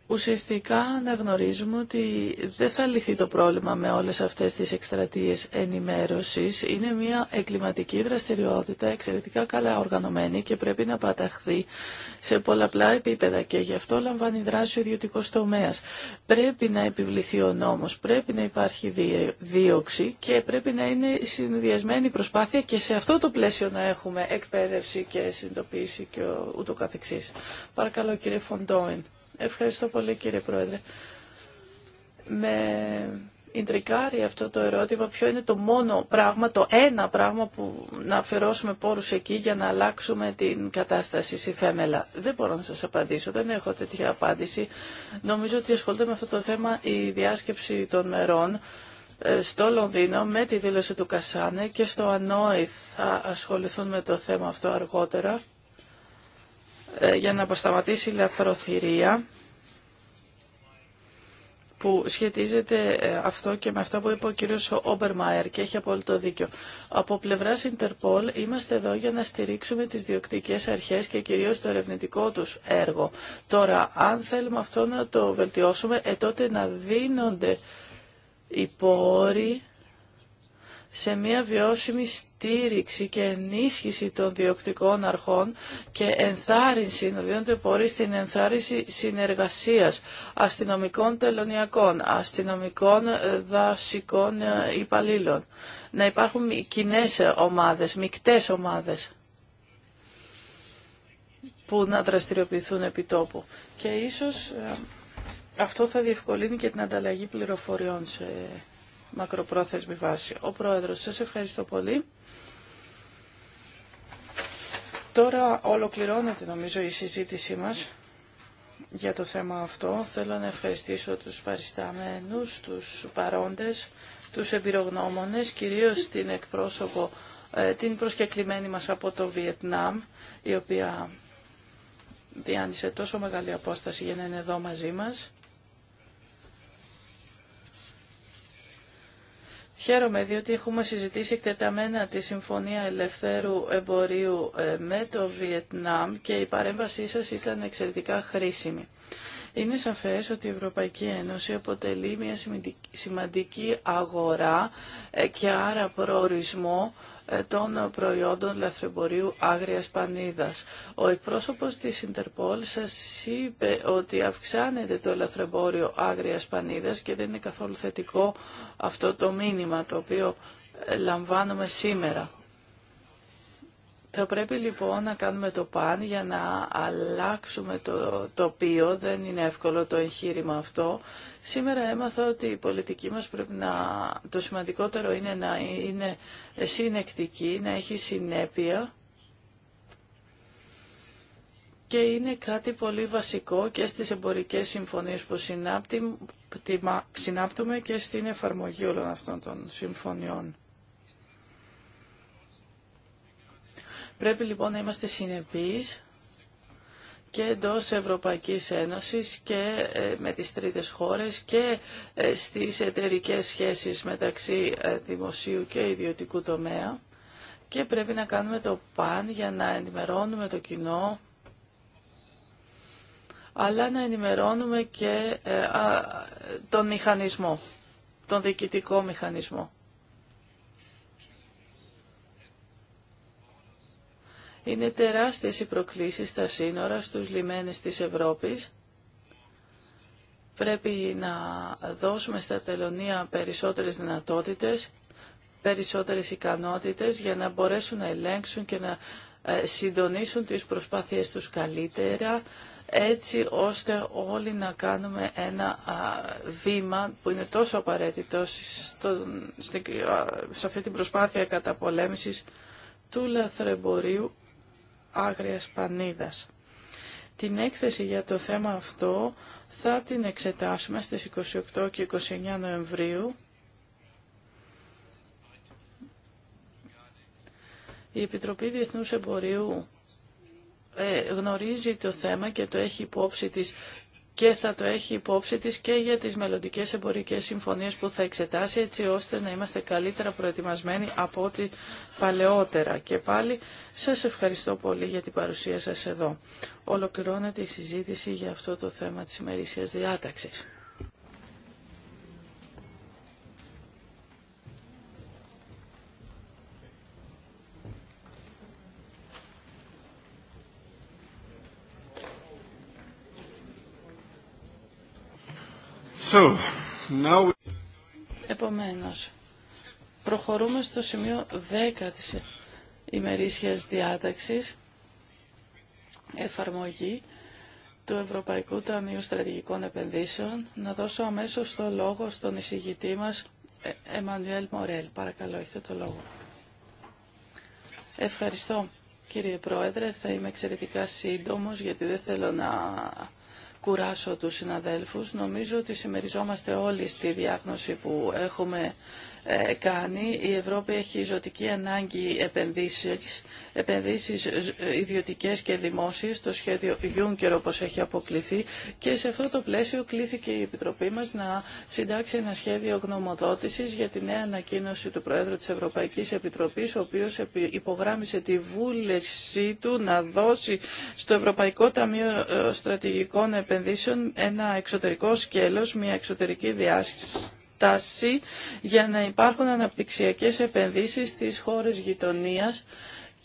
Ουσιαστικά αναγνωρίζουμε ότι δεν θα λυθεί το πρόβλημα με όλες αυτές τις εκστρατείες ενημέρωσης. Είναι μια εγκληματική δραστηριότητα εξαιρετικά καλά οργανωμένη και πρέπει να παταχθεί σε πολλαπλά επίπεδα και γι' αυτό λαμβάνει δράση ο ιδιωτικό τομέα. Πρέπει να επιβληθεί ο νόμος, πρέπει να υπάρχει δίωξη και πρέπει να είναι συνδυασμένη προσπάθεια και σε αυτό το πλαίσιο να έχουμε εκπαίδευση και συνειδητοποίηση και ούτω καθεξής. Παρακαλώ κύριε Φοντόιν. Ευχαριστώ πολύ κύριε Πρόεδρε. Με ιντρικάρει αυτό το ερώτημα ποιο είναι το μόνο πράγμα, το ένα πράγμα που να αφαιρώσουμε πόρους εκεί για να αλλάξουμε την κατάσταση στη θέμελα. Δεν μπορώ να σας απαντήσω, δεν έχω τέτοια απάντηση. Νομίζω ότι ασχολείται με αυτό το θέμα η διάσκεψη των μερών ε, στο Λονδίνο με τη δήλωση του Κασάνε και στο Ανόη θα ασχοληθούν με το θέμα αυτό αργότερα. Ε, για να αποσταματήσει η λαθροθυρία που σχετίζεται ε, αυτό και με αυτό που είπε ο κύριος Όμπερμαερ και έχει απόλυτο δίκιο. Από πλευράς Ιντερπολ είμαστε εδώ για να στηρίξουμε τις διοκτικές αρχές και κυρίως το ερευνητικό τους έργο. Τώρα, αν θέλουμε αυτό να το βελτιώσουμε, ε, τότε να δίνονται οι πόροι σε μια βιώσιμη στήριξη και ενίσχυση των διοκτικών αρχών και ενθάρρυνση, να δίνονται πορεί στην ενθάρρυνση συνεργασίας αστυνομικών τελωνιακών, αστυνομικών ε, δασικών ε, υπαλλήλων. Να υπάρχουν κοινέ ε, ομάδες, μικτές ομάδες που να δραστηριοποιηθούν επί τόπου. Και ίσως αυτό θα διευκολύνει και την ανταλλαγή πληροφοριών μακροπρόθεσμη βάση. Ο Πρόεδρος, σας ευχαριστώ πολύ. Τώρα ολοκληρώνεται νομίζω η συζήτησή μας για το θέμα αυτό. Θέλω να ευχαριστήσω τους παρισταμένους, τους παρόντες, τους εμπειρογνώμονες, κυρίως την εκπρόσωπο, ε, την προσκεκλημένη μας από το Βιετνάμ, η οποία διάνυσε τόσο μεγάλη απόσταση για να είναι εδώ μαζί μας. Χαίρομαι διότι έχουμε συζητήσει εκτεταμένα τη Συμφωνία Ελευθέρου Εμπορίου ε, με το Βιετνάμ και η παρέμβασή σας ήταν εξαιρετικά χρήσιμη. Είναι σαφές ότι η Ευρωπαϊκή Ένωση αποτελεί μια σημαντική αγορά ε, και άρα προορισμό ε, των προϊόντων λαθρεμπορίου άγριας πανίδας. Ο εκπρόσωπος της Ιντερπόλ σας είπε ότι αυξάνεται το λαθρεμπόριο άγριας πανίδας και δεν είναι καθόλου θετικό αυτό το μήνυμα το οποίο ε, λαμβάνουμε σήμερα. Θα πρέπει λοιπόν να κάνουμε το παν για να αλλάξουμε το τοπίο. Δεν είναι εύκολο το εγχείρημα αυτό. Σήμερα έμαθα ότι η πολιτική μας πρέπει να... Το σημαντικότερο είναι να είναι συνεκτική, να έχει συνέπεια. Και είναι κάτι πολύ βασικό και στις εμπορικές συμφωνίες που συνάπτουμε και στην εφαρμογή όλων αυτών των συμφωνιών. Πρέπει λοιπόν να είμαστε συνεπείς και εντός Ευρωπαϊκής Ένωσης και ε, με τις τρίτες χώρες και ε, στις εταιρικές σχέσεις μεταξύ ε, δημοσίου και ιδιωτικού τομέα και πρέπει να κάνουμε το παν για να ενημερώνουμε το κοινό αλλά να ενημερώνουμε και τον μηχανισμό, τον διοικητικό μηχανισμό. Είναι τεράστιες οι προκλήσεις στα σύνορα, στους λιμένες της Ευρώπης. Πρέπει να δώσουμε στα τελωνία περισσότερες δυνατότητες, περισσότερες ικανότητες για να μπορέσουν να ελέγξουν και να ε, συντονίσουν τις προσπάθειές τους καλύτερα, έτσι ώστε όλοι να κάνουμε ένα βήμα που είναι τόσο απαραίτητο σε αυτή την προσπάθεια καταπολέμησης του λαθρεμπορίου άγριας πανίδας. Την έκθεση για το θέμα αυτό θα την εξετάσουμε στις 28 και 29 Νοεμβρίου. Η Επιτροπή Διεθνούς Εμπορίου ε, γνωρίζει το θέμα και το έχει υπόψη της και θα το έχει υπόψη της και για τις μελλοντικές εμπορικές συμφωνίες που θα εξετάσει έτσι ώστε να είμαστε καλύτερα προετοιμασμένοι από ό,τι παλαιότερα. Και πάλι σας ευχαριστώ πολύ για την παρουσία σας εδώ. Ολοκληρώνεται η συζήτηση για αυτό το θέμα της ημερήσιας διάταξης. Επομένως, προχωρούμε στο σημείο 10 της ημερήσιας διάταξης, εφαρμογή του Ευρωπαϊκού Ταμείου Στρατηγικών Επενδύσεων. Να δώσω αμέσως το λόγο στον εισηγητή μας, ε, Εμμανουέλ Μορέλ. Παρακαλώ, έχετε το λόγο. Ευχαριστώ, κύριε Πρόεδρε. Θα είμαι εξαιρετικά σύντομος, γιατί δεν θέλω να κουράσω τους συναδέλφους. Νομίζω ότι συμμεριζόμαστε όλοι στη διάγνωση που έχουμε ε, κάνει. Η Ευρώπη έχει ζωτική ανάγκη επενδύσεις, επενδύσεις ιδιωτικές και δημόσιες, το σχέδιο Juncker όπως έχει αποκληθεί και σε αυτό το πλαίσιο κλήθηκε η Επιτροπή μας να συντάξει ένα σχέδιο γνωμοδότησης για τη νέα ανακοίνωση του Προέδρου της Ευρωπαϊκής Επιτροπής, ο οποίος υπογράμμισε τη βούλεσή του να δώσει στο Ευρωπαϊκό Ταμείο ε, Στρατηγικών Επενδύσεων ένα εξωτερικό σκέλος, μια εξωτερική διάσταση τάση για να υπάρχουν αναπτυξιακές επενδύσεις στις χώρες γειτονίας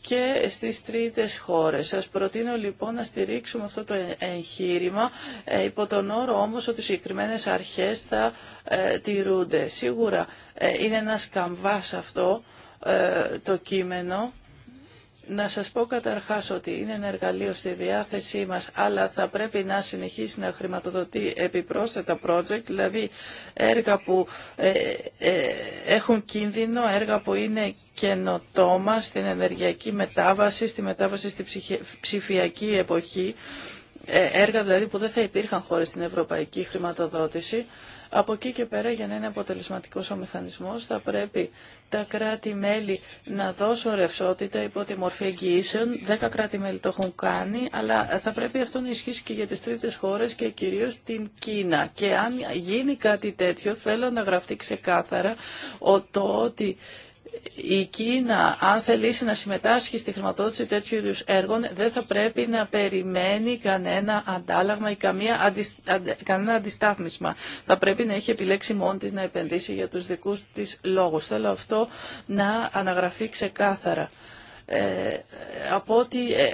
και στις τρίτες χώρες. Σας προτείνω λοιπόν να στηρίξουμε αυτό το εγχείρημα ε, υπό τον όρο όμως ότι συγκεκριμένε αρχές θα ε, τηρούνται. Σίγουρα ε, είναι ένας καμβάς αυτό ε, το κείμενο να σας πω καταρχάς ότι είναι ένα εργαλείο στη διάθεσή μας, αλλά θα πρέπει να συνεχίσει να χρηματοδοτεί επιπρόσθετα project, δηλαδή έργα που ε, ε, έχουν κίνδυνο, έργα που είναι καινοτόμα στην ενεργειακή μετάβαση, στη μετάβαση στη ψηφιακή εποχή, ε, έργα δηλαδή που δεν θα υπήρχαν χωρίς την ευρωπαϊκή χρηματοδότηση. Από εκεί και πέρα για να είναι αποτελεσματικός ο μηχανισμός θα πρέπει τα κράτη-μέλη να δώσουν ρευσότητα υπό τη μορφή εγγυήσεων. Δέκα κράτη-μέλη το έχουν κάνει, αλλά θα πρέπει αυτό να ισχύσει και για τις τρίτες χώρες και κυρίως την Κίνα. Και αν γίνει κάτι τέτοιο, θέλω να γραφτεί ξεκάθαρα ότι η Κίνα, αν θελήσει να συμμετάσχει στη χρηματοδότηση τέτοιου είδου έργων, δεν θα πρέπει να περιμένει κανένα αντάλλαγμα ή καμία κανένα αντιστάθμισμα. Θα πρέπει να έχει επιλέξει μόνη τη να επενδύσει για του δικού τη λόγου. Θέλω αυτό να αναγραφεί ξεκάθαρα. Ε, από ό,τι ε,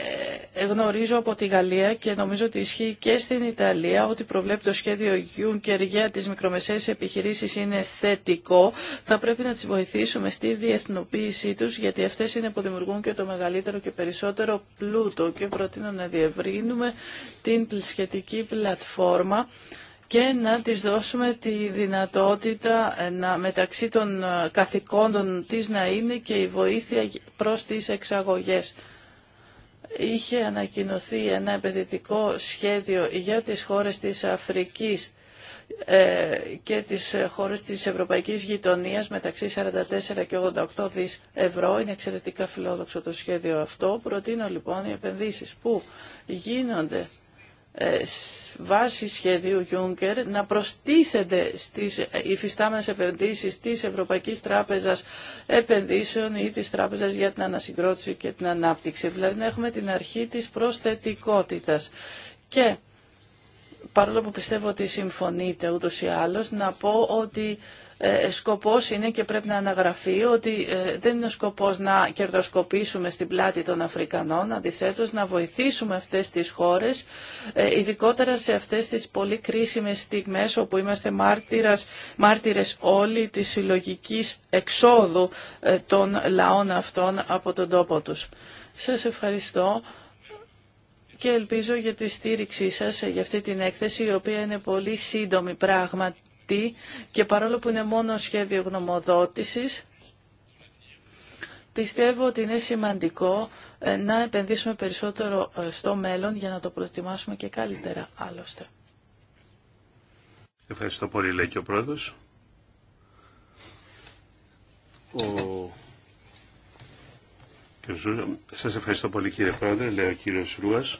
ε, γνωρίζω από τη Γαλλία και νομίζω ότι ισχύει και στην Ιταλία ότι προβλέπει το σχέδιο Juncker για τις μικρομεσαίες επιχειρήσεις είναι θετικό. Θα πρέπει να τις βοηθήσουμε στη διεθνοποίησή τους γιατί αυτές είναι που δημιουργούν και το μεγαλύτερο και περισσότερο πλούτο και προτείνω να διευρύνουμε την σχετική πλατφόρμα και να της δώσουμε τη δυνατότητα ε, να, μεταξύ των ε, καθηκόντων της να είναι και η βοήθεια προς τις εξαγωγές. Είχε ανακοινωθεί ένα επενδυτικό σχέδιο για τις χώρες της Αφρικής ε, και τις χώρες της Ευρωπαϊκής Γειτονίας μεταξύ 44 και 88 δις ευρώ. Είναι εξαιρετικά φιλόδοξο το σχέδιο αυτό. Προτείνω λοιπόν οι επενδύσεις που γίνονται ε, βάσει σχεδίου Juncker να προστίθεται στις υφιστάμενες επενδύσεις της Ευρωπαϊκής Τράπεζας Επενδύσεων ή της Τράπεζας για την Ανασυγκρότηση και την Ανάπτυξη. Δηλαδή να έχουμε την αρχή της προσθετικότητας. Και παρόλο που πιστεύω ότι συμφωνείτε ούτως ή άλλως, να πω ότι ε, σκοπός είναι και πρέπει να αναγραφεί ότι ε, δεν είναι ο σκοπός να κερδοσκοπήσουμε στην πλάτη των Αφρικανών, αντισέτως να βοηθήσουμε αυτές τις χώρες, ε, ειδικότερα σε αυτές τις πολύ κρίσιμες στιγμές όπου είμαστε μάρτυρας, μάρτυρες όλοι της συλλογική εξόδου των λαών αυτών από τον τόπο τους. Σας ευχαριστώ και ελπίζω για τη στήριξή σας για αυτή την έκθεση η οποία είναι πολύ σύντομη πράγματι και παρόλο που είναι μόνο σχέδιο γνωμοδότησης, πιστεύω ότι είναι σημαντικό ε, να επενδύσουμε περισσότερο ε, στο μέλλον για να το προετοιμάσουμε και καλύτερα άλλωστε. Ευχαριστώ πολύ, λέει και ο πρόεδρος. Ο... Σας ευχαριστώ πολύ κύριε Πρόεδρε, λέει ο κύριος Ρούας,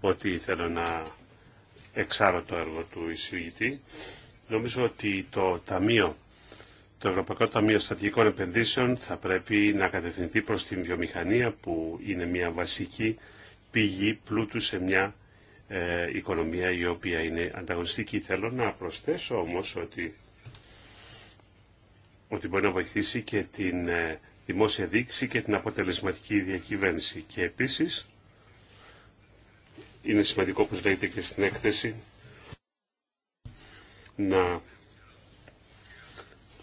ότι θέλω να εξάρω το έργο του εισηγητή Νομίζω ότι το Ταμείο, το Ευρωπαϊκό Ταμείο Στατικών Επενδύσεων θα πρέπει να κατευθυνθεί προς την βιομηχανία που είναι μια βασική πηγή πλούτου σε μια ε, οικονομία η οποία είναι ανταγωνιστική. Θέλω να προσθέσω όμως ότι, ότι μπορεί να βοηθήσει και την ε, δημόσια δίκηση και την αποτελεσματική διακυβέρνηση. Και επίσης είναι σημαντικό όπως λέγεται και στην έκθεση να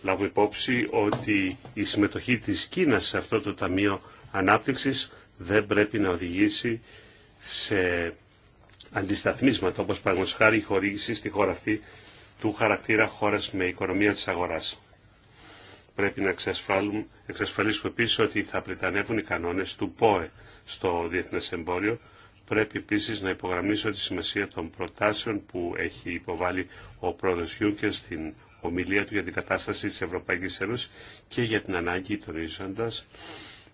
λάβω υπόψη ότι η συμμετοχή της Κίνας σε αυτό το Ταμείο Ανάπτυξης δεν πρέπει να οδηγήσει σε αντισταθμίσματα, όπως παραγωγή χάρη η χορήγηση στη χώρα αυτή του χαρακτήρα χώρας με οικονομία της αγοράς. Πρέπει να εξασφαλίσουμε επίσης ότι θα πλητανεύουν οι κανόνες του ΠΟΕ στο διεθνές εμπόριο, Πρέπει επίση να υπογραμμίσω τη σημασία των προτάσεων που έχει υποβάλει ο πρόεδρο Γιούγκερ στην ομιλία του για την κατάσταση τη Ευρωπαϊκή Ένωση και για την ανάγκη, τονίζοντα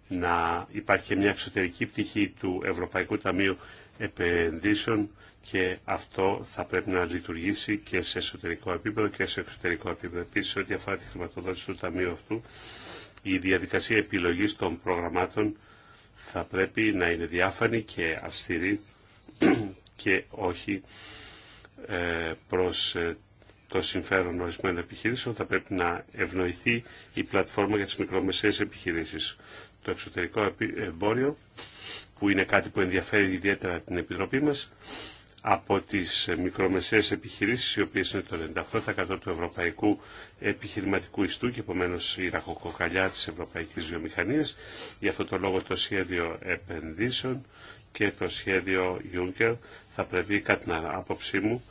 να υπάρχει και μια εξωτερική πτυχή του Ευρωπαϊκού Ταμείου Επενδύσεων και αυτό θα πρέπει να λειτουργήσει και σε εσωτερικό επίπεδο και σε εξωτερικό επίπεδο. Επίση, ό,τι αφορά τη χρηματοδότηση του Ταμείου αυτού, η διαδικασία επιλογή των προγραμμάτων θα πρέπει να είναι διάφανη και αυστηρή [CLEARS THROAT] και όχι ε, προς ε, το συμφέρον ορισμένων επιχειρήσεων, θα πρέπει να ευνοηθεί η πλατφόρμα για τις μικρομεσαίες επιχειρήσεις. Το εξωτερικό εμπόριο, που είναι κάτι που ενδιαφέρει ιδιαίτερα την Επιτροπή μας, από τις μικρομεσαίες επιχειρήσεις, οι οποίες είναι το 98% του ευρωπαϊκού επιχειρηματικού ιστού και επομένως η ραχοκοκαλιά της ευρωπαϊκής βιομηχανίας. Γι' αυτό το λόγο το σχέδιο επενδύσεων και το σχέδιο Juncker θα πρέπει κατά την άποψή μου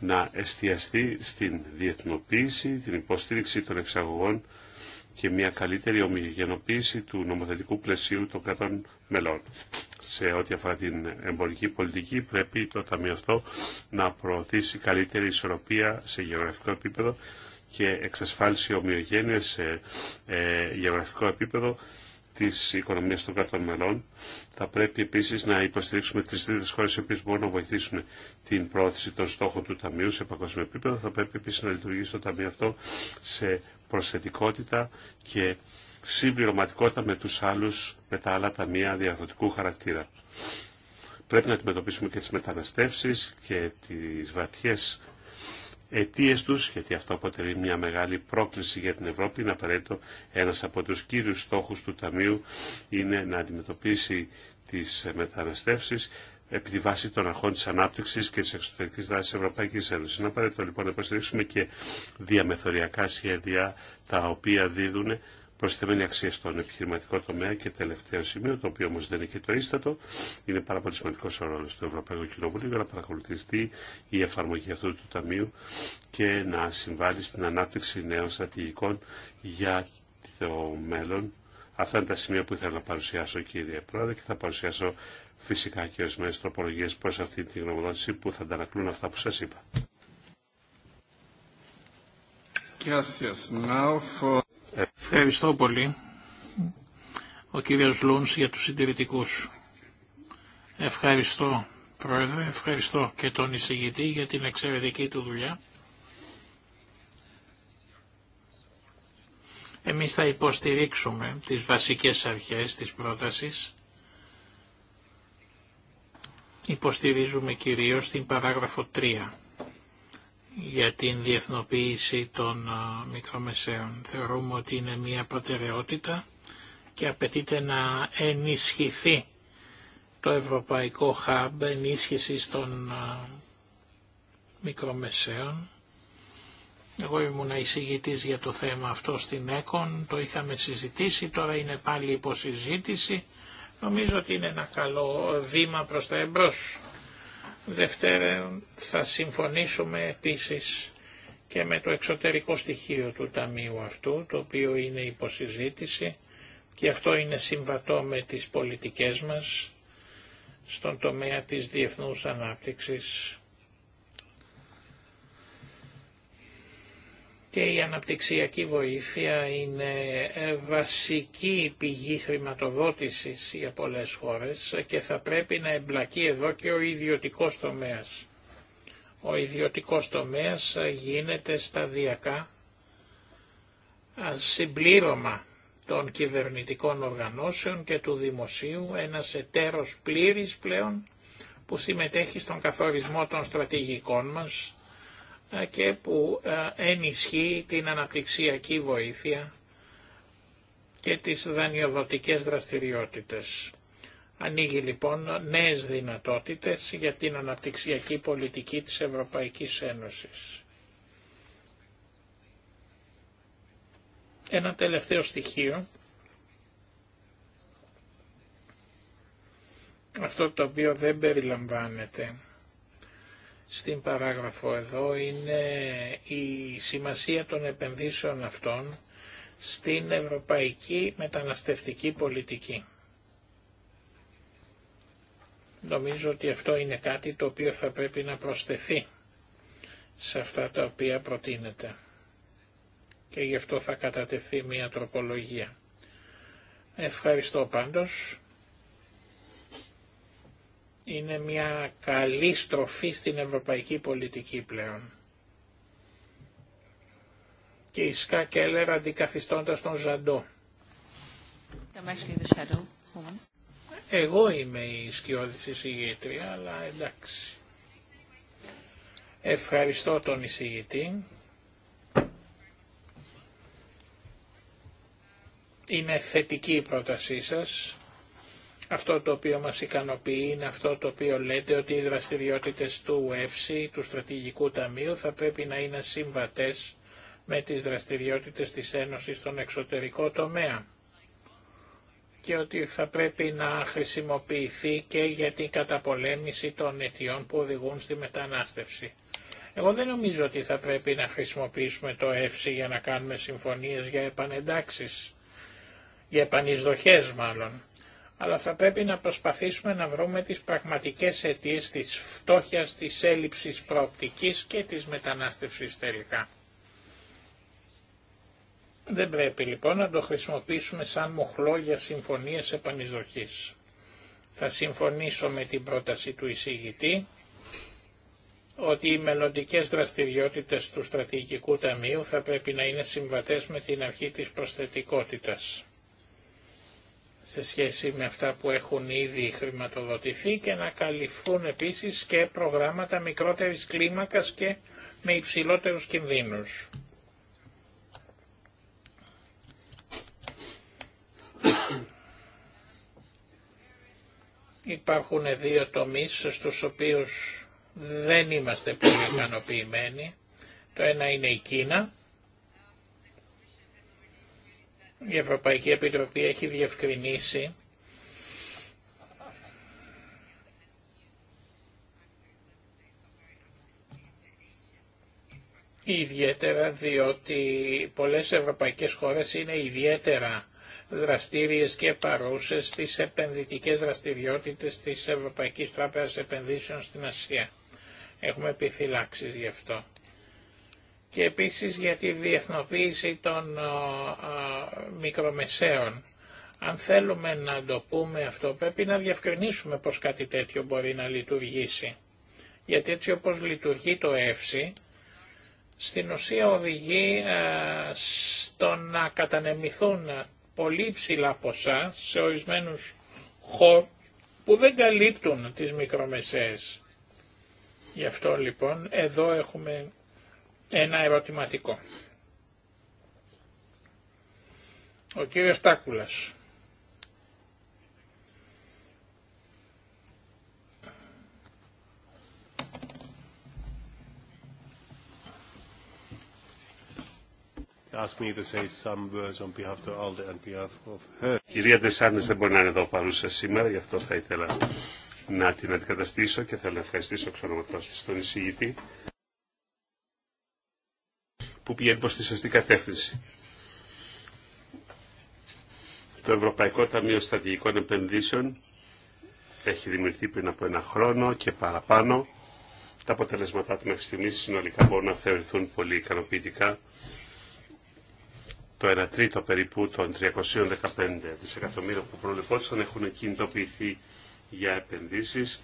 να εστιαστεί στην διεθνοποίηση, την υποστήριξη των εξαγωγών και μια καλύτερη ομοιογενοποίηση του νομοθετικού πλαισίου των κρατών μελών. Σε ό,τι αφορά την εμπορική πολιτική πρέπει το Ταμείο αυτό να προωθήσει καλύτερη ισορροπία σε γεωγραφικό επίπεδο και εξασφάλιση ομοιογένεια σε ε, γεωγραφικό επίπεδο της οικονομίας των κρατών μελών. Θα πρέπει επίσης να υποστηρίξουμε τις τρίτες χώρες οι οποίες μπορούν να βοηθήσουν την πρόθεση των στόχων του Ταμείου σε παγκόσμιο επίπεδο. Θα πρέπει επίσης να λειτουργήσει το Ταμείο αυτό σε προσθετικότητα και συμπληρωματικότητα με, τους άλλους, με τα άλλα ταμεία διαδοτικού χαρακτήρα. Πρέπει να αντιμετωπίσουμε και τις μεταναστεύσεις και τις βαθιές αιτίες τους, γιατί αυτό αποτελεί μια μεγάλη πρόκληση για την Ευρώπη, είναι απαραίτητο ένας από τους κύριους στόχους του Ταμείου είναι να αντιμετωπίσει τις μεταναστεύσεις επί τη βάση των αρχών της ανάπτυξης και της εξωτερικής δράσης της Ευρωπαϊκής Ένωσης. Είναι απαραίτητο λοιπόν να υποστηρίξουμε και διαμεθοριακά σχέδια τα οποία δίδουν προσθεμένη αξία στον επιχειρηματικό τομέα και τελευταίο σημείο, το οποίο όμω δεν είναι και το ίστατο, είναι πάρα πολύ σημαντικό ο ρόλο του Ευρωπαϊκού Κοινοβουλίου για να παρακολουθιστεί η εφαρμογή αυτού του Ταμείου και να συμβάλλει στην ανάπτυξη νέων στρατηγικών για το μέλλον. Αυτά είναι τα σημεία που ήθελα να παρουσιάσω, κύριε Πρόεδρε, και θα παρουσιάσω φυσικά και ορισμένε τροπολογίε προ αυτή τη γνωμοδότηση που θα αντανακλούν αυτά που σα είπα. Ευχαριστώ πολύ. Ο κύριος Λούνς για τους συντηρητικούς. Ευχαριστώ Πρόεδρε, ευχαριστώ και τον εισηγητή για την εξαιρετική του δουλειά. Εμείς θα υποστηρίξουμε τις βασικές αρχές της πρότασης. Υποστηρίζουμε κυρίως την παράγραφο 3 για την διεθνοποίηση των μικρομεσαίων. Θεωρούμε ότι είναι μια προτεραιότητα και απαιτείται να ενισχυθεί το Ευρωπαϊκό Hub ενίσχυση των μικρομεσαίων. Εγώ ήμουν εισηγητής για το θέμα αυτό στην ΕΚΟΝ, το είχαμε συζητήσει, τώρα είναι πάλι υποσυζήτηση. Νομίζω ότι είναι ένα καλό βήμα προς τα εμπρός. Δευτέρον, θα συμφωνήσουμε επίσης και με το εξωτερικό στοιχείο του Ταμείου αυτού, το οποίο είναι υποσυζήτηση και αυτό είναι συμβατό με τις πολιτικές μας στον τομέα της διεθνούς ανάπτυξης και η αναπτυξιακή βοήθεια είναι ε, βασική πηγή χρηματοδότησης για πολλές χώρες και θα πρέπει να εμπλακεί εδώ και ο ιδιωτικός τομέας. Ο ιδιωτικός τομέας γίνεται σταδιακά συμπλήρωμα των κυβερνητικών οργανώσεων και του δημοσίου, ένας εταίρος πλήρης πλέον που συμμετέχει στον καθορισμό των στρατηγικών μας, ε, και που ε, ενισχύει την αναπτυξιακή βοήθεια και τις δανειοδοτικές δραστηριότητες. Ανοίγει λοιπόν νέες δυνατότητες για την αναπτυξιακή πολιτική της Ευρωπαϊκής Ένωσης. Ένα τελευταίο στοιχείο, αυτό το οποίο δεν περιλαμβάνεται στην παράγραφο εδώ είναι η σημασία των επενδύσεων αυτών στην ευρωπαϊκή μεταναστευτική πολιτική. Νομίζω ότι αυτό είναι κάτι το οποίο θα πρέπει να προσθεθεί σε αυτά τα οποία προτείνεται. Και γι' αυτό θα κατατεθεί μια τροπολογία. Ευχαριστώ πάντως είναι μια καλή στροφή στην ευρωπαϊκή πολιτική πλέον. Και η Σκά Κέλλερ αντικαθιστώντας τον Ζαντό. Εγώ είμαι η σκιώδης εισηγήτρια, αλλά εντάξει. Ευχαριστώ τον εισηγητή. Είναι θετική η πρότασή σας. Αυτό το οποίο μας ικανοποιεί είναι αυτό το οποίο λέτε ότι οι δραστηριότητες του ΕΦΣΥ, του Στρατηγικού Ταμείου, θα πρέπει να είναι συμβατές με τις δραστηριότητες της Ένωσης στον εξωτερικό τομέα και ότι θα πρέπει να χρησιμοποιηθεί και για την καταπολέμηση των αιτιών που οδηγούν στη μετανάστευση. Εγώ δεν νομίζω ότι θα πρέπει να χρησιμοποιήσουμε το ΕΦΣΥ για να κάνουμε συμφωνίες για επανεντάξεις, για επανεισδοχές μάλλον αλλά θα πρέπει να προσπαθήσουμε να βρούμε τις πραγματικές αιτίες της φτώχειας, της έλλειψης προοπτικής και της μετανάστευσης τελικά. Δεν πρέπει λοιπόν να το χρησιμοποιήσουμε σαν μοχλό για συμφωνίες επανεισδοχής. Θα συμφωνήσω με την πρόταση του εισηγητή ότι οι μελλοντικέ δραστηριότητες του Στρατηγικού Ταμείου θα πρέπει να είναι συμβατές με την αρχή της προσθετικότητας σε σχέση με αυτά που έχουν ήδη χρηματοδοτηθεί και να καλυφθούν επίσης και προγράμματα μικρότερης κλίμακας και με υψηλότερους κινδύνους. Υπάρχουν δύο τομείς στους οποίους δεν είμαστε πολύ ικανοποιημένοι. Το ένα είναι η Κίνα, η Ευρωπαϊκή Επιτροπή έχει διευκρινίσει ιδιαίτερα διότι πολλές ευρωπαϊκές χώρες είναι ιδιαίτερα δραστήριες και παρούσες στις επενδυτικές δραστηριότητες της Ευρωπαϊκής Τράπεζας Επενδύσεων στην Ασία. Έχουμε επιφυλάξει γι' αυτό και επίσης για τη διεθνοποίηση των μικρομεσαίων. Αν θέλουμε να το πούμε αυτό πρέπει να διευκρινίσουμε πως κάτι τέτοιο μπορεί να λειτουργήσει. Γιατί έτσι όπως λειτουργεί το ΕΦΣΥ, στην ουσία οδηγεί στο να κατανεμηθούν πολύ ψηλά ποσά σε ορισμένους χώρους που δεν καλύπτουν τις μικρομεσαίες. Γι' αυτό λοιπόν εδώ έχουμε ένα ερωτηματικό. Ο κύριος Τάκουλας. Κυρία Ντεσάνες δεν μπορεί να είναι εδώ παρούσα σήμερα, γι' αυτό θα ήθελα να την αντικαταστήσω και θέλω να ευχαριστήσω εξ ονοματός της τον εισηγητή που πηγαίνει προς τη σωστή κατεύθυνση. Το Ευρωπαϊκό Ταμείο Στατηγικών Επενδύσεων έχει δημιουργηθεί πριν από ένα χρόνο και παραπάνω. Τα αποτελέσματά του μέχρι στιγμή συνολικά μπορούν να θεωρηθούν πολύ ικανοποιητικά. Το 1 τρίτο περίπου των 315 δισεκατομμύρων που προβλεπόταν έχουν κινητοποιηθεί για επενδύσεις.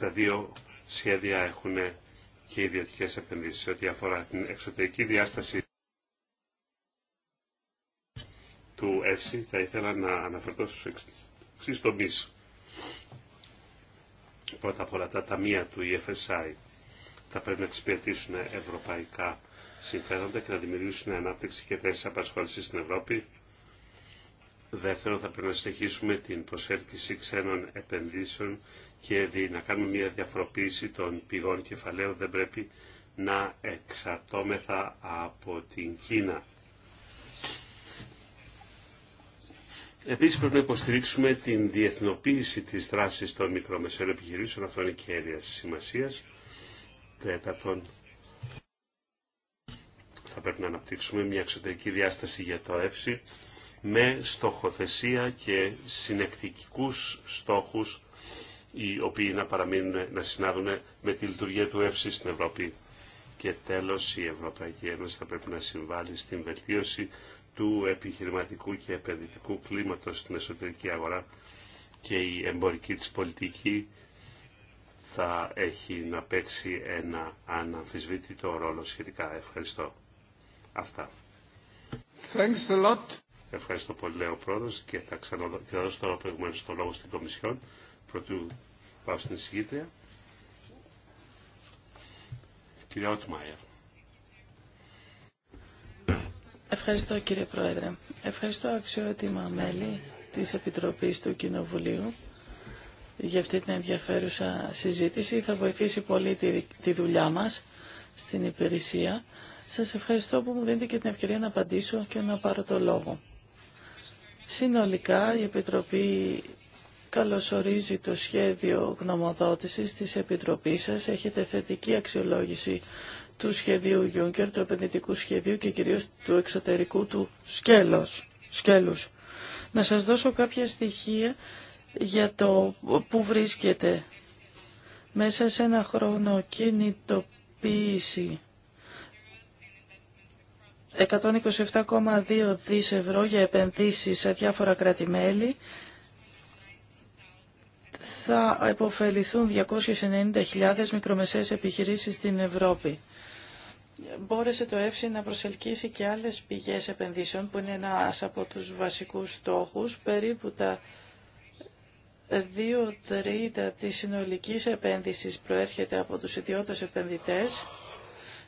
62 σχέδια έχουν και ιδιωτικές επενδύσει ό,τι αφορά την εξωτερική διάσταση του ΕΦΣΥ θα ήθελα να αναφερθώ στου εξή τομεί. Πρώτα απ' όλα τα ταμεία του EFSI θα πρέπει να εξυπηρετήσουν ευρωπαϊκά συμφέροντα και να δημιουργήσουν ανάπτυξη και θέσει απασχόληση στην Ευρώπη. Δεύτερον, θα πρέπει να συνεχίσουμε την προσέλκυση ξένων επενδύσεων και να κάνουμε μια διαφοροποίηση των πηγών κεφαλαίων. Δεν πρέπει να εξαρτώμεθα από την Κίνα. Επίσης πρέπει να υποστηρίξουμε την διεθνοποίηση της δράσης των μικρομεσαίων επιχειρήσεων. Αυτό είναι κέρια σημασία. Τέταρτον, θα πρέπει να αναπτύξουμε μια εξωτερική διάσταση για το ΕΦΣΥ με στοχοθεσία και συνεκτικούς στόχους οι οποίοι να παραμείνουν να συνάδουν με τη λειτουργία του ΕΦΣΙ στην Ευρώπη. Και τέλος η Ευρωπαϊκή Ένωση θα πρέπει να συμβάλλει στην βελτίωση του επιχειρηματικού και επενδυτικού κλίματος στην εσωτερική αγορά και η εμπορική της πολιτική θα έχει να παίξει ένα αναμφισβήτητο ρόλο σχετικά. Ευχαριστώ. Αυτά. Ευχαριστώ πολύ, λέει ο πρόεδρος, και θα, ξαναδώσω τώρα προηγουμένω το λόγο στην Κομισιόν, πρωτού πάω στην εισηγήτρια. Κυρία Ότμαϊερ. Ευχαριστώ κύριε Πρόεδρε. Ευχαριστώ αξιότιμα μέλη της Επιτροπής του Κοινοβουλίου για αυτή την ενδιαφέρουσα συζήτηση. Θα βοηθήσει πολύ τη, τη δουλειά μας στην υπηρεσία. Σας ευχαριστώ που μου δίνετε και την ευκαιρία να απαντήσω και να πάρω το λόγο. Συνολικά η Επιτροπή καλωσορίζει το σχέδιο γνωμοδότησης της Επιτροπής σας. Έχετε θετική αξιολόγηση του σχεδίου Juncker, του επενδυτικού σχεδίου και κυρίως του εξωτερικού του σκέλος, σκέλους. Να σας δώσω κάποια στοιχεία για το που βρίσκεται μέσα σε ένα χρόνο κινητοποίηση 127,2 δις ευρώ για επενδύσεις σε διάφορα κράτη-μέλη. Θα υποφεληθούν 290.000 μικρομεσαίες επιχειρήσεις στην Ευρώπη. Μπόρεσε το ΕΦΣΙ να προσελκύσει και άλλες πηγές επενδύσεων που είναι ένας από τους βασικούς στόχους. Περίπου τα 2 τρίτα της συνολικής επένδυσης προέρχεται από τους ιδιώτες επενδυτές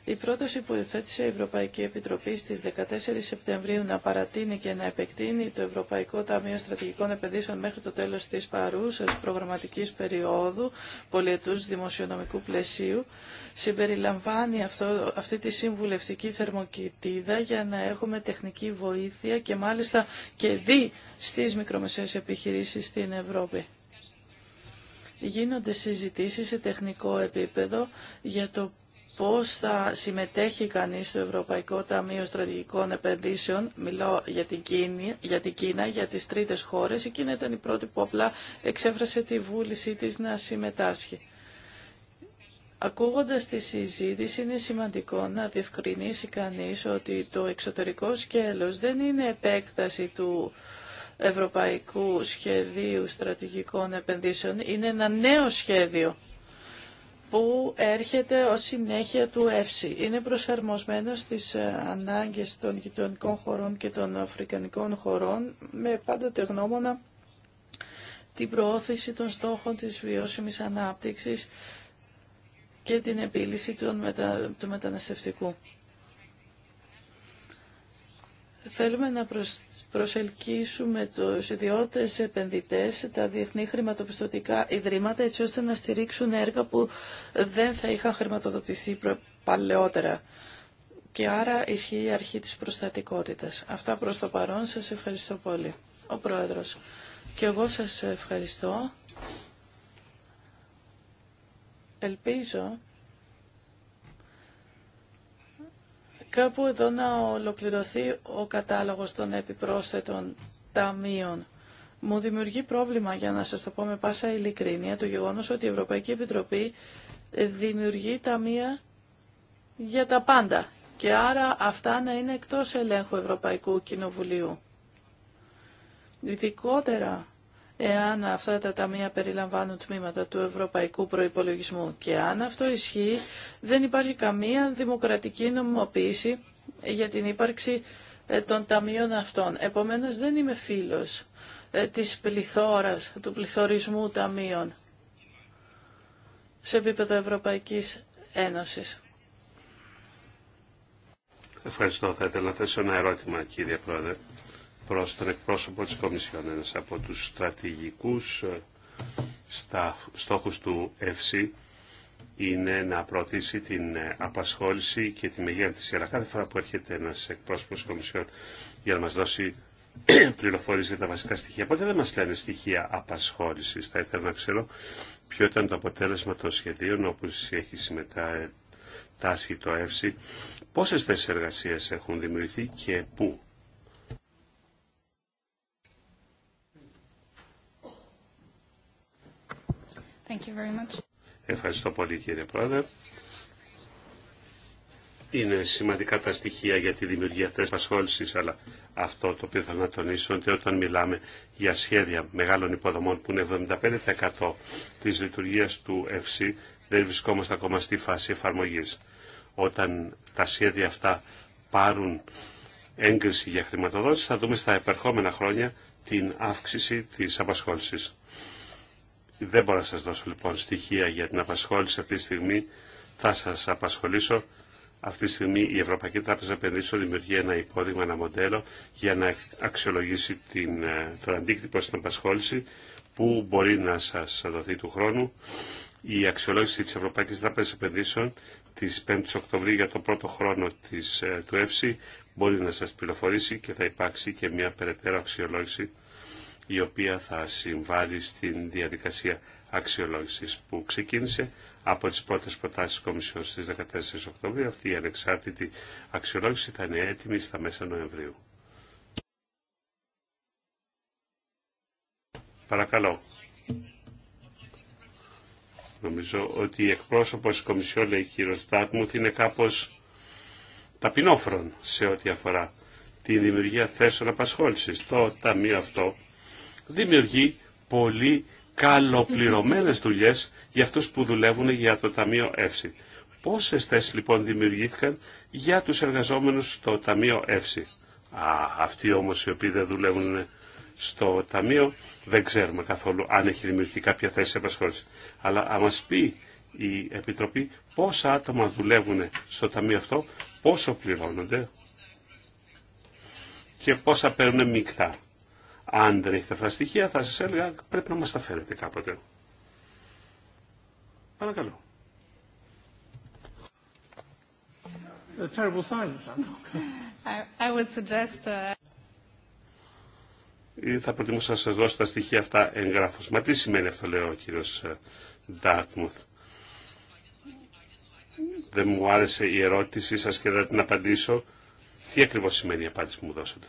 η πρόταση που υιοθέτησε η Ευρωπαϊκή Επιτροπή στις 14 Σεπτεμβρίου να παρατείνει και να επεκτείνει το Ευρωπαϊκό Ταμείο Στρατηγικών Επενδύσεων μέχρι το τέλος της παρούσας προγραμματικής περίοδου πολιετούς δημοσιονομικού πλαισίου συμπεριλαμβάνει αυτό, αυτή τη συμβουλευτική θερμοκοιτίδα για να έχουμε τεχνική βοήθεια και μάλιστα και δι στις μικρομεσαίες επιχειρήσεις στην Ευρώπη γίνονται συζητήσεις σε τεχνικό επίπεδο για το πώς θα συμμετέχει κανείς στο Ευρωπαϊκό Ταμείο Στρατηγικών Επενδύσεων, μιλώ για την, Κίνα, για την Κίνα, για τις τρίτες χώρες, η Κίνα ήταν η πρώτη που απλά εξέφρασε τη βούλησή της να συμμετάσχει. Ακούγοντας τη συζήτηση είναι σημαντικό να διευκρινίσει κανείς ότι το εξωτερικό σκέλος δεν είναι επέκταση του Ευρωπαϊκού Σχεδίου Στρατηγικών Επενδύσεων, είναι ένα νέο σχέδιο που έρχεται ως συνέχεια του ΕΦΣΥ. Είναι προσαρμοσμένο στις ε, ανάγκες των γειτονικών χωρών και των αφρικανικών χωρών με πάντοτε γνώμονα την προώθηση των στόχων της βιώσιμης ανάπτυξης και την επίλυση του μεταναστευτικού Θέλουμε να προσελκύσουμε τους ιδιώτες επενδυτές, τα διεθνή χρηματοπιστωτικά ιδρύματα, έτσι ώστε να στηρίξουν έργα που δεν θα είχαν χρηματοδοτηθεί παλαιότερα. Και άρα ισχύει η αρχή της προστατικότητας. Αυτά προς το παρόν. Σας ευχαριστώ πολύ. Ο Πρόεδρος. Και εγώ σας ευχαριστώ. Ελπίζω Κάπου εδώ να ολοκληρωθεί ο κατάλογος των επιπρόσθετων ταμείων. Μου δημιουργεί πρόβλημα, για να σας το πω με πάσα ειλικρίνεια, το γεγονός ότι η Ευρωπαϊκή Επιτροπή δημιουργεί ταμεία για τα πάντα και άρα αυτά να είναι εκτός ελέγχου Ευρωπαϊκού Κοινοβουλίου. Ειδικότερα εάν αυτά τα ταμεία περιλαμβάνουν τμήματα του ευρωπαϊκού προϋπολογισμού. Και αν αυτό ισχύει, δεν υπάρχει καμία δημοκρατική νομοποίηση για την ύπαρξη ε, των ταμείων αυτών. Επομένως, δεν είμαι φίλος ε, της πληθώρας, του πληθωρισμού ταμείων σε επίπεδο Ευρωπαϊκής Ένωσης. Ευχαριστώ. Θα ήθελα να θέσω ένα ερώτημα, κύριε Πρόεδρε προς τον εκπρόσωπο της Κομισιόν. Ένας από τους στρατηγικούς ε, στα, στόχους του ΕΦΣΥ είναι να προωθήσει την ε, απασχόληση και τη μεγέθυνση. Αλλά κάθε φορά που έρχεται ένας εκπρόσωπος της Κομισιόν για να μας δώσει [CLEARS THROAT] πληροφορίες για τα βασικά στοιχεία, ποτέ δεν μας λένε στοιχεία απασχόλησης. Θα ήθελα να ξέρω ποιο ήταν το αποτέλεσμα των σχεδίων όπω έχει συμμετάσχει το ΕΦΣΥ, πόσες θέσεις εργασίας έχουν δημιουργηθεί και πού. Thank you very much. Ευχαριστώ πολύ κύριε Πρόεδρε. Είναι σημαντικά τα στοιχεία για τη δημιουργία της απασχόλησης, αλλά αυτό το οποίο θέλω να τονίσω είναι ότι όταν μιλάμε για σχέδια μεγάλων υποδομών που είναι 75% της λειτουργίας του ΕΦΣΥ, δεν βρισκόμαστε ακόμα στη φάση εφαρμογής. Όταν τα σχέδια αυτά πάρουν έγκριση για χρηματοδότηση, θα δούμε στα επερχόμενα χρόνια την αύξηση της απασχόλησης. Δεν μπορώ να σας δώσω λοιπόν στοιχεία για την απασχόληση αυτή τη στιγμή. Θα σας απασχολήσω. Αυτή τη στιγμή η Ευρωπαϊκή Τράπεζα Επενδύσεων δημιουργεί ένα υπόδειγμα, ένα μοντέλο για να αξιολογήσει την, ε, τον αντίκτυπο στην απασχόληση που μπορεί να σας δοθεί του χρόνου. Η αξιολόγηση της Ευρωπαϊκής Τράπεζας Επενδύσεων της 5 η Οκτωβρίου για τον πρώτο χρόνο της, ε, του ΕΦΣΥ μπορεί να σας πληροφορήσει και θα υπάρξει και μια περαιτέρω αξιολόγηση η οποία θα συμβάλλει στην διαδικασία αξιολόγησης που ξεκίνησε από τις πρώτες προτάσεις της Κομισιόν στις 14 Οκτωβρίου. Αυτή η ανεξάρτητη αξιολόγηση θα είναι έτοιμη στα μέσα Νοεμβρίου. Παρακαλώ. Νομίζω ότι η εκπρόσωπος της Κομισιόν, λέει κύριος Ντάτμουθ, είναι κάπως ταπεινόφρον σε ό,τι αφορά τη δημιουργία θέσεων απασχόλησης. Το ταμείο αυτό δημιουργεί πολύ καλοπληρωμένες δουλειές για αυτούς που δουλεύουν για το Ταμείο Εύση. Πόσες θέσεις λοιπόν δημιουργήθηκαν για τους εργαζόμενους στο Ταμείο Εύση. Α, αυτοί όμως οι οποίοι δεν δουλεύουν στο Ταμείο δεν ξέρουμε καθόλου αν έχει δημιουργηθεί κάποια θέση επασχόληση. Αλλά αν μας πει η Επιτροπή πόσα άτομα δουλεύουν στο Ταμείο αυτό, πόσο πληρώνονται και πόσα παίρνουν μεικτά. Αν δεν έχετε αυτά τα στοιχεία θα σας έλεγα πρέπει να μας τα φέρετε κάποτε. Παρακαλώ. I would suggest, uh, Θα προτιμούσα να σας δώσω τα στοιχεία αυτά εγγράφως. Μα τι σημαίνει αυτό, λέω ο κύριος Ντάρτμουθ. Ε, δεν μου άρεσε η ερώτησή σας και δεν την απαντήσω. Τι ακριβώς σημαίνει η απάντηση που μου δώσατε.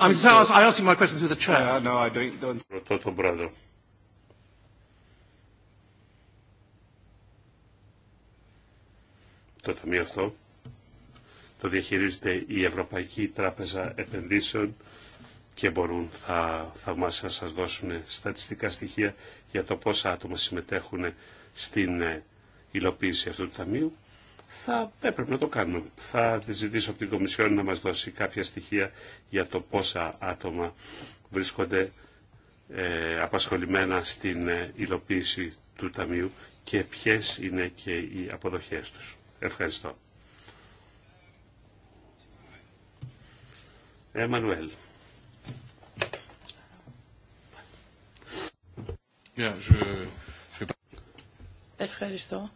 I'm my the chair. Uh, no, I don't, don't. Ρωτώ Το ταμείο αυτό το διαχειρίζεται η Ευρωπαϊκή Τράπεζα Επενδύσεων και μπορούν θα θαυμάσια να σας δώσουν στατιστικά στοιχεία για το πόσα άτομα συμμετέχουν στην ε, υλοποίηση αυτού του ταμείου θα ε, έπρεπε να το κάνουμε. Θα ζητήσω από την Κομισιόν να μας δώσει κάποια στοιχεία για το πόσα άτομα βρίσκονται ε, απασχολημένα στην ε, υλοποίηση του Ταμείου και ποιες είναι και οι αποδοχές τους. Ευχαριστώ. Εμμανουέλ. Ευχαριστώ.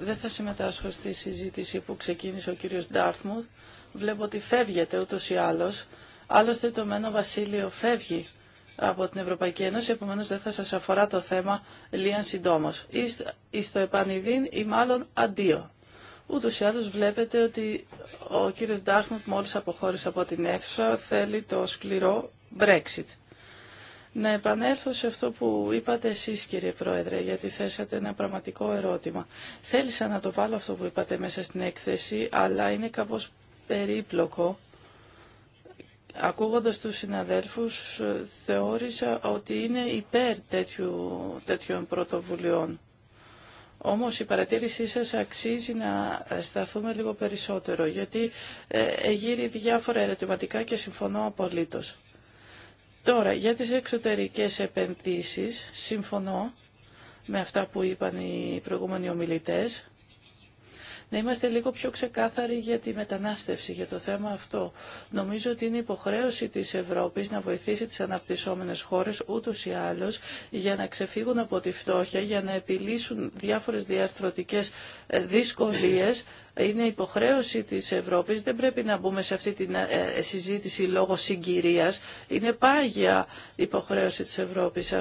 Δεν θα συμμετάσχω στη συζήτηση που ξεκίνησε ο κύριος Ντάρθμουθ. Βλέπω ότι φεύγεται ούτως ή άλλως. Άλλωστε το Μένο Βασίλειο φεύγει από την Ευρωπαϊκή Ένωση, επομένως δεν θα σας αφορά το θέμα λίαν συντόμως. Ή στο επανειδήν ή μάλλον αντίο. Ούτως ή άλλως βλέπετε ότι ο κύριος Ντάρθμουθ μόλις αποχώρησε από την αίθουσα θέλει το σκληρό Brexit. Να επανέλθω σε αυτό που είπατε εσείς κύριε Πρόεδρε, γιατί θέσατε ένα πραγματικό ερώτημα. Θέλησα να το βάλω αυτό που είπατε μέσα στην έκθεση, αλλά είναι κάπως περίπλοκο. Ακούγοντας τους συναδέλφους, θεώρησα ότι είναι υπέρ τέτοιου, τέτοιων πρωτοβουλειών. Όμως η παρατήρησή σας αξίζει να σταθούμε λίγο περισσότερο, γιατί ε, ε γύρει διάφορα ερωτηματικά και συμφωνώ απολύτως. Τώρα, για τις εξωτερικές επενδύσεις, συμφωνώ με αυτά που είπαν οι προηγούμενοι ομιλητές να είμαστε λίγο πιο ξεκάθαροι για τη μετανάστευση, για το θέμα αυτό. Νομίζω ότι είναι υποχρέωση της Ευρώπης να βοηθήσει τις αναπτυσσόμενες χώρες ούτως ή άλλως για να ξεφύγουν από τη φτώχεια, για να επιλύσουν διάφορες διαρθρωτικές ε, δυσκολίες είναι υποχρέωση της Ευρώπης, δεν πρέπει να μπούμε σε αυτή τη ε, ε, συζήτηση λόγω συγκυρίας. Είναι πάγια υποχρέωση της Ευρώπης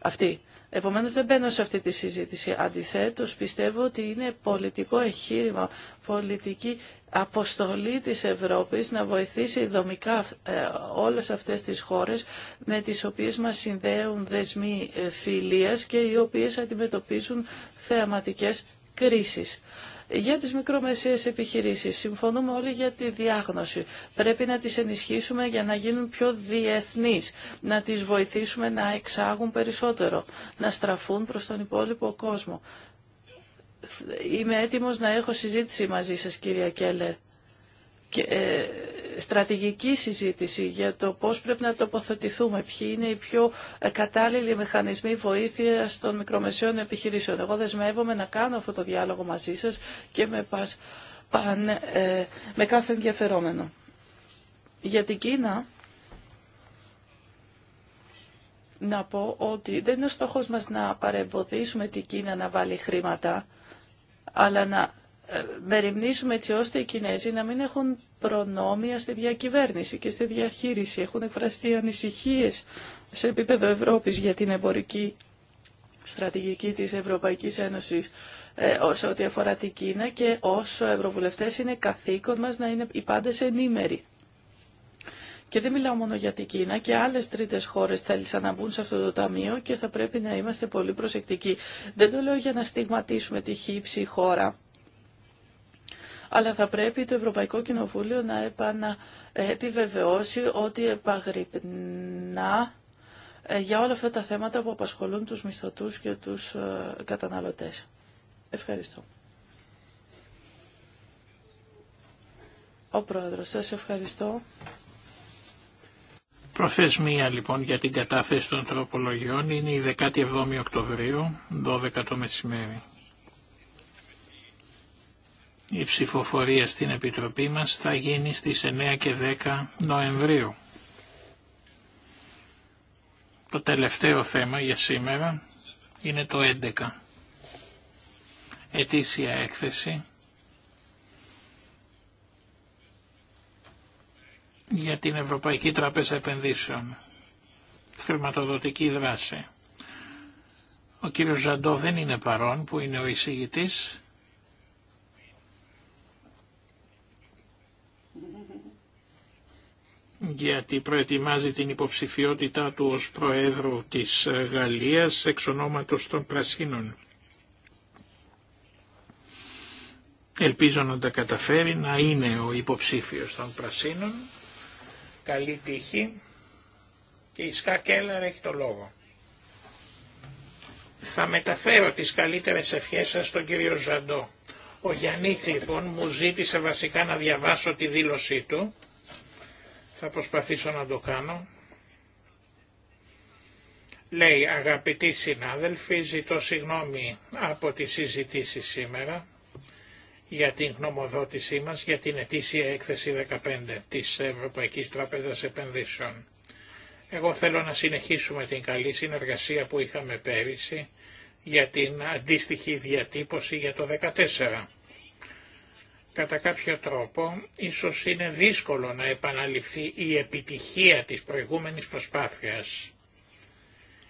αυτή. Επομένως δεν μπαίνω σε αυτή τη συζήτηση. Αντιθέτως πιστεύω ότι είναι πολιτικό εγχείρημα, πολιτική αποστολή της Ευρώπης να βοηθήσει δομικά ε, όλες αυτές τις χώρες με τις οποίες μας συνδέουν δεσμοί ε, φιλίας και οι οποίες αντιμετωπίζουν θεαματικές κρίσεις. Για τις μικρομεσαίες επιχειρήσεις, συμφωνούμε όλοι για τη διάγνωση. Πρέπει να τις ενισχύσουμε για να γίνουν πιο διεθνείς, να τις βοηθήσουμε να εξάγουν περισσότερο, να στραφούν προς τον υπόλοιπο κόσμο. Είμαι έτοιμος να έχω συζήτηση μαζί σας, κυρία Κέλλερ. Ε, στρατηγική συζήτηση για το πώς πρέπει να τοποθετηθούμε, ποιοι είναι οι πιο κατάλληλοι μηχανισμοί βοήθειας των μικρομεσαίων επιχειρήσεων. Εγώ δεσμεύομαι να κάνω αυτό το διάλογο μαζί σας και με, πας, ε, με κάθε ενδιαφερόμενο. Για την Κίνα, να πω ότι δεν είναι ο στόχος μας να παρεμποδίσουμε την Κίνα να βάλει χρήματα, αλλά να ε, μεριμνήσουμε έτσι ώστε οι Κινέζοι να μην έχουν προνόμια στη διακυβέρνηση και στη διαχείριση. Έχουν εκφραστεί ανησυχίες σε επίπεδο Ευρώπης για την εμπορική στρατηγική της Ευρωπαϊκής Ένωσης ε, όσο ό,τι αφορά την Κίνα και όσο ευρωβουλευτές είναι καθήκον μας να είναι οι πάντες ενήμεροι. Και δεν μιλάω μόνο για την Κίνα και άλλες τρίτες χώρες θέλησαν να μπουν σε αυτό το ταμείο και θα πρέπει να είμαστε πολύ προσεκτικοί. Δεν το λέω για να στιγματίσουμε τη χύψη χώρα αλλά θα πρέπει το Ευρωπαϊκό Κοινοβούλιο να ε, επιβεβαιώσει ότι επαγρυπνά ε, για όλα αυτά τα θέματα που απασχολούν τους μισθωτούς και τους ε, καταναλωτές. Ευχαριστώ. Ο Πρόεδρος, σας ευχαριστώ. Προθεσμία λοιπόν για την κατάθεση των τροπολογιών είναι η 17η Οκτωβρίου, 12 το μεσημέρι. Η ψηφοφορία στην Επιτροπή μας θα γίνει στις 9 και 10 Νοεμβρίου. Το τελευταίο θέμα για σήμερα είναι το 11. Ετήσια έκθεση για την Ευρωπαϊκή Τράπεζα Επενδύσεων. Χρηματοδοτική δράση. Ο κύριος Ζαντό δεν είναι παρόν που είναι ο εισηγητής. γιατί προετοιμάζει την υποψηφιότητά του ως Προέδρου της Γαλλίας εξ ονόματος των Πρασίνων. Ελπίζω να τα καταφέρει να είναι ο υποψήφιος των Πρασίνων. Καλή τύχη. Και η Σκά Κέλλαρ έχει το λόγο. Θα μεταφέρω τις καλύτερες ευχές σας στον κύριο Ζαντό. Ο Γιάννη λοιπόν μου ζήτησε βασικά να διαβάσω τη δήλωσή του θα προσπαθήσω να το κάνω. Λέει, αγαπητοί συνάδελφοι, ζητώ συγγνώμη από τις συζητήσει σήμερα για την γνωμοδότησή μας για την ετήσια έκθεση 15 της Ευρωπαϊκής Τράπεζας Επενδύσεων. Εγώ θέλω να συνεχίσουμε την καλή συνεργασία που είχαμε πέρυσι για την αντίστοιχη διατύπωση για το 14 κατά κάποιο τρόπο ίσως είναι δύσκολο να επαναληφθεί η επιτυχία της προηγούμενης προσπάθειας.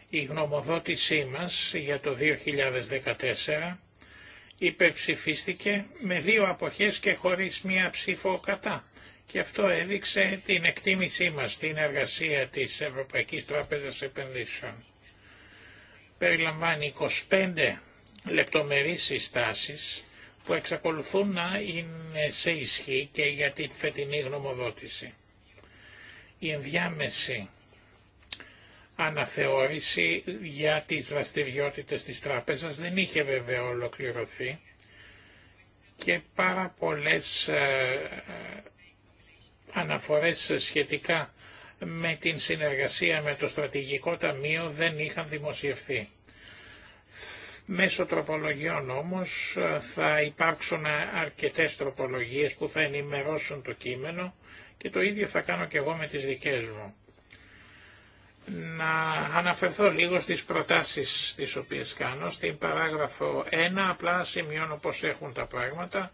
Η γνωμοδότησή μας για το 2014 υπερψηφίστηκε με δύο αποχές και χωρίς μία ψήφο κατά. Και αυτό έδειξε την εκτίμησή μας στην εργασία της Ευρωπαϊκής Τράπεζας Επενδύσεων. Περιλαμβάνει 25 λεπτομερείς συστάσεις που εξακολουθούν να είναι σε ισχύ και για τη φετινή γνωμοδότηση. Η ενδιάμεση αναθεώρηση για τις δραστηριότητες της τράπεζας δεν είχε βέβαια ολοκληρωθεί και πάρα πολλές ε, ε, αναφορές σχετικά με την συνεργασία με το Στρατηγικό Ταμείο δεν είχαν δημοσιευθεί. Μέσω τροπολογιών όμως ε, θα υπάρξουν αρκετές τροπολογίες που θα ενημερώσουν το κείμενο και το ίδιο θα κάνω και εγώ με τις δικές μου. Να αναφερθώ λίγο στις προτάσεις τις οποίες κάνω. Στην παράγραφο 1 απλά σημειώνω πώς έχουν τα πράγματα.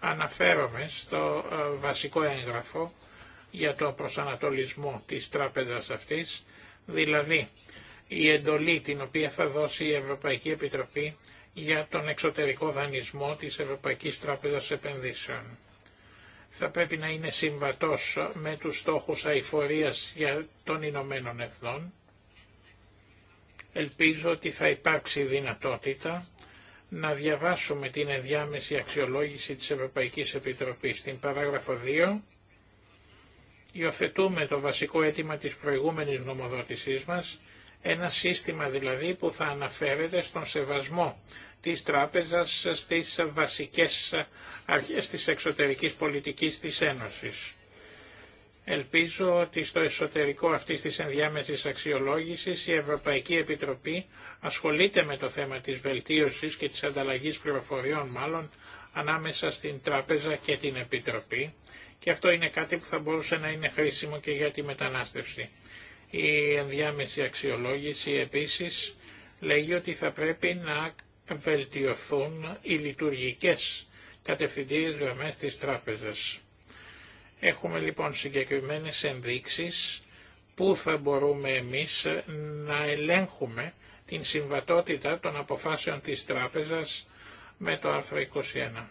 Αναφέρομαι στο ε, βασικό έγγραφο για το προσανατολισμό της τράπεζας αυτής, δηλαδή η εντολή την οποία θα δώσει η Ευρωπαϊκή Επιτροπή για τον εξωτερικό δανεισμό της Ευρωπαϊκής Τράπεζας Επενδύσεων. Θα πρέπει να είναι συμβατός με τους στόχους αηφορίας για των Ηνωμένων Εθνών. Ελπίζω ότι θα υπάρξει δυνατότητα να διαβάσουμε την ενδιάμεση αξιολόγηση της Ευρωπαϊκής Επιτροπής. Στην παράγραφο 2 υιοθετούμε το βασικό αίτημα της προηγούμενης νομοδότησής μας ένα σύστημα δηλαδή που θα αναφέρεται στον σεβασμό της τράπεζας στις βασικές αρχές της εξωτερικής πολιτικής της Ένωσης. Ελπίζω ότι στο εσωτερικό αυτής της ενδιάμεσης αξιολόγησης η Ευρωπαϊκή Επιτροπή ασχολείται με το θέμα της βελτίωσης και της ανταλλαγής πληροφοριών μάλλον ανάμεσα στην Τράπεζα και την Επιτροπή και αυτό είναι κάτι που θα μπορούσε να είναι χρήσιμο και για τη μετανάστευση. Η ενδιάμεση αξιολόγηση επίσης λέγει ότι θα πρέπει να βελτιωθούν οι λειτουργικές κατευθυντήριες γραμμές της τράπεζας. Έχουμε λοιπόν συγκεκριμένες ενδείξεις που θα μπορούμε εμείς να ελέγχουμε την συμβατότητα των αποφάσεων της τράπεζας με το άρθρο 21.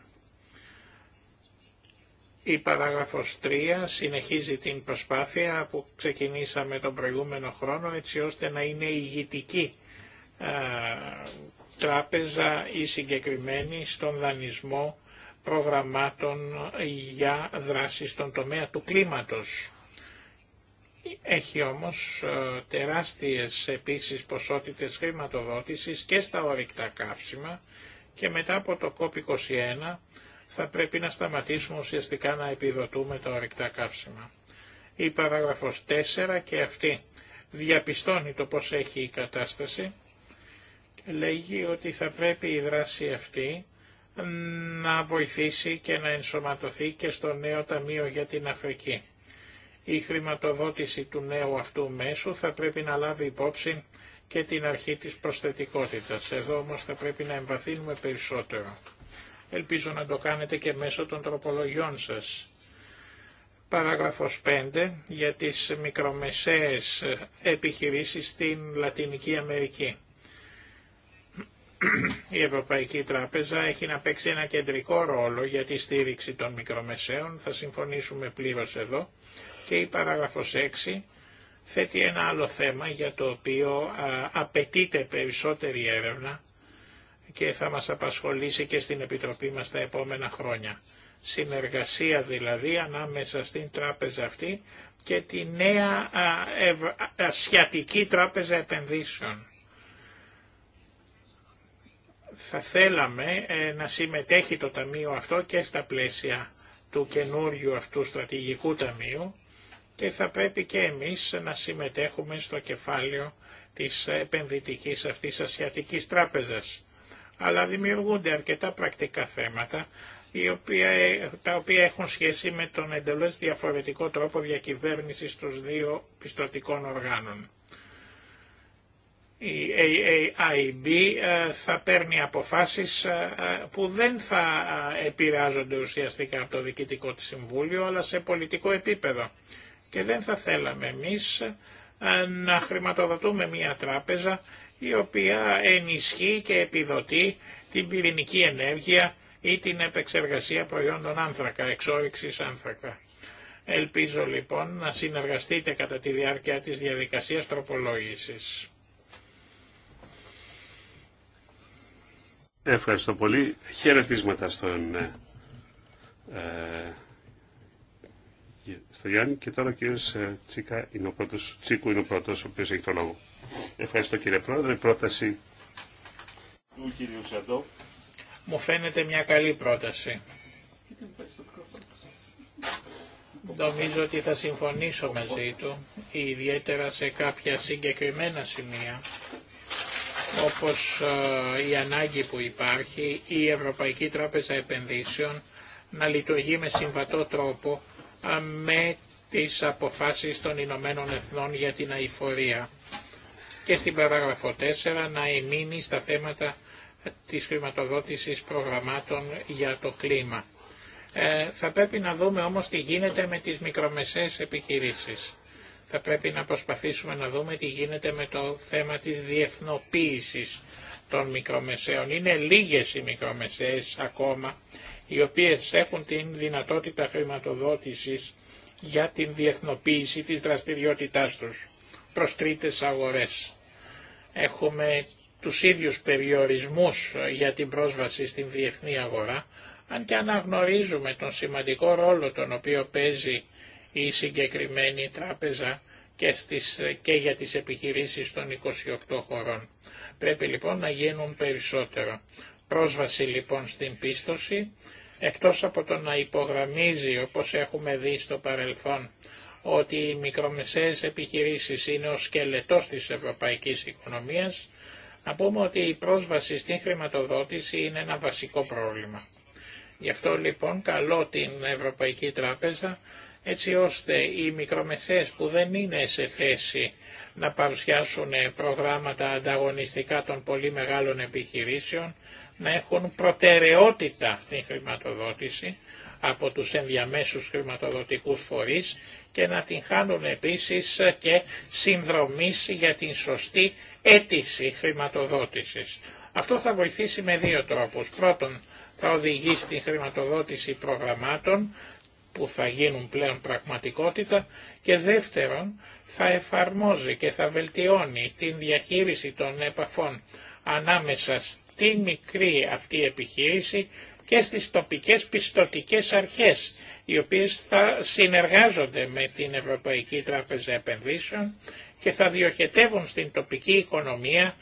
Η παράγραφος 3 συνεχίζει την προσπάθεια που ξεκινήσαμε τον προηγούμενο χρόνο έτσι ώστε να είναι ηγητική τράπεζα ή συγκεκριμένη στον δανεισμό προγραμμάτων για δράση στον τομέα του κλίματος. Έχει όμως τεράστιες επίσης ποσότητες χρηματοδότησης και στα ορυκτά καύσιμα και μετά από το COP21 θα πρέπει να σταματήσουμε ουσιαστικά να επιδοτούμε τα ορεικτά καύσιμα. Η παράγραφος 4 και αυτή διαπιστώνει το πώς έχει η κατάσταση και λέγει ότι θα πρέπει η δράση αυτή να βοηθήσει και να ενσωματωθεί και στο νέο Ταμείο για την Αφρική. Η χρηματοδότηση του νέου αυτού μέσου θα πρέπει να λάβει υπόψη και την αρχή της προσθετικότητας. Εδώ όμως θα πρέπει να εμβαθύνουμε περισσότερο. Ελπίζω να το κάνετε και μέσω των τροπολογιών σας. Παράγραφος 5 για τις μικρομεσαίες επιχειρήσεις στην Λατινική Αμερική. Η Ευρωπαϊκή Τράπεζα έχει να παίξει ένα κεντρικό ρόλο για τη στήριξη των μικρομεσαίων, θα συμφωνήσουμε πλήρως εδώ, και η παράγραφος 6 θέτει ένα άλλο θέμα για το οποίο απαιτείται περισσότερη έρευνα και θα μας απασχολήσει και στην Επιτροπή μας τα επόμενα χρόνια. Συνεργασία δηλαδή ανάμεσα στην τράπεζα αυτή και τη νέα Ασιατική Τράπεζα Επενδύσεων. Θα θέλαμε ε, να συμμετέχει το Ταμείο αυτό και στα πλαίσια του καινούριου αυτού στρατηγικού ταμείου και θα πρέπει και εμείς να συμμετέχουμε στο κεφάλαιο της επενδυτικής αυτής ασιατικής τράπεζας αλλά δημιουργούνται αρκετά πρακτικά θέματα ε, τα οποία έχουν σχέση με τον εντελώς διαφορετικό τρόπο διακυβέρνησης των δύο πιστοτικών οργάνων. Η AAIB ε, θα παίρνει αποφάσεις ε, που δεν θα επηρεάζονται ουσιαστικά από το Διοικητικό της Συμβούλιο, αλλά σε πολιτικό επίπεδο. Και δεν θα θέλαμε εμείς να χρηματοδοτούμε μια τράπεζα η οποία ενισχύει και επιδοτεί την πυρηνική ενέργεια ή την επεξεργασία προϊόντων άνθρακα, εξόριξης άνθρακα. Ελπίζω λοιπόν να συνεργαστείτε κατά τη διάρκεια της διαδικασίας τροπολόγησης. Ευχαριστώ πολύ. Χαιρετίσματα στον, ε, ε Γιάννη και τώρα ο κύριος ε, Τσίκα είναι ο πρώτος, Τσίκου είναι ο πρώτος ο οποίος έχει το λόγο. Ευχαριστώ κύριε Πρόεδρε. Η πρόταση του κύριου Σαντό. Μου φαίνεται μια καλή πρόταση. Νομίζω ότι θα συμφωνήσω μαζί του, ιδιαίτερα σε κάποια συγκεκριμένα σημεία, όπως ε, η ανάγκη που υπάρχει η Ευρωπαϊκή Τράπεζα Επενδύσεων να λειτουργεί με συμβατό τρόπο ε, με τις αποφάσεις των Ηνωμένων Εθνών για την αηφορία και στην παράγραφο 4 να εμείνει στα θέματα της χρηματοδότησης προγραμμάτων για το κλίμα. Ε, θα πρέπει να δούμε όμως τι γίνεται με τις μικρομεσαίες επιχειρήσεις. Θα πρέπει να προσπαθήσουμε να δούμε τι γίνεται με το θέμα της διεθνοποίησης των μικρομεσαίων. Είναι λίγες οι μικρομεσαίες ακόμα, οι οποίες έχουν την δυνατότητα χρηματοδότησης για την διεθνοποίηση της δραστηριότητάς τους προς τρίτες αγορές. Έχουμε τους ίδιους περιορισμούς για την πρόσβαση στην διεθνή αγορά, αν και αναγνωρίζουμε τον σημαντικό ρόλο τον οποίο παίζει η συγκεκριμένη τράπεζα και, στις, και για τις επιχειρήσεις των 28 χωρών. Πρέπει λοιπόν να γίνουν περισσότερα. Πρόσβαση λοιπόν στην πίστοση, εκτός από το να υπογραμμίζει όπως έχουμε δει στο παρελθόν ότι οι μικρομεσαίες επιχειρήσεις είναι ο σκελετός της ευρωπαϊκής οικονομίας, να πούμε ότι η πρόσβαση στην χρηματοδότηση είναι ένα βασικό πρόβλημα. Γι' αυτό λοιπόν καλώ την Ευρωπαϊκή Τράπεζα έτσι ώστε οι μικρομεσαίες που δεν είναι σε θέση να παρουσιάσουν προγράμματα ανταγωνιστικά των πολύ μεγάλων επιχειρήσεων να έχουν προτεραιότητα στην χρηματοδότηση από τους ενδιαμέσους χρηματοδοτικούς φορείς και να την χάνουν επίσης και συνδρομής για την σωστή αίτηση χρηματοδότησης. Αυτό θα βοηθήσει με δύο τρόπους. Πρώτον, θα οδηγεί στην χρηματοδότηση προγραμμάτων που θα γίνουν πλέον πραγματικότητα και δεύτερον θα εφαρμόζει και θα βελτιώνει την διαχείριση των επαφών ανάμεσα στην μικρή αυτή επιχείρηση και στις τοπικές πιστοτικές αρχές, οι οποίες θα συνεργάζονται με την Ευρωπαϊκή Τράπεζα Επενδύσεων και θα διοχετεύουν στην τοπική οικονομία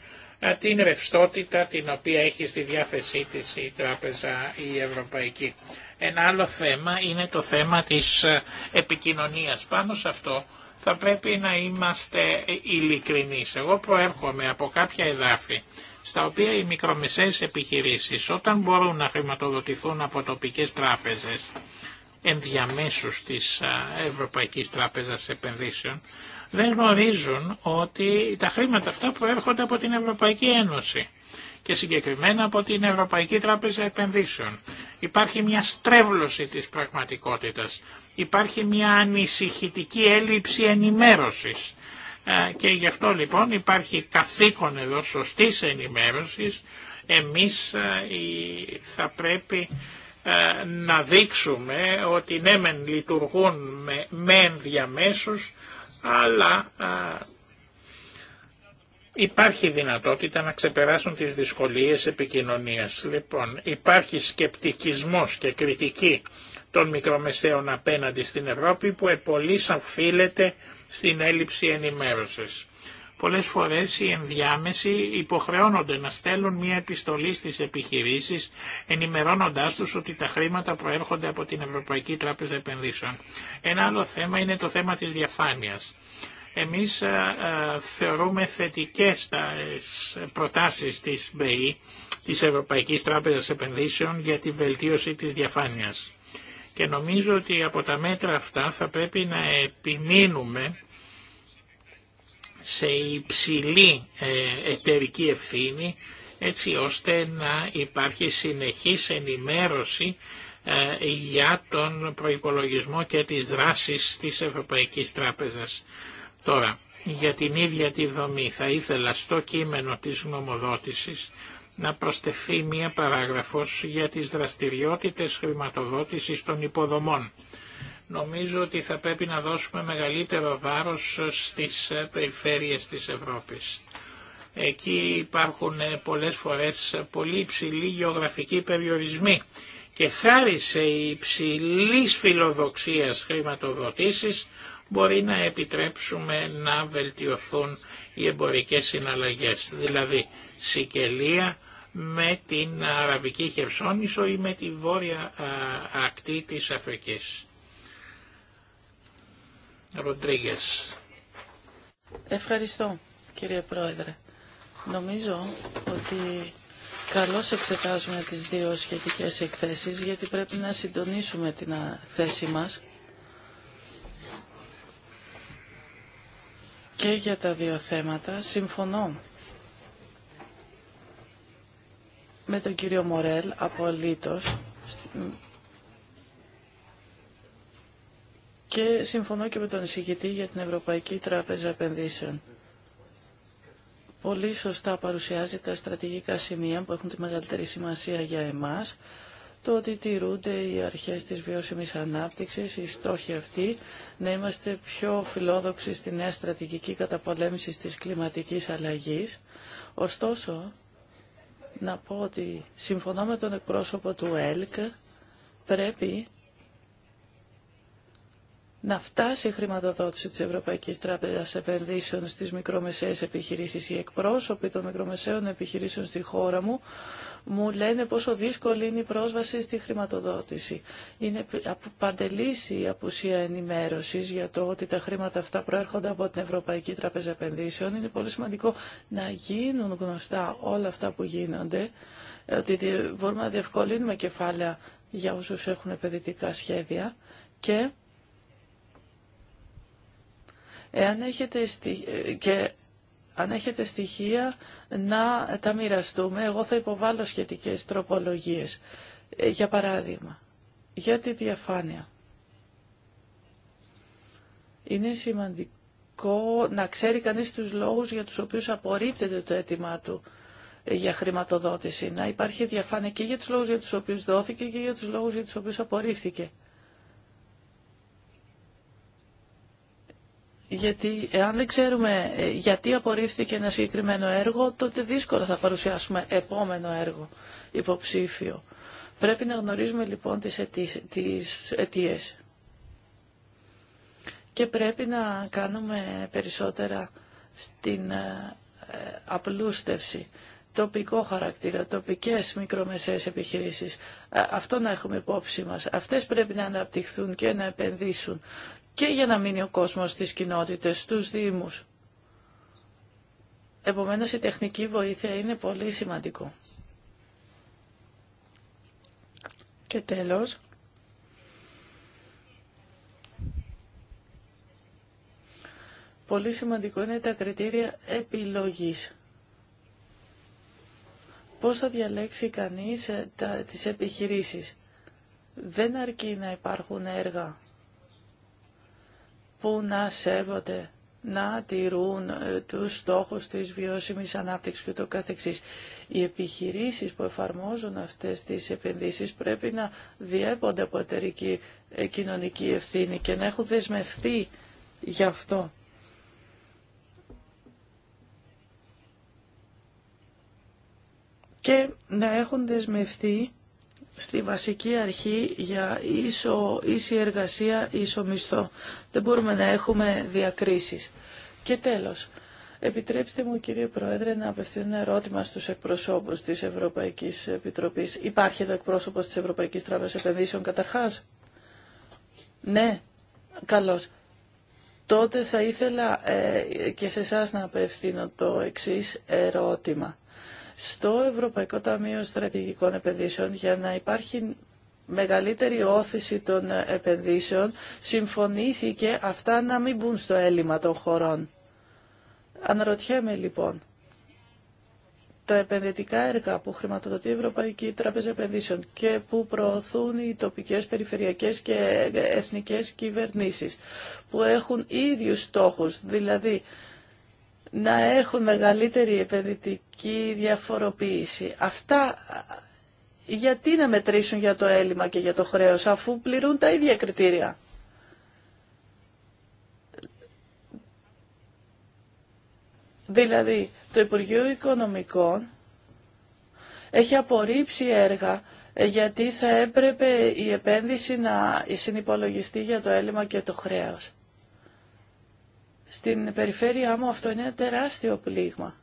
την ρευστότητα την οποία έχει στη διάθεσή της η Τράπεζα η Ευρωπαϊκή. Ένα άλλο θέμα είναι το θέμα της επικοινωνίας. Πάνω σε αυτό θα πρέπει να είμαστε ειλικρινεί. Εγώ προέρχομαι από κάποια εδάφη στα οποία οι μικρομεσαίες επιχειρήσεις όταν μπορούν να χρηματοδοτηθούν από τοπικές τράπεζες ενδιαμέσους της Ευρωπαϊκής Τράπεζας Επενδύσεων δεν γνωρίζουν ότι τα χρήματα αυτά προέρχονται από την Ευρωπαϊκή Ένωση και συγκεκριμένα από την Ευρωπαϊκή Τράπεζα Επενδύσεων. Υπάρχει μια στρέβλωση της πραγματικότητας. Υπάρχει μια ανησυχητική έλλειψη ενημέρωσης ε, και γι' αυτό λοιπόν υπάρχει καθήκον εδώ σωστής ενημέρωσης. Εμείς ε, θα πρέπει ε, να δείξουμε ότι ναι μεν λειτουργούν με, με διαμέσους, αλλά υπάρχει δυνατότητα να ξεπεράσουν τις δυσκολίες επικοινωνίας. Λοιπόν, υπάρχει σκεπτικισμός και κριτική των μικρομεσαίων απέναντι στην Ευρώπη που επολύσαν φίλεται στην έλλειψη ενημέρωσης. Πολλές φορές οι ενδιάμεσοι υποχρεώνονται να στέλνουν μια επιστολή στις επιχειρήσεις ενημερώνοντάς τους ότι τα χρήματα προέρχονται από την Ευρωπαϊκή Τράπεζα Επενδύσεων. Ένα άλλο θέμα είναι το θέμα της διαφάνειας. Εμείς α, ε, ε, θεωρούμε θετικές τα ε, προτάσεις της ΜΕΗ, της Ευρωπαϊκής Τράπεζας Επενδύσεων, για τη βελτίωση της διαφάνειας και νομίζω ότι από τα μέτρα αυτά θα πρέπει να επιμείνουμε σε υψηλή ε, εταιρική ευθύνη έτσι ώστε να υπάρχει συνεχής ενημέρωση ε, για τον προϋπολογισμό και τις δράσεις της Ευρωπαϊκής Τράπεζας. Τώρα, για την ίδια τη δομή θα ήθελα στο κείμενο της γνωμοδότησης να προστεθεί μία παράγραφος για τις δραστηριότητες χρηματοδότησης των υποδομών. Νομίζω ότι θα πρέπει να δώσουμε μεγαλύτερο βάρος στις ε, περιφέρειες της Ευρώπης. Εκεί υπάρχουν ε, πολλές φορές πολύ υψηλοί γεωγραφικοί περιορισμοί και χάρη σε υψηλής φιλοδοξίας χρηματοδοτήσεις μπορεί να επιτρέψουμε να βελτιωθούν οι εμπορικές συναλλαγές. Δηλαδή, Σικελία με την Αραβική Χερσόνησο ή με τη βόρεια ακτή της Αφρικής. Ροντρίγες. Ευχαριστώ κύριε Πρόεδρε. Νομίζω ότι καλώς εξετάζουμε τις δύο σχετικές εκθέσεις γιατί πρέπει να συντονίσουμε την θέση μας και για τα δύο θέματα. Συμφωνώ με τον κύριο Μορέλ απολύτως και συμφωνώ και με τον εισηγητή για την Ευρωπαϊκή Τράπεζα Επενδύσεων. Πολύ σωστά παρουσιάζει τα στρατηγικά σημεία που έχουν τη μεγαλύτερη σημασία για εμάς, το ότι τηρούνται οι αρχές της βιώσιμης ανάπτυξης, οι στόχοι αυτοί, να είμαστε πιο φιλόδοξοι στη νέα στρατηγική καταπολέμηση της κλιματικής αλλαγής. Ωστόσο, να πω ότι συμφωνώ με τον εκπρόσωπο του ΕΛΚ πρέπει να φτάσει η χρηματοδότηση της Ευρωπαϊκής Τράπεζας Επενδύσεων στις μικρομεσαίες επιχειρήσεις. Οι εκπρόσωποι των μικρομεσαίων επιχειρήσεων στη χώρα μου μου λένε πόσο δύσκολη είναι η πρόσβαση στη χρηματοδότηση. Είναι παντελής η απουσία ενημέρωσης για το ότι τα χρήματα αυτά προέρχονται από την Ευρωπαϊκή Τράπεζα Επενδύσεων. Είναι πολύ σημαντικό να γίνουν γνωστά όλα αυτά που γίνονται, ότι μπορούμε να διευκολύνουμε κεφάλαια για όσους έχουν επενδυτικά σχέδια και Εάν έχετε ε, και αν έχετε στοιχεία να τα μοιραστούμε, εγώ θα υποβάλω σχετικές τροπολογίες. Ε, για παράδειγμα, για τη διαφάνεια. Είναι σημαντικό να ξέρει κανείς τους λόγους για τους οποίους απορρίπτεται το αίτημά του ε, για χρηματοδότηση. Να υπάρχει διαφάνεια και για τους λόγους για τους οποίους δόθηκε και για τους λόγους για τους οποίους απορρίφθηκε. Γιατί αν δεν ξέρουμε ε, γιατί απορρίφθηκε ένα συγκεκριμένο έργο, τότε δύσκολα θα παρουσιάσουμε επόμενο έργο υποψήφιο. Πρέπει να γνωρίζουμε λοιπόν τις, αιτίες, τις αιτίες. Και πρέπει να κάνουμε περισσότερα στην ε, ε, απλούστευση, τοπικό χαρακτήρα, τοπικές μικρομεσαίες επιχειρήσεις. Αυτό να έχουμε υπόψη μας. Αυτές πρέπει να αναπτυχθούν και να επενδύσουν και για να μείνει ο κόσμος στις κοινότητες, στους δήμους. Επομένως η τεχνική βοήθεια είναι πολύ σημαντικό. Και τέλος, πολύ σημαντικό είναι τα κριτήρια επιλογής. Πώς θα διαλέξει κανείς ε, τα, τις επιχειρήσεις. Δεν αρκεί να υπάρχουν έργα που να σέβονται, να τηρούν ε, τους στόχους της βιώσιμης ανάπτυξης και το καθεξής. Οι επιχειρήσεις που εφαρμόζουν αυτές τις επενδύσεις πρέπει να διέπονται από εταιρική ε, κοινωνική ευθύνη και να έχουν δεσμευτεί γι' αυτό. Και να έχουν δεσμευτεί στη βασική αρχή για ίσο, ίση εργασία, ίσο μισθό. Δεν μπορούμε να έχουμε διακρίσεις. Και τέλος, επιτρέψτε μου κύριε Πρόεδρε να απευθύνω ένα ερώτημα στους εκπροσώπους της Ευρωπαϊκής Επιτροπής. Υπάρχει εδώ εκπρόσωπος της Ευρωπαϊκής Τράπεζας Επενδύσεων καταρχάς. Ναι, καλώς. Τότε θα ήθελα ε, και σε εσά να απευθύνω το εξής ερώτημα στο Ευρωπαϊκό Ταμείο Στρατηγικών Επενδύσεων για να υπάρχει μεγαλύτερη όθηση των επενδύσεων συμφωνήθηκε αυτά να μην μπουν στο έλλειμμα των χωρών. Αναρωτιέμαι λοιπόν, τα επενδυτικά έργα που χρηματοδοτεί η Ευρωπαϊκή Τράπεζα Επενδύσεων και που προωθούν οι τοπικές, περιφερειακές και εθνικές κυβερνήσεις που έχουν ίδιους στόχους, δηλαδή να έχουν μεγαλύτερη επενδυτική διαφοροποίηση. Αυτά γιατί να μετρήσουν για το έλλειμμα και για το χρέος αφού πληρούν τα ίδια κριτήρια. Δηλαδή, το Υπουργείο Οικονομικών έχει απορρίψει έργα ε, γιατί θα έπρεπε η επένδυση να συνυπολογιστεί για το έλλειμμα και το χρέος. Στην περιφέρειά μου αυτό είναι ένα τεράστιο πλήγμα.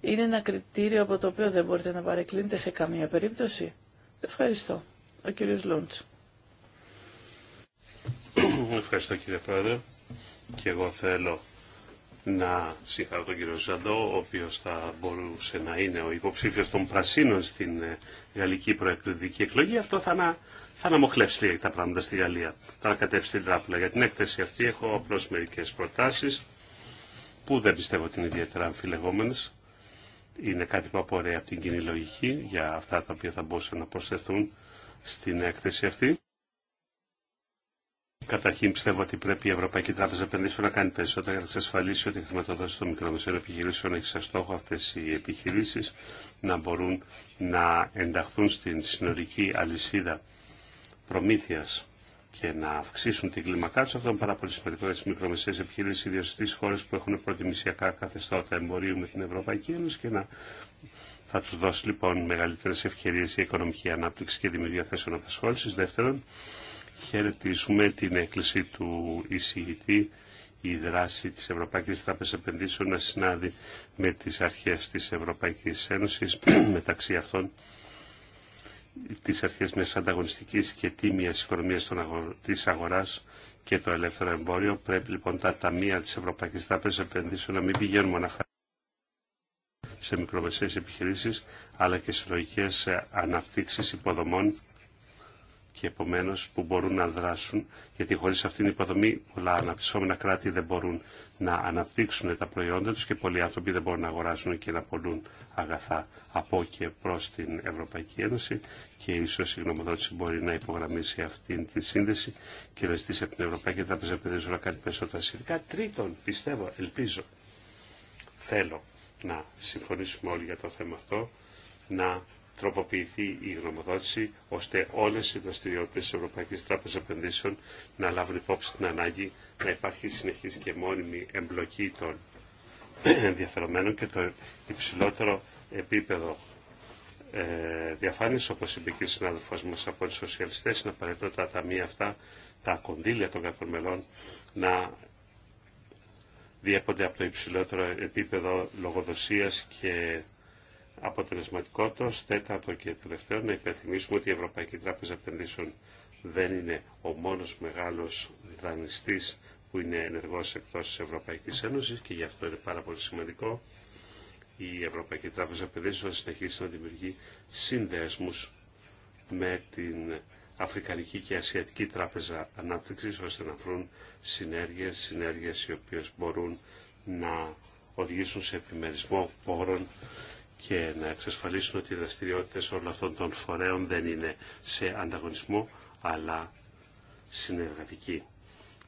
Είναι ένα κριτήριο από το οποίο δεν μπορείτε να παρεκκλίνετε σε καμία περίπτωση. Ευχαριστώ. Ο κύριος Λούντς. Ευχαριστώ κύριε Πρόεδρε. Και εγώ θέλω να συγχαρώ τον κύριο Ζαντό, ο οποίος θα μπορούσε να είναι ο υποψήφιος των Πρασίνων στην ε, γαλλική προεκλογική εκλογή. Αυτό θα, να, θα αναμοχλεύσει λίγα τα πράγματα στη Γαλλία. Θα ανακατεύσει την τράπουλα. Για την έκθεση αυτή έχω απλώ μερικέ προτάσει που δεν πιστεύω ότι είναι ιδιαίτερα αμφιλεγόμενε. Είναι κάτι που απορρέει από την κοινή λογική για αυτά τα οποία θα μπορούσαν να προσθεθούν στην έκθεση αυτή. Καταρχήν πιστεύω ότι πρέπει η Ευρωπαϊκή Τράπεζα Επενδύσεων να κάνει περισσότερα για να εξασφαλίσει ότι η χρηματοδότηση των μικρομεσαίων επιχειρήσεων έχει σαν στόχο αυτέ οι επιχειρήσει να μπορούν να ενταχθούν στην συνολική αλυσίδα προμήθειας και να αυξήσουν την κλίμακά του. Αυτό είναι πάρα πολύ σημαντικό για τι μικρομεσαίε επιχειρήσει, ιδίω στι χώρε που έχουν προτιμησιακά καθεστώτα εμπορίου με την Ευρωπαϊκή Ένωση και να θα του δώσει λοιπόν μεγαλύτερε ευκαιρίε για οικονομική ανάπτυξη και δημιουργία θέσεων απασχόληση. Δεύτερον, Χαιρετίσουμε την έκκληση του εισηγητή η δράση τη Ευρωπαϊκή Τράπεζα Επενδύσεων να συνάδει με τι αρχέ τη Ευρωπαϊκή Ένωση, [CLEARS THROAT] μεταξύ αυτών τις αρχές μιας ανταγωνιστικής και τίμιας οικονομίας της αγοράς και το ελεύθερο εμπόριο. Πρέπει λοιπόν τα ταμεία της Ευρωπαϊκής Τράπεζας επενδύσεων να μην πηγαίνουν μοναχά σε μικρομεσαίες επιχειρήσεις, αλλά και σε λογικές ε, αναπτύξεις υποδομών και επομένω που μπορούν να δράσουν, γιατί χωρί αυτήν την υποδομή πολλά αναπτυσσόμενα κράτη δεν μπορούν να αναπτύξουν τα προϊόντα του και πολλοί άνθρωποι δεν μπορούν να αγοράσουν και να πολλούν αγαθά από και προ την Ευρωπαϊκή Ένωση. Και ίσω η γνωμοδότηση μπορεί να υπογραμμίσει αυτήν τη σύνδεση και να ζητήσει από την Ευρωπαϊκή Τράπεζα Επενδύσεων να κάνει περισσότερα σχετικά. Τρίτον, πιστεύω, ελπίζω, θέλω να συμφωνήσουμε όλοι για το θέμα αυτό, να τροποποιηθεί η γνωμοδότηση ώστε όλες οι δραστηριότητε της Ευρωπαϊκής Τράπεζας Επενδύσεων να λάβουν υπόψη την ανάγκη να υπάρχει συνεχής και μόνιμη εμπλοκή των ενδιαφερομένων και το υψηλότερο επίπεδο ε, διαφάνειας, όπως είπε και η συνάδελφός μας από τους σοσιαλιστές, είναι απαραίτητο τα ταμεία αυτά, τα κονδύλια των κάποιων μελών, να διέπονται από το υψηλότερο επίπεδο λογοδοσίας και αποτελεσματικότος, Τέταρτο και τελευταίο, να υπενθυμίσουμε ότι η Ευρωπαϊκή Τράπεζα Επενδύσεων δεν είναι ο μόνος μεγάλος δανειστής που είναι ενεργός εκτός της Ευρωπαϊκής Ένωσης και γι' αυτό είναι πάρα πολύ σημαντικό η Ευρωπαϊκή Τράπεζα Επενδύσεων να συνεχίσει να δημιουργεί συνδέσμους με την Αφρικανική και Ασιατική Τράπεζα Ανάπτυξης ώστε να βρουν συνέργειες, συνέργειες οι οποίες μπορούν να οδηγήσουν σε επιμερισμό πόρων και να εξασφαλίσουν ότι οι δραστηριότητε όλων αυτών των φορέων δεν είναι σε ανταγωνισμό αλλά συνεργατική.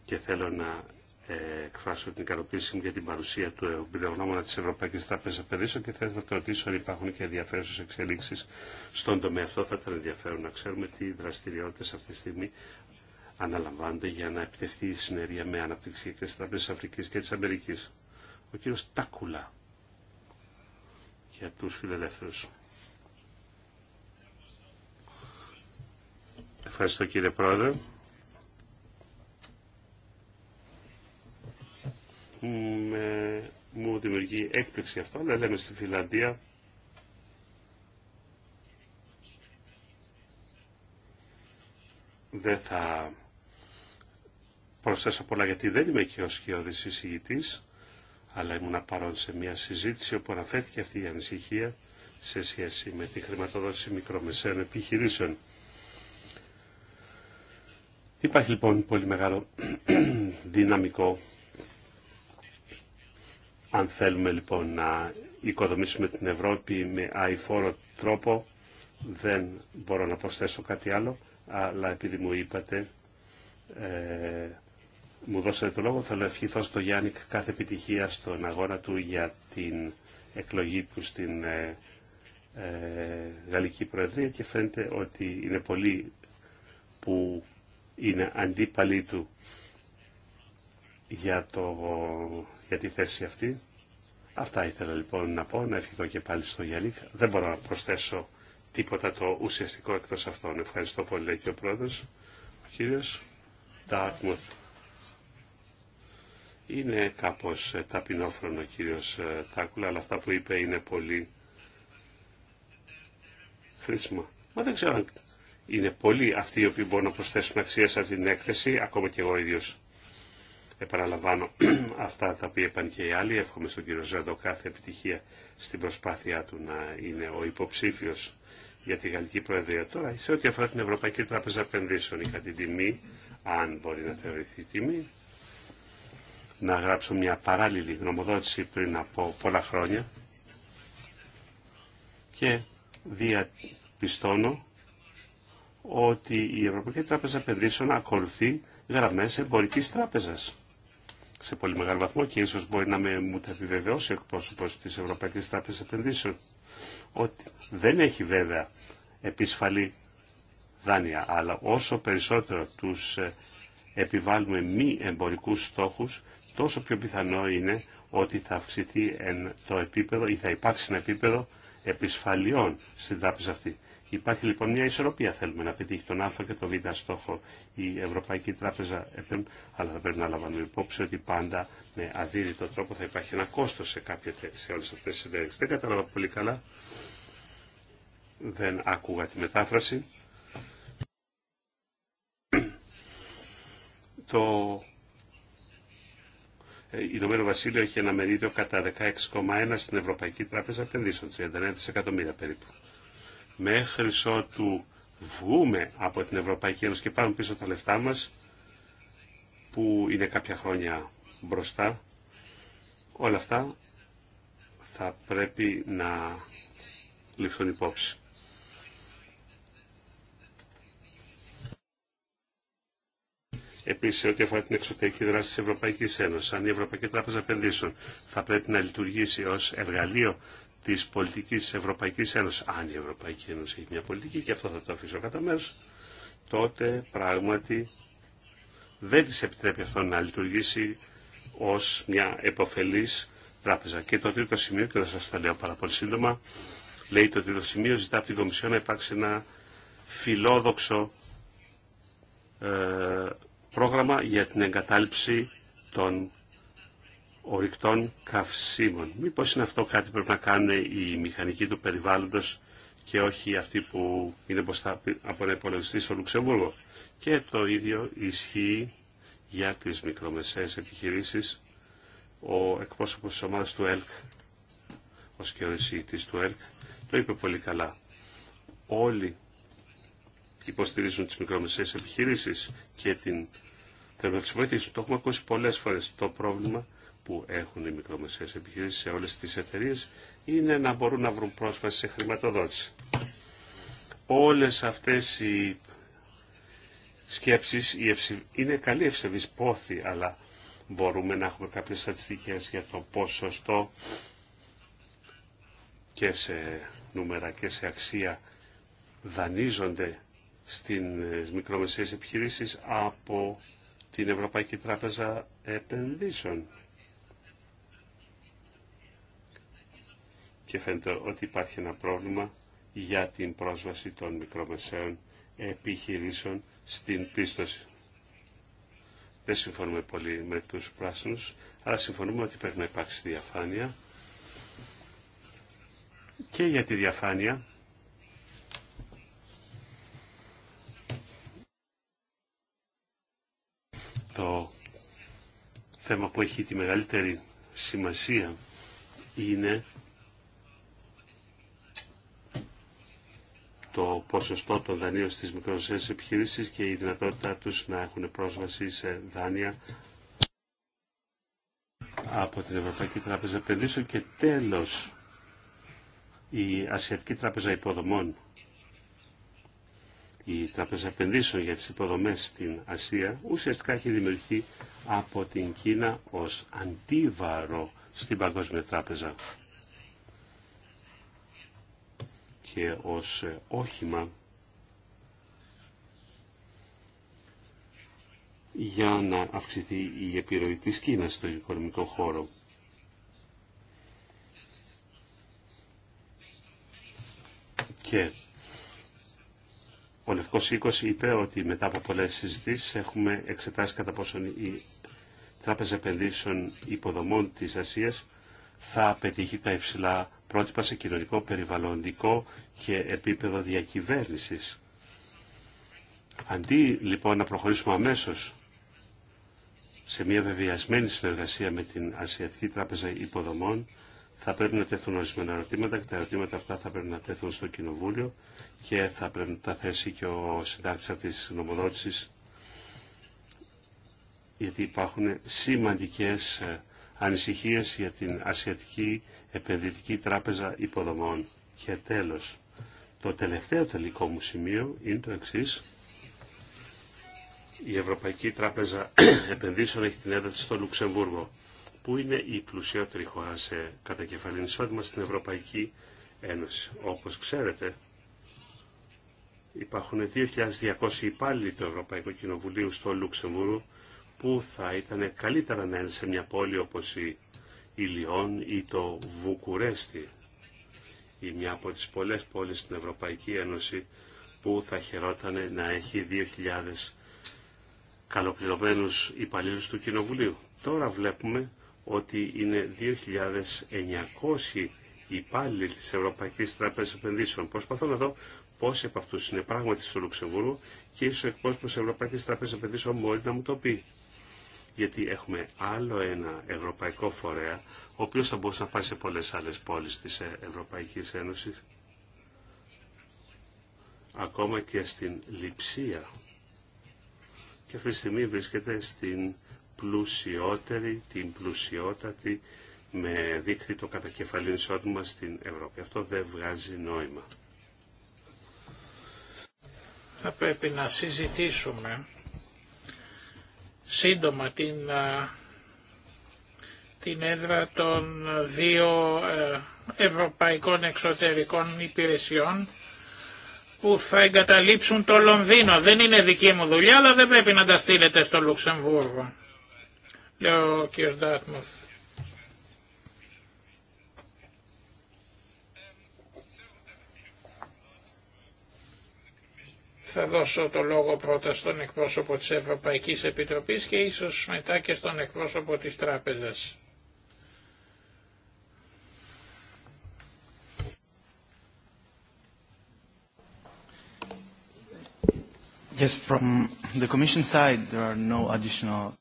Και θέλω να ε, εκφράσω την ικανοποίησή μου για την παρουσία του εμπειρογνώμονα τη Ευρωπαϊκή Τράπεζα. Επενδύσεων και θέλω να το ρωτήσω αν υπάρχουν και ενδιαφέρουσε εξελίξει στον τομέα αυτό. Θα ήταν ενδιαφέρον να ξέρουμε τι δραστηριότητε αυτή τη στιγμή αναλαμβάνονται για να επιτευχθεί η συνεργασία με αναπτυξιακές τη Αφρική και τη Αμερική. Ο κύριο Τάκουλα για τους φιλελεύθερους. Ευχαριστώ κύριε Πρόεδρε. Με... Μου δημιουργεί έκπληξη αυτό, αλλά λέμε στη Φιλανδία δεν θα προσθέσω πολλά γιατί δεν είμαι και ο σκιώδης εισηγητής αλλά ήμουν παρόν σε μια συζήτηση όπου αναφέρθηκε αυτή η ανησυχία σε σχέση με τη χρηματοδότηση μικρομεσαίων επιχειρήσεων. Υπάρχει λοιπόν πολύ μεγάλο [CLEARS THROAT] δυναμικό αν θέλουμε λοιπόν να οικοδομήσουμε την Ευρώπη με αηφόρο τρόπο δεν μπορώ να προσθέσω κάτι άλλο αλλά επειδή μου είπατε ε, μου δώσατε το λόγο. Θέλω να ευχηθώ στο Γιάννη κάθε επιτυχία στον αγώνα του για την εκλογή του στην ε, ε, Γαλλική Προεδρία και φαίνεται ότι είναι πολλοί που είναι αντίπαλοι του για, το, για τη θέση αυτή. Αυτά ήθελα λοιπόν να πω, να ευχηθώ και πάλι στο Γιάννη. Δεν μπορώ να προσθέσω τίποτα το ουσιαστικό εκτός αυτών. Ευχαριστώ πολύ, και ο πρόεδρος, ο κύριος Τάκμουθ. Είναι κάπως ε, ταπεινόφρονο ο κύριος ε, Τάκουλα, αλλά αυτά που είπε είναι πολύ χρήσιμα. Μα δεν ξέρω αν είναι πολλοί αυτοί οι οποίοι μπορούν να προσθέσουν αξία σε αυτή την έκθεση, ακόμα και εγώ ίδιος. Επαναλαμβάνω [CLEARS THROAT] αυτά τα οποία είπαν και οι άλλοι. Εύχομαι στον κύριο Ζέντο κάθε επιτυχία στην προσπάθειά του να είναι ο υποψήφιος για τη Γαλλική Προεδρία. Τώρα, σε ό,τι αφορά την Ευρωπαϊκή Τράπεζα Επενδύσεων, είχα την τιμή, αν μπορεί να θεωρηθεί τιμή, να γράψω μια παράλληλη γνωμοδότηση πριν από πολλά χρόνια και διαπιστώνω ότι η Ευρωπαϊκή Τράπεζα Επενδύσεων ακολουθεί γραμμές εμπορική τράπεζας σε πολύ μεγάλο βαθμό και ίσως μπορεί να με, μου τα επιβεβαιώσει ο εκπρόσωπος της Ευρωπαϊκής Τράπεζας Επενδύσεων ότι δεν έχει βέβαια επισφαλή δάνεια αλλά όσο περισσότερο τους ε, επιβάλλουμε μη εμπορικούς στόχους τόσο πιο πιθανό είναι ότι θα αυξηθεί το επίπεδο ή θα υπάρξει ένα επίπεδο επισφαλιών στην τράπεζα αυτή. Υπάρχει λοιπόν μια ισορροπία θέλουμε να πετύχει τον Α και τον Β στόχο η Ευρωπαϊκή Τράπεζα αλλά θα πρέπει να λαμβάνουμε υπόψη ότι πάντα με αδίδυτο τρόπο θα υπάρχει ένα κόστος σε κάποια σε όλες αυτές τις Δεν κατάλαβα πολύ καλά, δεν άκουγα τη μετάφραση. Το ε, Ηνωμένο Βασίλειο έχει ένα μερίδιο κατά 16,1 στην Ευρωπαϊκή Τράπεζα Επενδύσεων, 39 δισεκατομμύρια περίπου. Μέχρι ότου βγούμε από την Ευρωπαϊκή Ένωση και πάμε πίσω τα λεφτά μας, που είναι κάποια χρόνια μπροστά, όλα αυτά θα πρέπει να ληφθούν υπόψη. Επίση, ό,τι αφορά την εξωτερική δράση τη Ευρωπαϊκή Ένωση, αν η Ευρωπαϊκή Τράπεζα Επενδύσεων θα πρέπει να λειτουργήσει ω εργαλείο τη πολιτική τη Ευρωπαϊκή Ένωση, αν η Ευρωπαϊκή Ένωση έχει μια πολιτική, και αυτό θα το αφήσω κατά μέρο, τότε πράγματι δεν τη επιτρέπει αυτό να λειτουργήσει ω μια επωφελή τράπεζα. Και το τρίτο σημείο, και θα σα τα λέω πάρα πολύ σύντομα, λέει το τρίτο σημείο, ζητά από την Κομισιόν να υπάρξει ένα φιλόδοξο ε, πρόγραμμα για την εγκατάλειψη των ορυκτών καυσίμων. Μήπως είναι αυτό κάτι που πρέπει να κάνουν οι μηχανικοί του περιβάλλοντος και όχι αυτοί που είναι μπροστά από ένα υπολογιστή στο Λουξεμβούργο. Και το ίδιο ισχύει για τις μικρομεσαίες επιχειρήσεις. Ο εκπρόσωπος της ομάδας του ΕΛΚ, ο σκιοδησίτης του ΕΛΚ, το είπε πολύ καλά. Όλοι υποστηρίζουν τις μικρομεσαίες επιχειρήσεις και την... πρέπει να Το έχουμε ακούσει πολλές φορές. Το πρόβλημα που έχουν οι μικρομεσαίες επιχειρήσεις σε όλες τις εταιρείε είναι να μπορούν να βρουν πρόσβαση σε χρηματοδότηση. Όλες αυτές οι σκέψεις είναι καλή ευσεβής πόθη, αλλά μπορούμε να έχουμε κάποιες στατιστικές για το ποσοστό και σε νούμερα και σε αξία δανείζονται στις ε, μικρομεσαίες επιχειρήσεις από την Ευρωπαϊκή Τράπεζα Επενδύσεων. Και φαίνεται ότι υπάρχει ένα πρόβλημα για την πρόσβαση των μικρομεσαίων επιχειρήσεων στην πίστοση. Δεν συμφωνούμε πολύ με τους πράσινους, αλλά συμφωνούμε ότι πρέπει να υπάρξει διαφάνεια. Και για τη διαφάνεια το θέμα που έχει τη μεγαλύτερη σημασία είναι το ποσοστό των δανείων στις μικρομεσαίες επιχειρήσεις και η δυνατότητά τους να έχουν πρόσβαση σε δάνεια από την Ευρωπαϊκή Τράπεζα Επενδύσεων και τέλος η Ασιατική Τράπεζα Υποδομών η Τράπεζα Επενδύσεων για τις υποδομές στην Ασία ουσιαστικά έχει δημιουργηθεί από την Κίνα ως αντίβαρο στην Παγκόσμια Τράπεζα και ως ε, όχημα για να αυξηθεί η επιρροή της Κίνας στο οικονομικό χώρο. Και ο Λευκό είπε ότι μετά από πολλέ συζητήσει έχουμε εξετάσει κατά πόσον η Τράπεζα Επενδύσεων Υποδομών της Ασίας θα πετύχει τα υψηλά πρότυπα σε κοινωνικό, περιβαλλοντικό και επίπεδο διακυβέρνηση. Αντί λοιπόν να προχωρήσουμε αμέσως σε μια βεβαιασμένη συνεργασία με την Ασιατική Τράπεζα Υποδομών, θα πρέπει να τεθούν ορισμένα ερωτήματα και τα ερωτήματα αυτά θα πρέπει να τεθούν στο Κοινοβούλιο και θα πρέπει να τα θέσει και ο συντάκτης αυτής της νομοδότησης γιατί υπάρχουν σημαντικές ε, ανησυχίες για την Ασιατική Επενδυτική Τράπεζα Υποδομών. Και τέλος, το τελευταίο τελικό μου σημείο είναι το εξής. Η Ευρωπαϊκή Τράπεζα [COUGHS] Επενδύσεων έχει την έδρα στο Λουξεμβούργο που είναι η πλουσιότερη χώρα σε κατακεφαλήν εισόδημα στην Ευρωπαϊκή Ένωση. Όπως ξέρετε, υπάρχουν 2.200 υπάλληλοι του Ευρωπαϊκού Κοινοβουλίου στο Λουξεμβούργο που θα ήταν καλύτερα να είναι σε μια πόλη όπως η, η Λιόν ή το Βουκουρέστι ή μια από τις πολλές πόλεις στην Ευρωπαϊκή Ένωση που θα χαιρόταν να έχει 2.000 καλοπληρωμένους υπαλλήλους του Κοινοβουλίου. Τώρα βλέπουμε ότι είναι 2.900 υπάλληλοι της Ευρωπαϊκής Τράπεζας Επενδύσεων. Προσπαθώ να δω πόσοι από αυτού είναι πράγματι στο Λουξεμβούργο και ίσω ο τη Ευρωπαϊκή Ευρωπαϊκής Τράπεζας Επενδύσεων μπορεί να μου το πει. Γιατί έχουμε άλλο ένα ευρωπαϊκό φορέα, ο οποίος θα μπορούσε να πάει σε πολλές άλλες πόλεις της ε- Ευρωπαϊκή Ένωση. ακόμα και στην Λιψία. Και αυτή τη στιγμή βρίσκεται στην πλουσιότερη, την πλουσιότατη με δίκτυο το κατακεφαλήν εισόδημα στην Ευρώπη. Αυτό δεν βγάζει νόημα. Θα πρέπει να συζητήσουμε σύντομα την, την έδρα των δύο ε, ευρωπαϊκών εξωτερικών υπηρεσιών που θα εγκαταλείψουν το Λονδίνο. Δεν είναι δική μου δουλειά, αλλά δεν πρέπει να τα στείλετε στο Λουξεμβούργο. Ο κ. Θα δώσω το λόγο πρώτα στον εκπρόσωπο της Ευρωπαϊκής Επιτροπής και ίσως μετά και στον εκπρόσωπο της Τράπεζας. Yes, from the Commission side, there are no additional...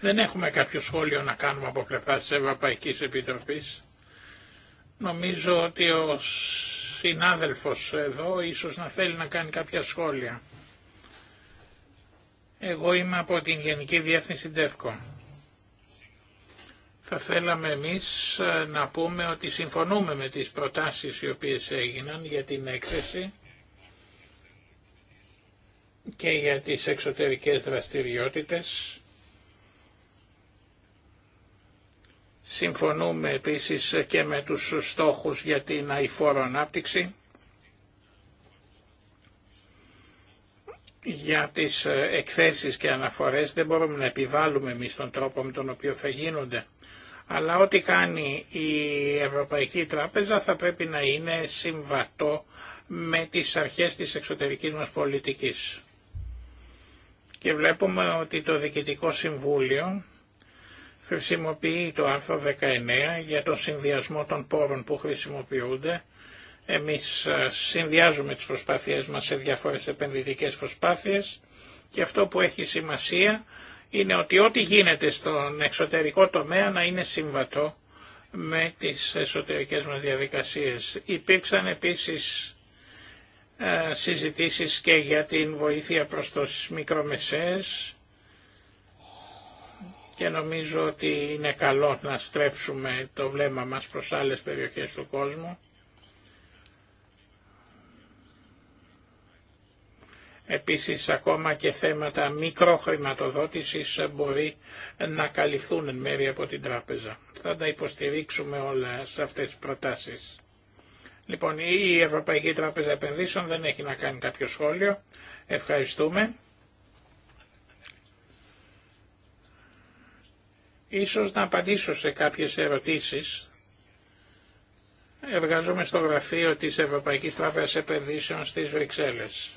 Δεν έχουμε κάποιο σχόλιο να κάνουμε από πλευρά τη Ευρωπαϊκή Επιτροπή. Νομίζω ότι ο συνάδελφος εδώ ίσως να θέλει να κάνει κάποια σχόλια. Εγώ είμαι από την Γενική Διεύθυνση ΤΕΦΚΟ. Θα θέλαμε εμείς ε, να πούμε ότι συμφωνούμε με τις προτάσεις οι οποίες έγιναν για την έκθεση και για τις εξωτερικές δραστηριότητες Συμφωνούμε επίσης και με τους στόχους για την αηφόρο ανάπτυξη. Για τις εκθέσεις και αναφορές δεν μπορούμε να επιβάλλουμε εμείς τον τρόπο με τον οποίο θα γίνονται. Αλλά ό,τι κάνει η Ευρωπαϊκή Τράπεζα θα πρέπει να είναι συμβατό με τις αρχές της εξωτερικής μας πολιτικής. Και βλέπουμε ότι το Διοικητικό Συμβούλιο χρησιμοποιεί το άρθρο 19 για τον συνδυασμό των πόρων που χρησιμοποιούνται. Εμείς ε, συνδυάζουμε τις προσπάθειές μας σε διάφορες επενδυτικές προσπάθειες και αυτό που έχει σημασία είναι ότι ό,τι γίνεται στον εξωτερικό τομέα να είναι συμβατό με τις εσωτερικές μας διαδικασίες. Υπήρξαν επίσης ε, συζητήσεις και για την βοήθεια προς τους μικρομεσαίες και νομίζω ότι είναι καλό να στρέψουμε το βλέμμα μας προς άλλες περιοχές του κόσμου. Επίσης ακόμα και θέματα μικροχρηματοδότησης μπορεί να καλυφθούν εν μέρει από την τράπεζα. Θα τα υποστηρίξουμε όλα σε αυτές τις προτάσεις. Λοιπόν, η Ευρωπαϊκή Τράπεζα Επενδύσεων δεν έχει να κάνει κάποιο σχόλιο. Ευχαριστούμε. Ίσως να απαντήσω σε κάποιες ερωτήσεις. Εργάζομαι στο γραφείο της Ευρωπαϊκής Τράπεζας Επενδύσεων στις Βρυξέλλες.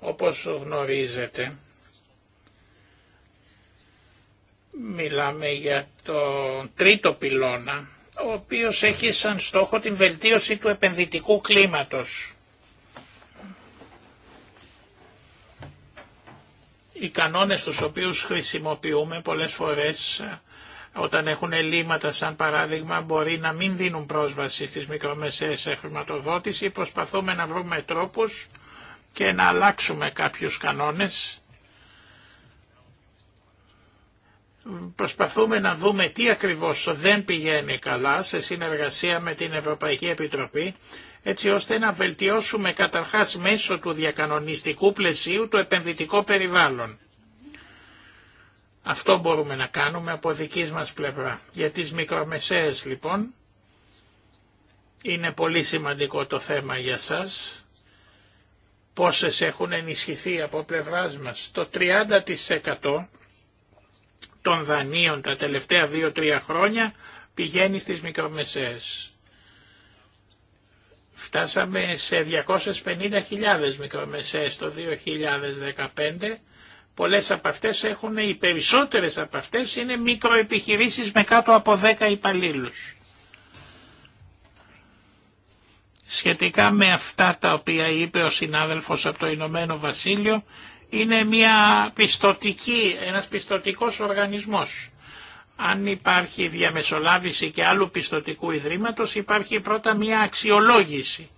Όπως γνωρίζετε, μιλάμε για τον τρίτο πυλώνα, ο οποίος έχει σαν στόχο την βελτίωση του επενδυτικού κλίματος. Οι κανόνες τους οποίους χρησιμοποιούμε πολλές φορές ε, όταν έχουν ελλείμματα σαν παράδειγμα μπορεί να μην δίνουν πρόσβαση στις μικρομεσαίες χρηματοδότηση. Προσπαθούμε να βρούμε τρόπους και να αλλάξουμε κάποιους κανόνες. Προσπαθούμε να δούμε τι ακριβώς δεν πηγαίνει καλά σε συνεργασία με την Ευρωπαϊκή Επιτροπή έτσι ώστε να βελτιώσουμε καταρχάς μέσω του διακανονιστικού πλαισίου το επενδυτικό περιβάλλον. Αυτό μπορούμε να κάνουμε από δικής μας πλευρά. Για τις μικρομεσαίες λοιπόν, είναι πολύ σημαντικό το θέμα για σας. Πόσες έχουν ενισχυθεί από πλευράς μας. Το 30% των δανείων τα τελευταία 2-3 χρόνια πηγαίνει στις μικρομεσαίες. Φτάσαμε σε 250.000 μικρομεσαίες το 2015. Πολλές από αυτές έχουν, οι περισσότερες από αυτές είναι μικροεπιχειρήσεις με κάτω από 10 υπαλλήλους. Σχετικά με αυτά τα οποία είπε ο συνάδελφος από το Ηνωμένο Βασίλειο, είναι μια πιστοτική, ένας πιστοτικός οργανισμός αν υπάρχει διαμεσολάβηση και άλλου πιστοτικού ιδρύματος υπάρχει πρώτα μια αξιολόγηση.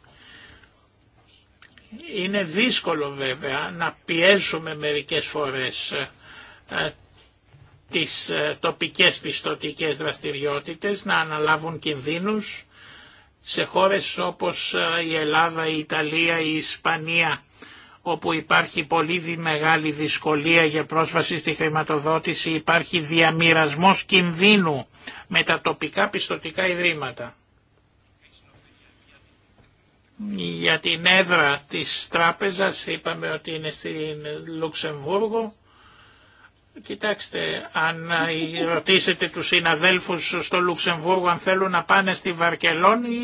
Είναι δύσκολο βέβαια να πιέσουμε μερικές φορές ε, τις ε, τοπικές πιστοτικές δραστηριότητες να αναλάβουν κινδύνους σε χώρες όπως ε, η Ελλάδα, η Ιταλία, η Ισπανία όπου υπάρχει πολύ μεγάλη δυσκολία για πρόσβαση στη χρηματοδότηση, υπάρχει διαμοιρασμός κινδύνου με τα τοπικά πιστοτικά ιδρύματα. Για την έδρα της τράπεζας είπαμε ότι είναι στην Λουξεμβούργο Κοιτάξτε, αν ρωτήσετε τους συναδέλφους στο Λουξεμβούργο αν θέλουν να πάνε στη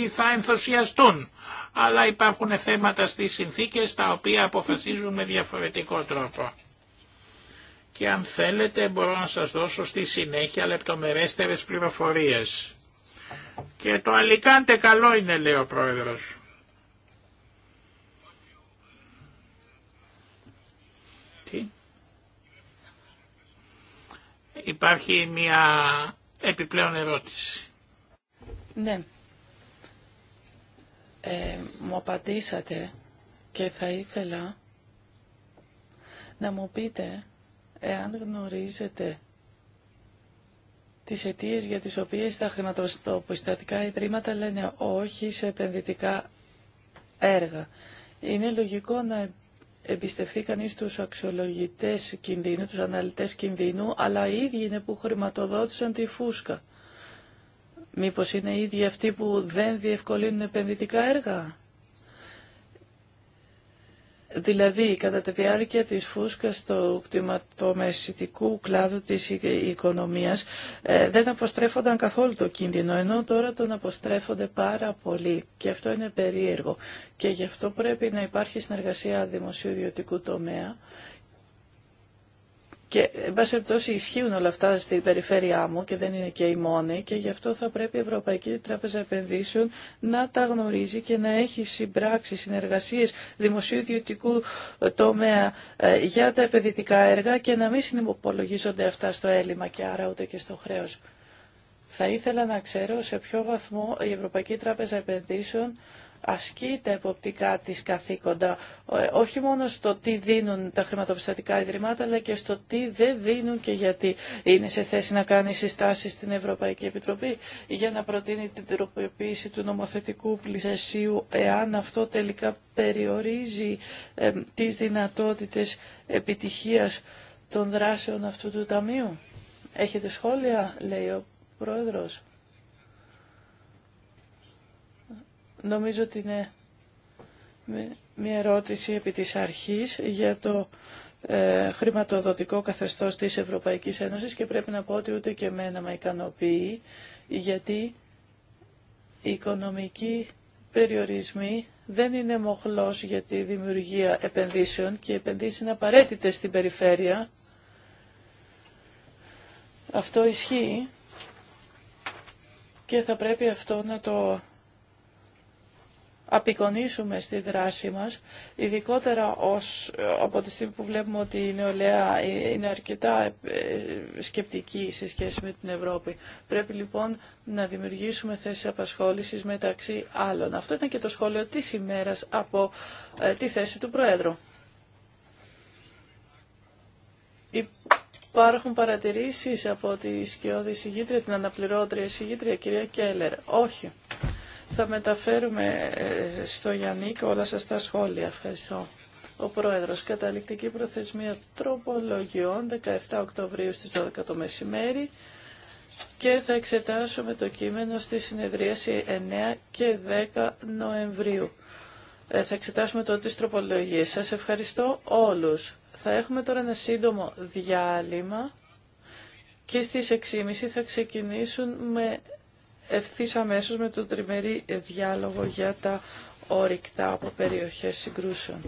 ή θα ενθουσιαστούν. Αλλά υπάρχουν θέματα στις συνθήκες τα οποία αποφασίζουν με διαφορετικό τρόπο. Και αν θέλετε μπορώ να σας δώσω στη συνέχεια λεπτομερέστερες πληροφορίες. Και το αλικάντε καλό είναι λέει ο πρόεδρος. Υπάρχει μια επιπλέον ερώτηση. Ναι. Ε, μου απαντήσατε και θα ήθελα να μου πείτε εάν γνωρίζετε τις αιτίε για τις οποίες τα χρηματοπιστατικά ιδρύματα λένε όχι σε επενδυτικά έργα. Είναι λογικό να εμπιστευτεί κανείς τους αξιολογητές κινδύνου, τους αναλυτές κινδύνου, αλλά οι ίδιοι είναι που χρηματοδότησαν τη φούσκα. Μήπως είναι οι ίδιοι αυτοί που δεν διευκολύνουν επενδυτικά έργα. Δηλαδή, κατά τη διάρκεια της φούσκας του κτηματομεσητικού κλάδου της οικονομίας, ε, δεν αποστρέφονταν καθόλου το κίνδυνο, ενώ τώρα τον αποστρέφονται πάρα πολύ. Και αυτό είναι περίεργο. Και γι' αυτό πρέπει να υπάρχει συνεργασία δημοσίου τομέα και, εν πάση περιπτώσει, ισχύουν όλα αυτά στην περιφέρειά μου και δεν είναι και η μόνη και γι' αυτό θα πρέπει η Ευρωπαϊκή Τράπεζα Επενδύσεων να τα γνωρίζει και να έχει συμπράξει συνεργασίες δημοσίου ιδιωτικού ε, τομέα ε, για τα επενδυτικά έργα και να μην συνυπολογίζονται αυτά στο έλλειμμα και άρα ούτε και στο χρέο Θα ήθελα να ξέρω σε ποιο βαθμό η Ευρωπαϊκή Τράπεζα Επενδύσεων ασκείται εποπτικά της καθήκοντα, όχι μόνο στο τι δίνουν τα χρηματοπιστωτικά ιδρυμάτα, αλλά και στο τι δεν δίνουν και γιατί είναι σε θέση να κάνει συστάσεις στην Ευρωπαϊκή Επιτροπή για να προτείνει την τροποποίηση του νομοθετικού πλησιασίου, εάν αυτό τελικά περιορίζει τις δυνατότητες επιτυχίας των δράσεων αυτού του Ταμείου. Έχετε σχόλια, λέει ο Πρόεδρος. Νομίζω ότι είναι μια ερώτηση επί της αρχής για το ε, χρηματοδοτικό καθεστώς της Ευρωπαϊκής Ένωσης και πρέπει να πω ότι ούτε και εμένα με ικανοποιεί γιατί οι οικονομικοί περιορισμοί δεν είναι μοχλός για τη δημιουργία επενδύσεων και οι επενδύσεις είναι απαραίτητες στην περιφέρεια. Αυτό ισχύει και θα πρέπει αυτό να το απεικονίσουμε στη δράση μας, ειδικότερα ως, από τη στιγμή που βλέπουμε ότι η νεολαία είναι αρκετά ε, σκεπτική σε σχέση με την Ευρώπη. Πρέπει λοιπόν να δημιουργήσουμε θέσεις απασχόλησης μεταξύ άλλων. Αυτό ήταν και το σχόλιο της ημέρας από ε, τη θέση του Προέδρου. Υπάρχουν παρατηρήσεις από τη σκιώδη συγγήτρια, την αναπληρώτρια συγγήτρια, κυρία Κέλλερ. Όχι. Θα μεταφέρουμε ε, στο Γιάννη όλα σας τα σχόλια. Ευχαριστώ. Ο Πρόεδρος, καταληκτική προθεσμία τροπολογιών 17 Οκτωβρίου στις 12 το μεσημέρι και θα εξετάσουμε το κείμενο στη συνεδρίαση 9 και 10 Νοεμβρίου. Ε, θα εξετάσουμε τότε τις τροπολογίες. Σας ευχαριστώ όλους. Θα έχουμε τώρα ένα σύντομο διάλειμμα και στις 6.30 θα ξεκινήσουν με ευθύ αμέσω με τον τριμερή διάλογο για τα όρυκτα από περιοχές συγκρούσεων.